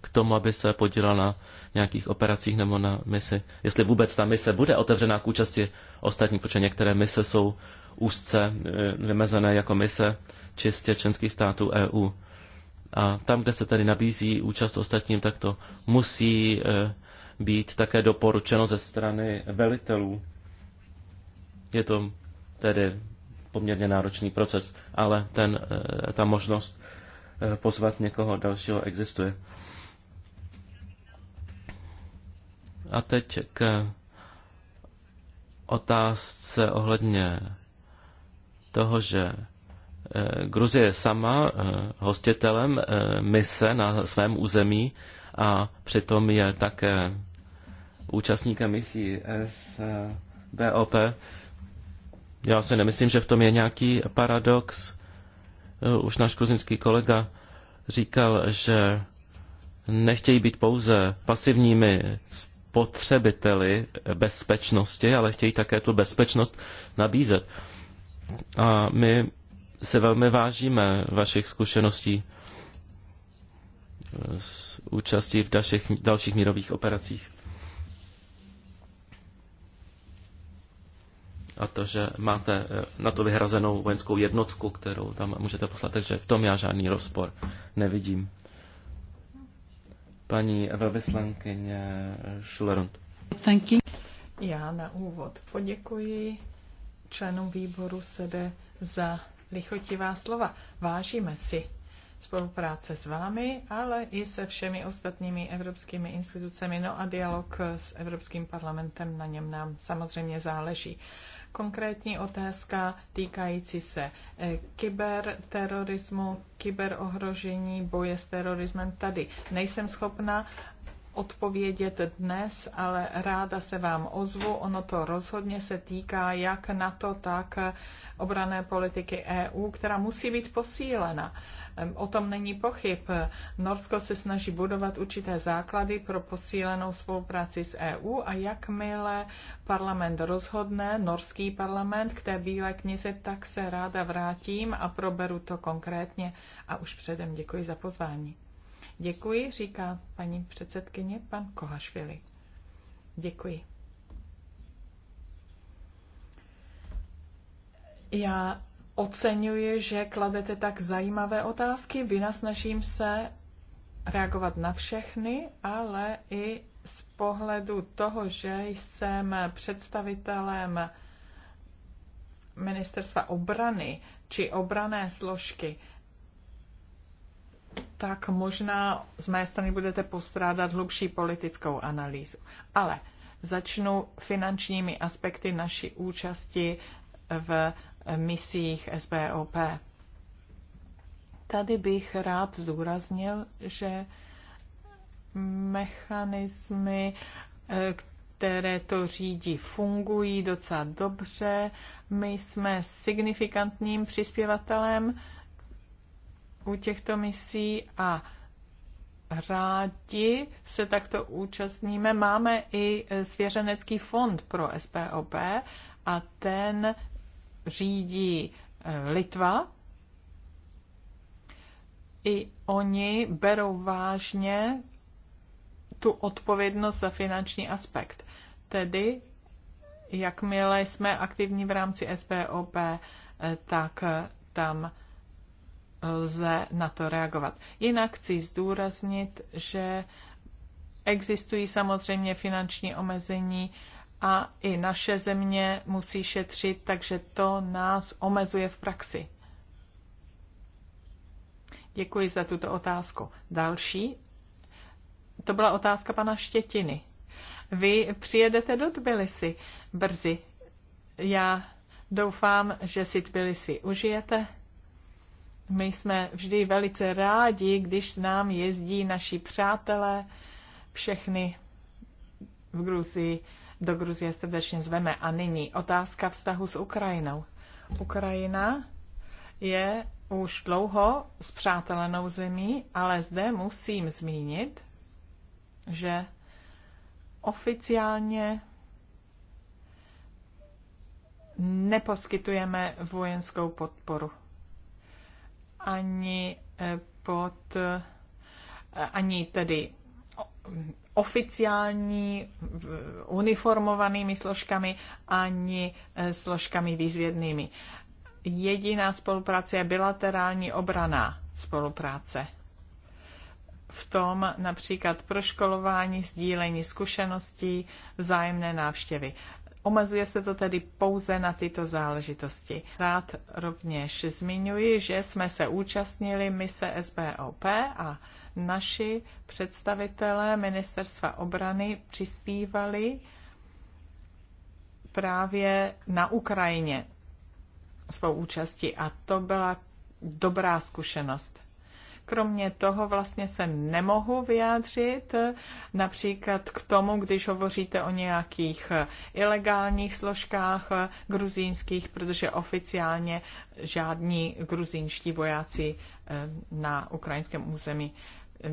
k tomu, aby se podílela na nějakých operacích nebo na misi. Jestli vůbec ta mise bude otevřená k účasti ostatních, protože některé mise jsou úzce eh, vymezené jako mise čistě členských států EU. A tam, kde se tedy nabízí účast ostatním, tak to musí eh, být také doporučeno ze strany velitelů. Je to tedy poměrně náročný proces, ale ten, eh, ta možnost eh, pozvat někoho dalšího existuje. A teď k otázce ohledně toho, že eh, Gruzie je sama hostitelem mise na svém území a přitom je také účastníkem misí SBOP, já si nemyslím, že v tom je nějaký paradox. Eh, už náš kuzinský kolega říkal, že nechtějí být pouze pasivními spotřebiteli bezpečnosti, ale chtějí také tu bezpečnost nabízet. A my se velmi vážíme vašich zkušeností eh, s účastí v dalších, dalších mírových operacích. a to, že máte eh, na to vyhrazenou vojenskou jednotku, kterou tam můžete poslat, takže v tom já žádný rozpor nevidím. Paní velvyslankyně Schulerund. Thank you. Já na úvod poděkuji členům výboru sede za lichotivá slova. Vážíme si spolupráce s vámi, ale i se všemi ostatními evropskými institucemi. No a dialog s Evropským parlamentem na něm nám samozřejmě záleží konkrétní otázka týkající se eh, kyberterorismu, kyberohrožení, boje s terorismem tady. Nejsem schopna odpovědět dnes, ale ráda se vám ozvu. Ono to rozhodně se týká jak NATO, tak obrané politiky EU, která musí být posílena. O tom není pochyb. Norsko se snaží budovat určité základy pro posílenou spolupráci s EU a jakmile parlament rozhodne, norský parlament k té bílé knize, tak se ráda vrátím a proberu to konkrétně a už předem děkuji za pozvání. Děkuji, říká paní předsedkyně, pan Kohašvili. Děkuji. Já oceňuji, že kladete tak zajímavé otázky. Vynasnažím se reagovat na všechny, ale i z pohledu toho, že jsem představitelem ministerstva obrany či obrané složky, tak možná z mé strany budete postrádat hlubší politickou analýzu. Ale začnu finančními aspekty naší účasti v misích SBOP. Tady bych rád zúraznil, že mechanismy, eh, které to řídí, fungují docela dobře. My jsme signifikantním přispěvatelem u těchto misí a rádi se takto účastníme. Máme i eh, svěřenecký fond pro SPOP a ten řídí eh, Litva. I oni berou vážně tu odpovědnost za finanční aspekt. Tedy, jakmile jsme aktivní v rámci SBOP, eh, tak eh, tam lze na to reagovat. Jinak chci zdůraznit, že existují samozřejmě finanční omezení a i naše země musí šetřit, takže to nás omezuje v praxi. Děkuji za tuto otázku. Další. To byla otázka pana Štětiny. Vy přijedete do Tbilisi brzy. Já doufám, že si Tbilisi užijete. My jsme vždy velice rádi, když s nám jezdí naši přátelé, všechny v Gruzii do Gruzie srdečně zveme. A nyní otázka vztahu s Ukrajinou. Ukrajina je už dlouho přátelenou zemí, ale zde musím zmínit, že oficiálně neposkytujeme vojenskou podporu. Ani eh, pod eh, ani tedy oficiální uniformovanými složkami ani eh, složkami výzvědnými. Jediná spolupráce je bilaterální obraná spolupráce. V tom například proškolování, sdílení zkušeností, vzájemné návštěvy. Omezuje se to tedy pouze na tyto záležitosti. Rád rovněž zmiňuji, že jsme se účastnili mise SBOP a naši představitelé ministerstva obrany přispívali právě na Ukrajině svou účastí a to byla dobrá zkušenost. Kromě toho vlastně se nemohu vyjádřit například k tomu, když hovoříte o nějakých ilegálních složkách gruzínských, protože oficiálně žádní gruzínští vojáci eh, na ukrajinském území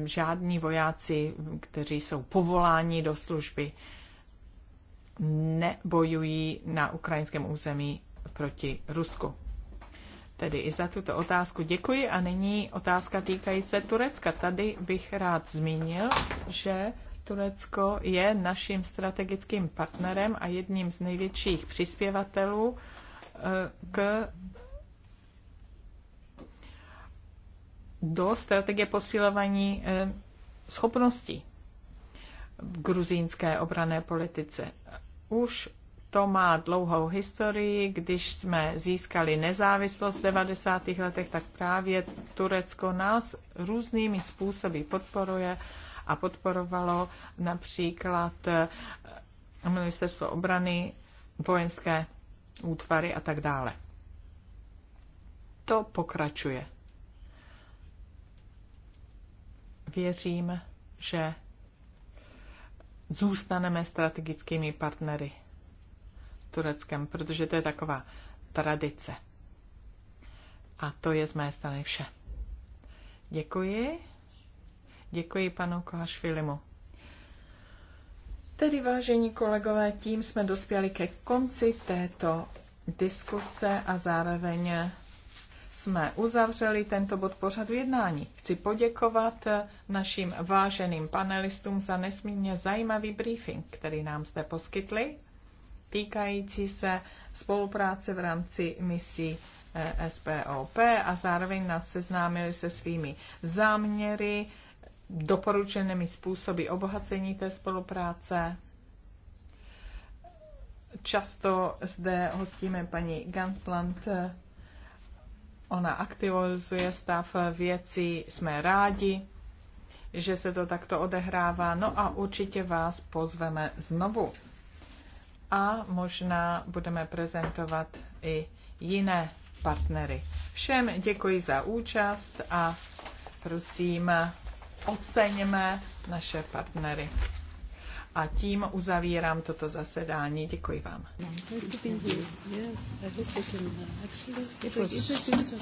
žádní vojáci, kteří jsou povoláni do služby, nebojují na ukrajinském území proti Rusku. Tedy i za tuto otázku děkuji a nyní otázka týkající se Turecka. Tady bych rád zmínil, že Turecko je naším strategickým partnerem a jedním z největších přispěvatelů eh, k do strategie posilování eh, schopností v gruzínské obrané politice. Už to má dlouhou historii. Když jsme získali nezávislost v 90. letech, tak právě Turecko nás různými způsoby podporuje a podporovalo například eh, ministerstvo obrany, vojenské útvary a tak dále. To pokračuje. Věřím, že zůstaneme strategickými partnery s Tureckem, protože to je taková tradice. A to je z mé strany vše. Děkuji. Děkuji panu Kohašvilimu. Tedy, vážení kolegové, tím jsme dospěli ke konci této diskuse a zároveň jsme uzavřeli tento bod pořadu jednání. Chci poděkovat našim váženým panelistům za nesmírně zajímavý briefing, který nám zde poskytli, týkající se spolupráce v rámci misí eh, SPOP a zároveň nás seznámili se svými záměry, doporučenými způsoby obohacení té spolupráce. Často zde hostíme paní Gansland Ona aktivizuje stav věcí, jsme rádi, že se to takto odehrává. No a určitě vás pozveme znovu. A možná budeme prezentovat i jiné partnery. Všem děkuji za účast a prosím, oceňme naše partnery. A tím uzavírám toto zasedání. Děkuji vám.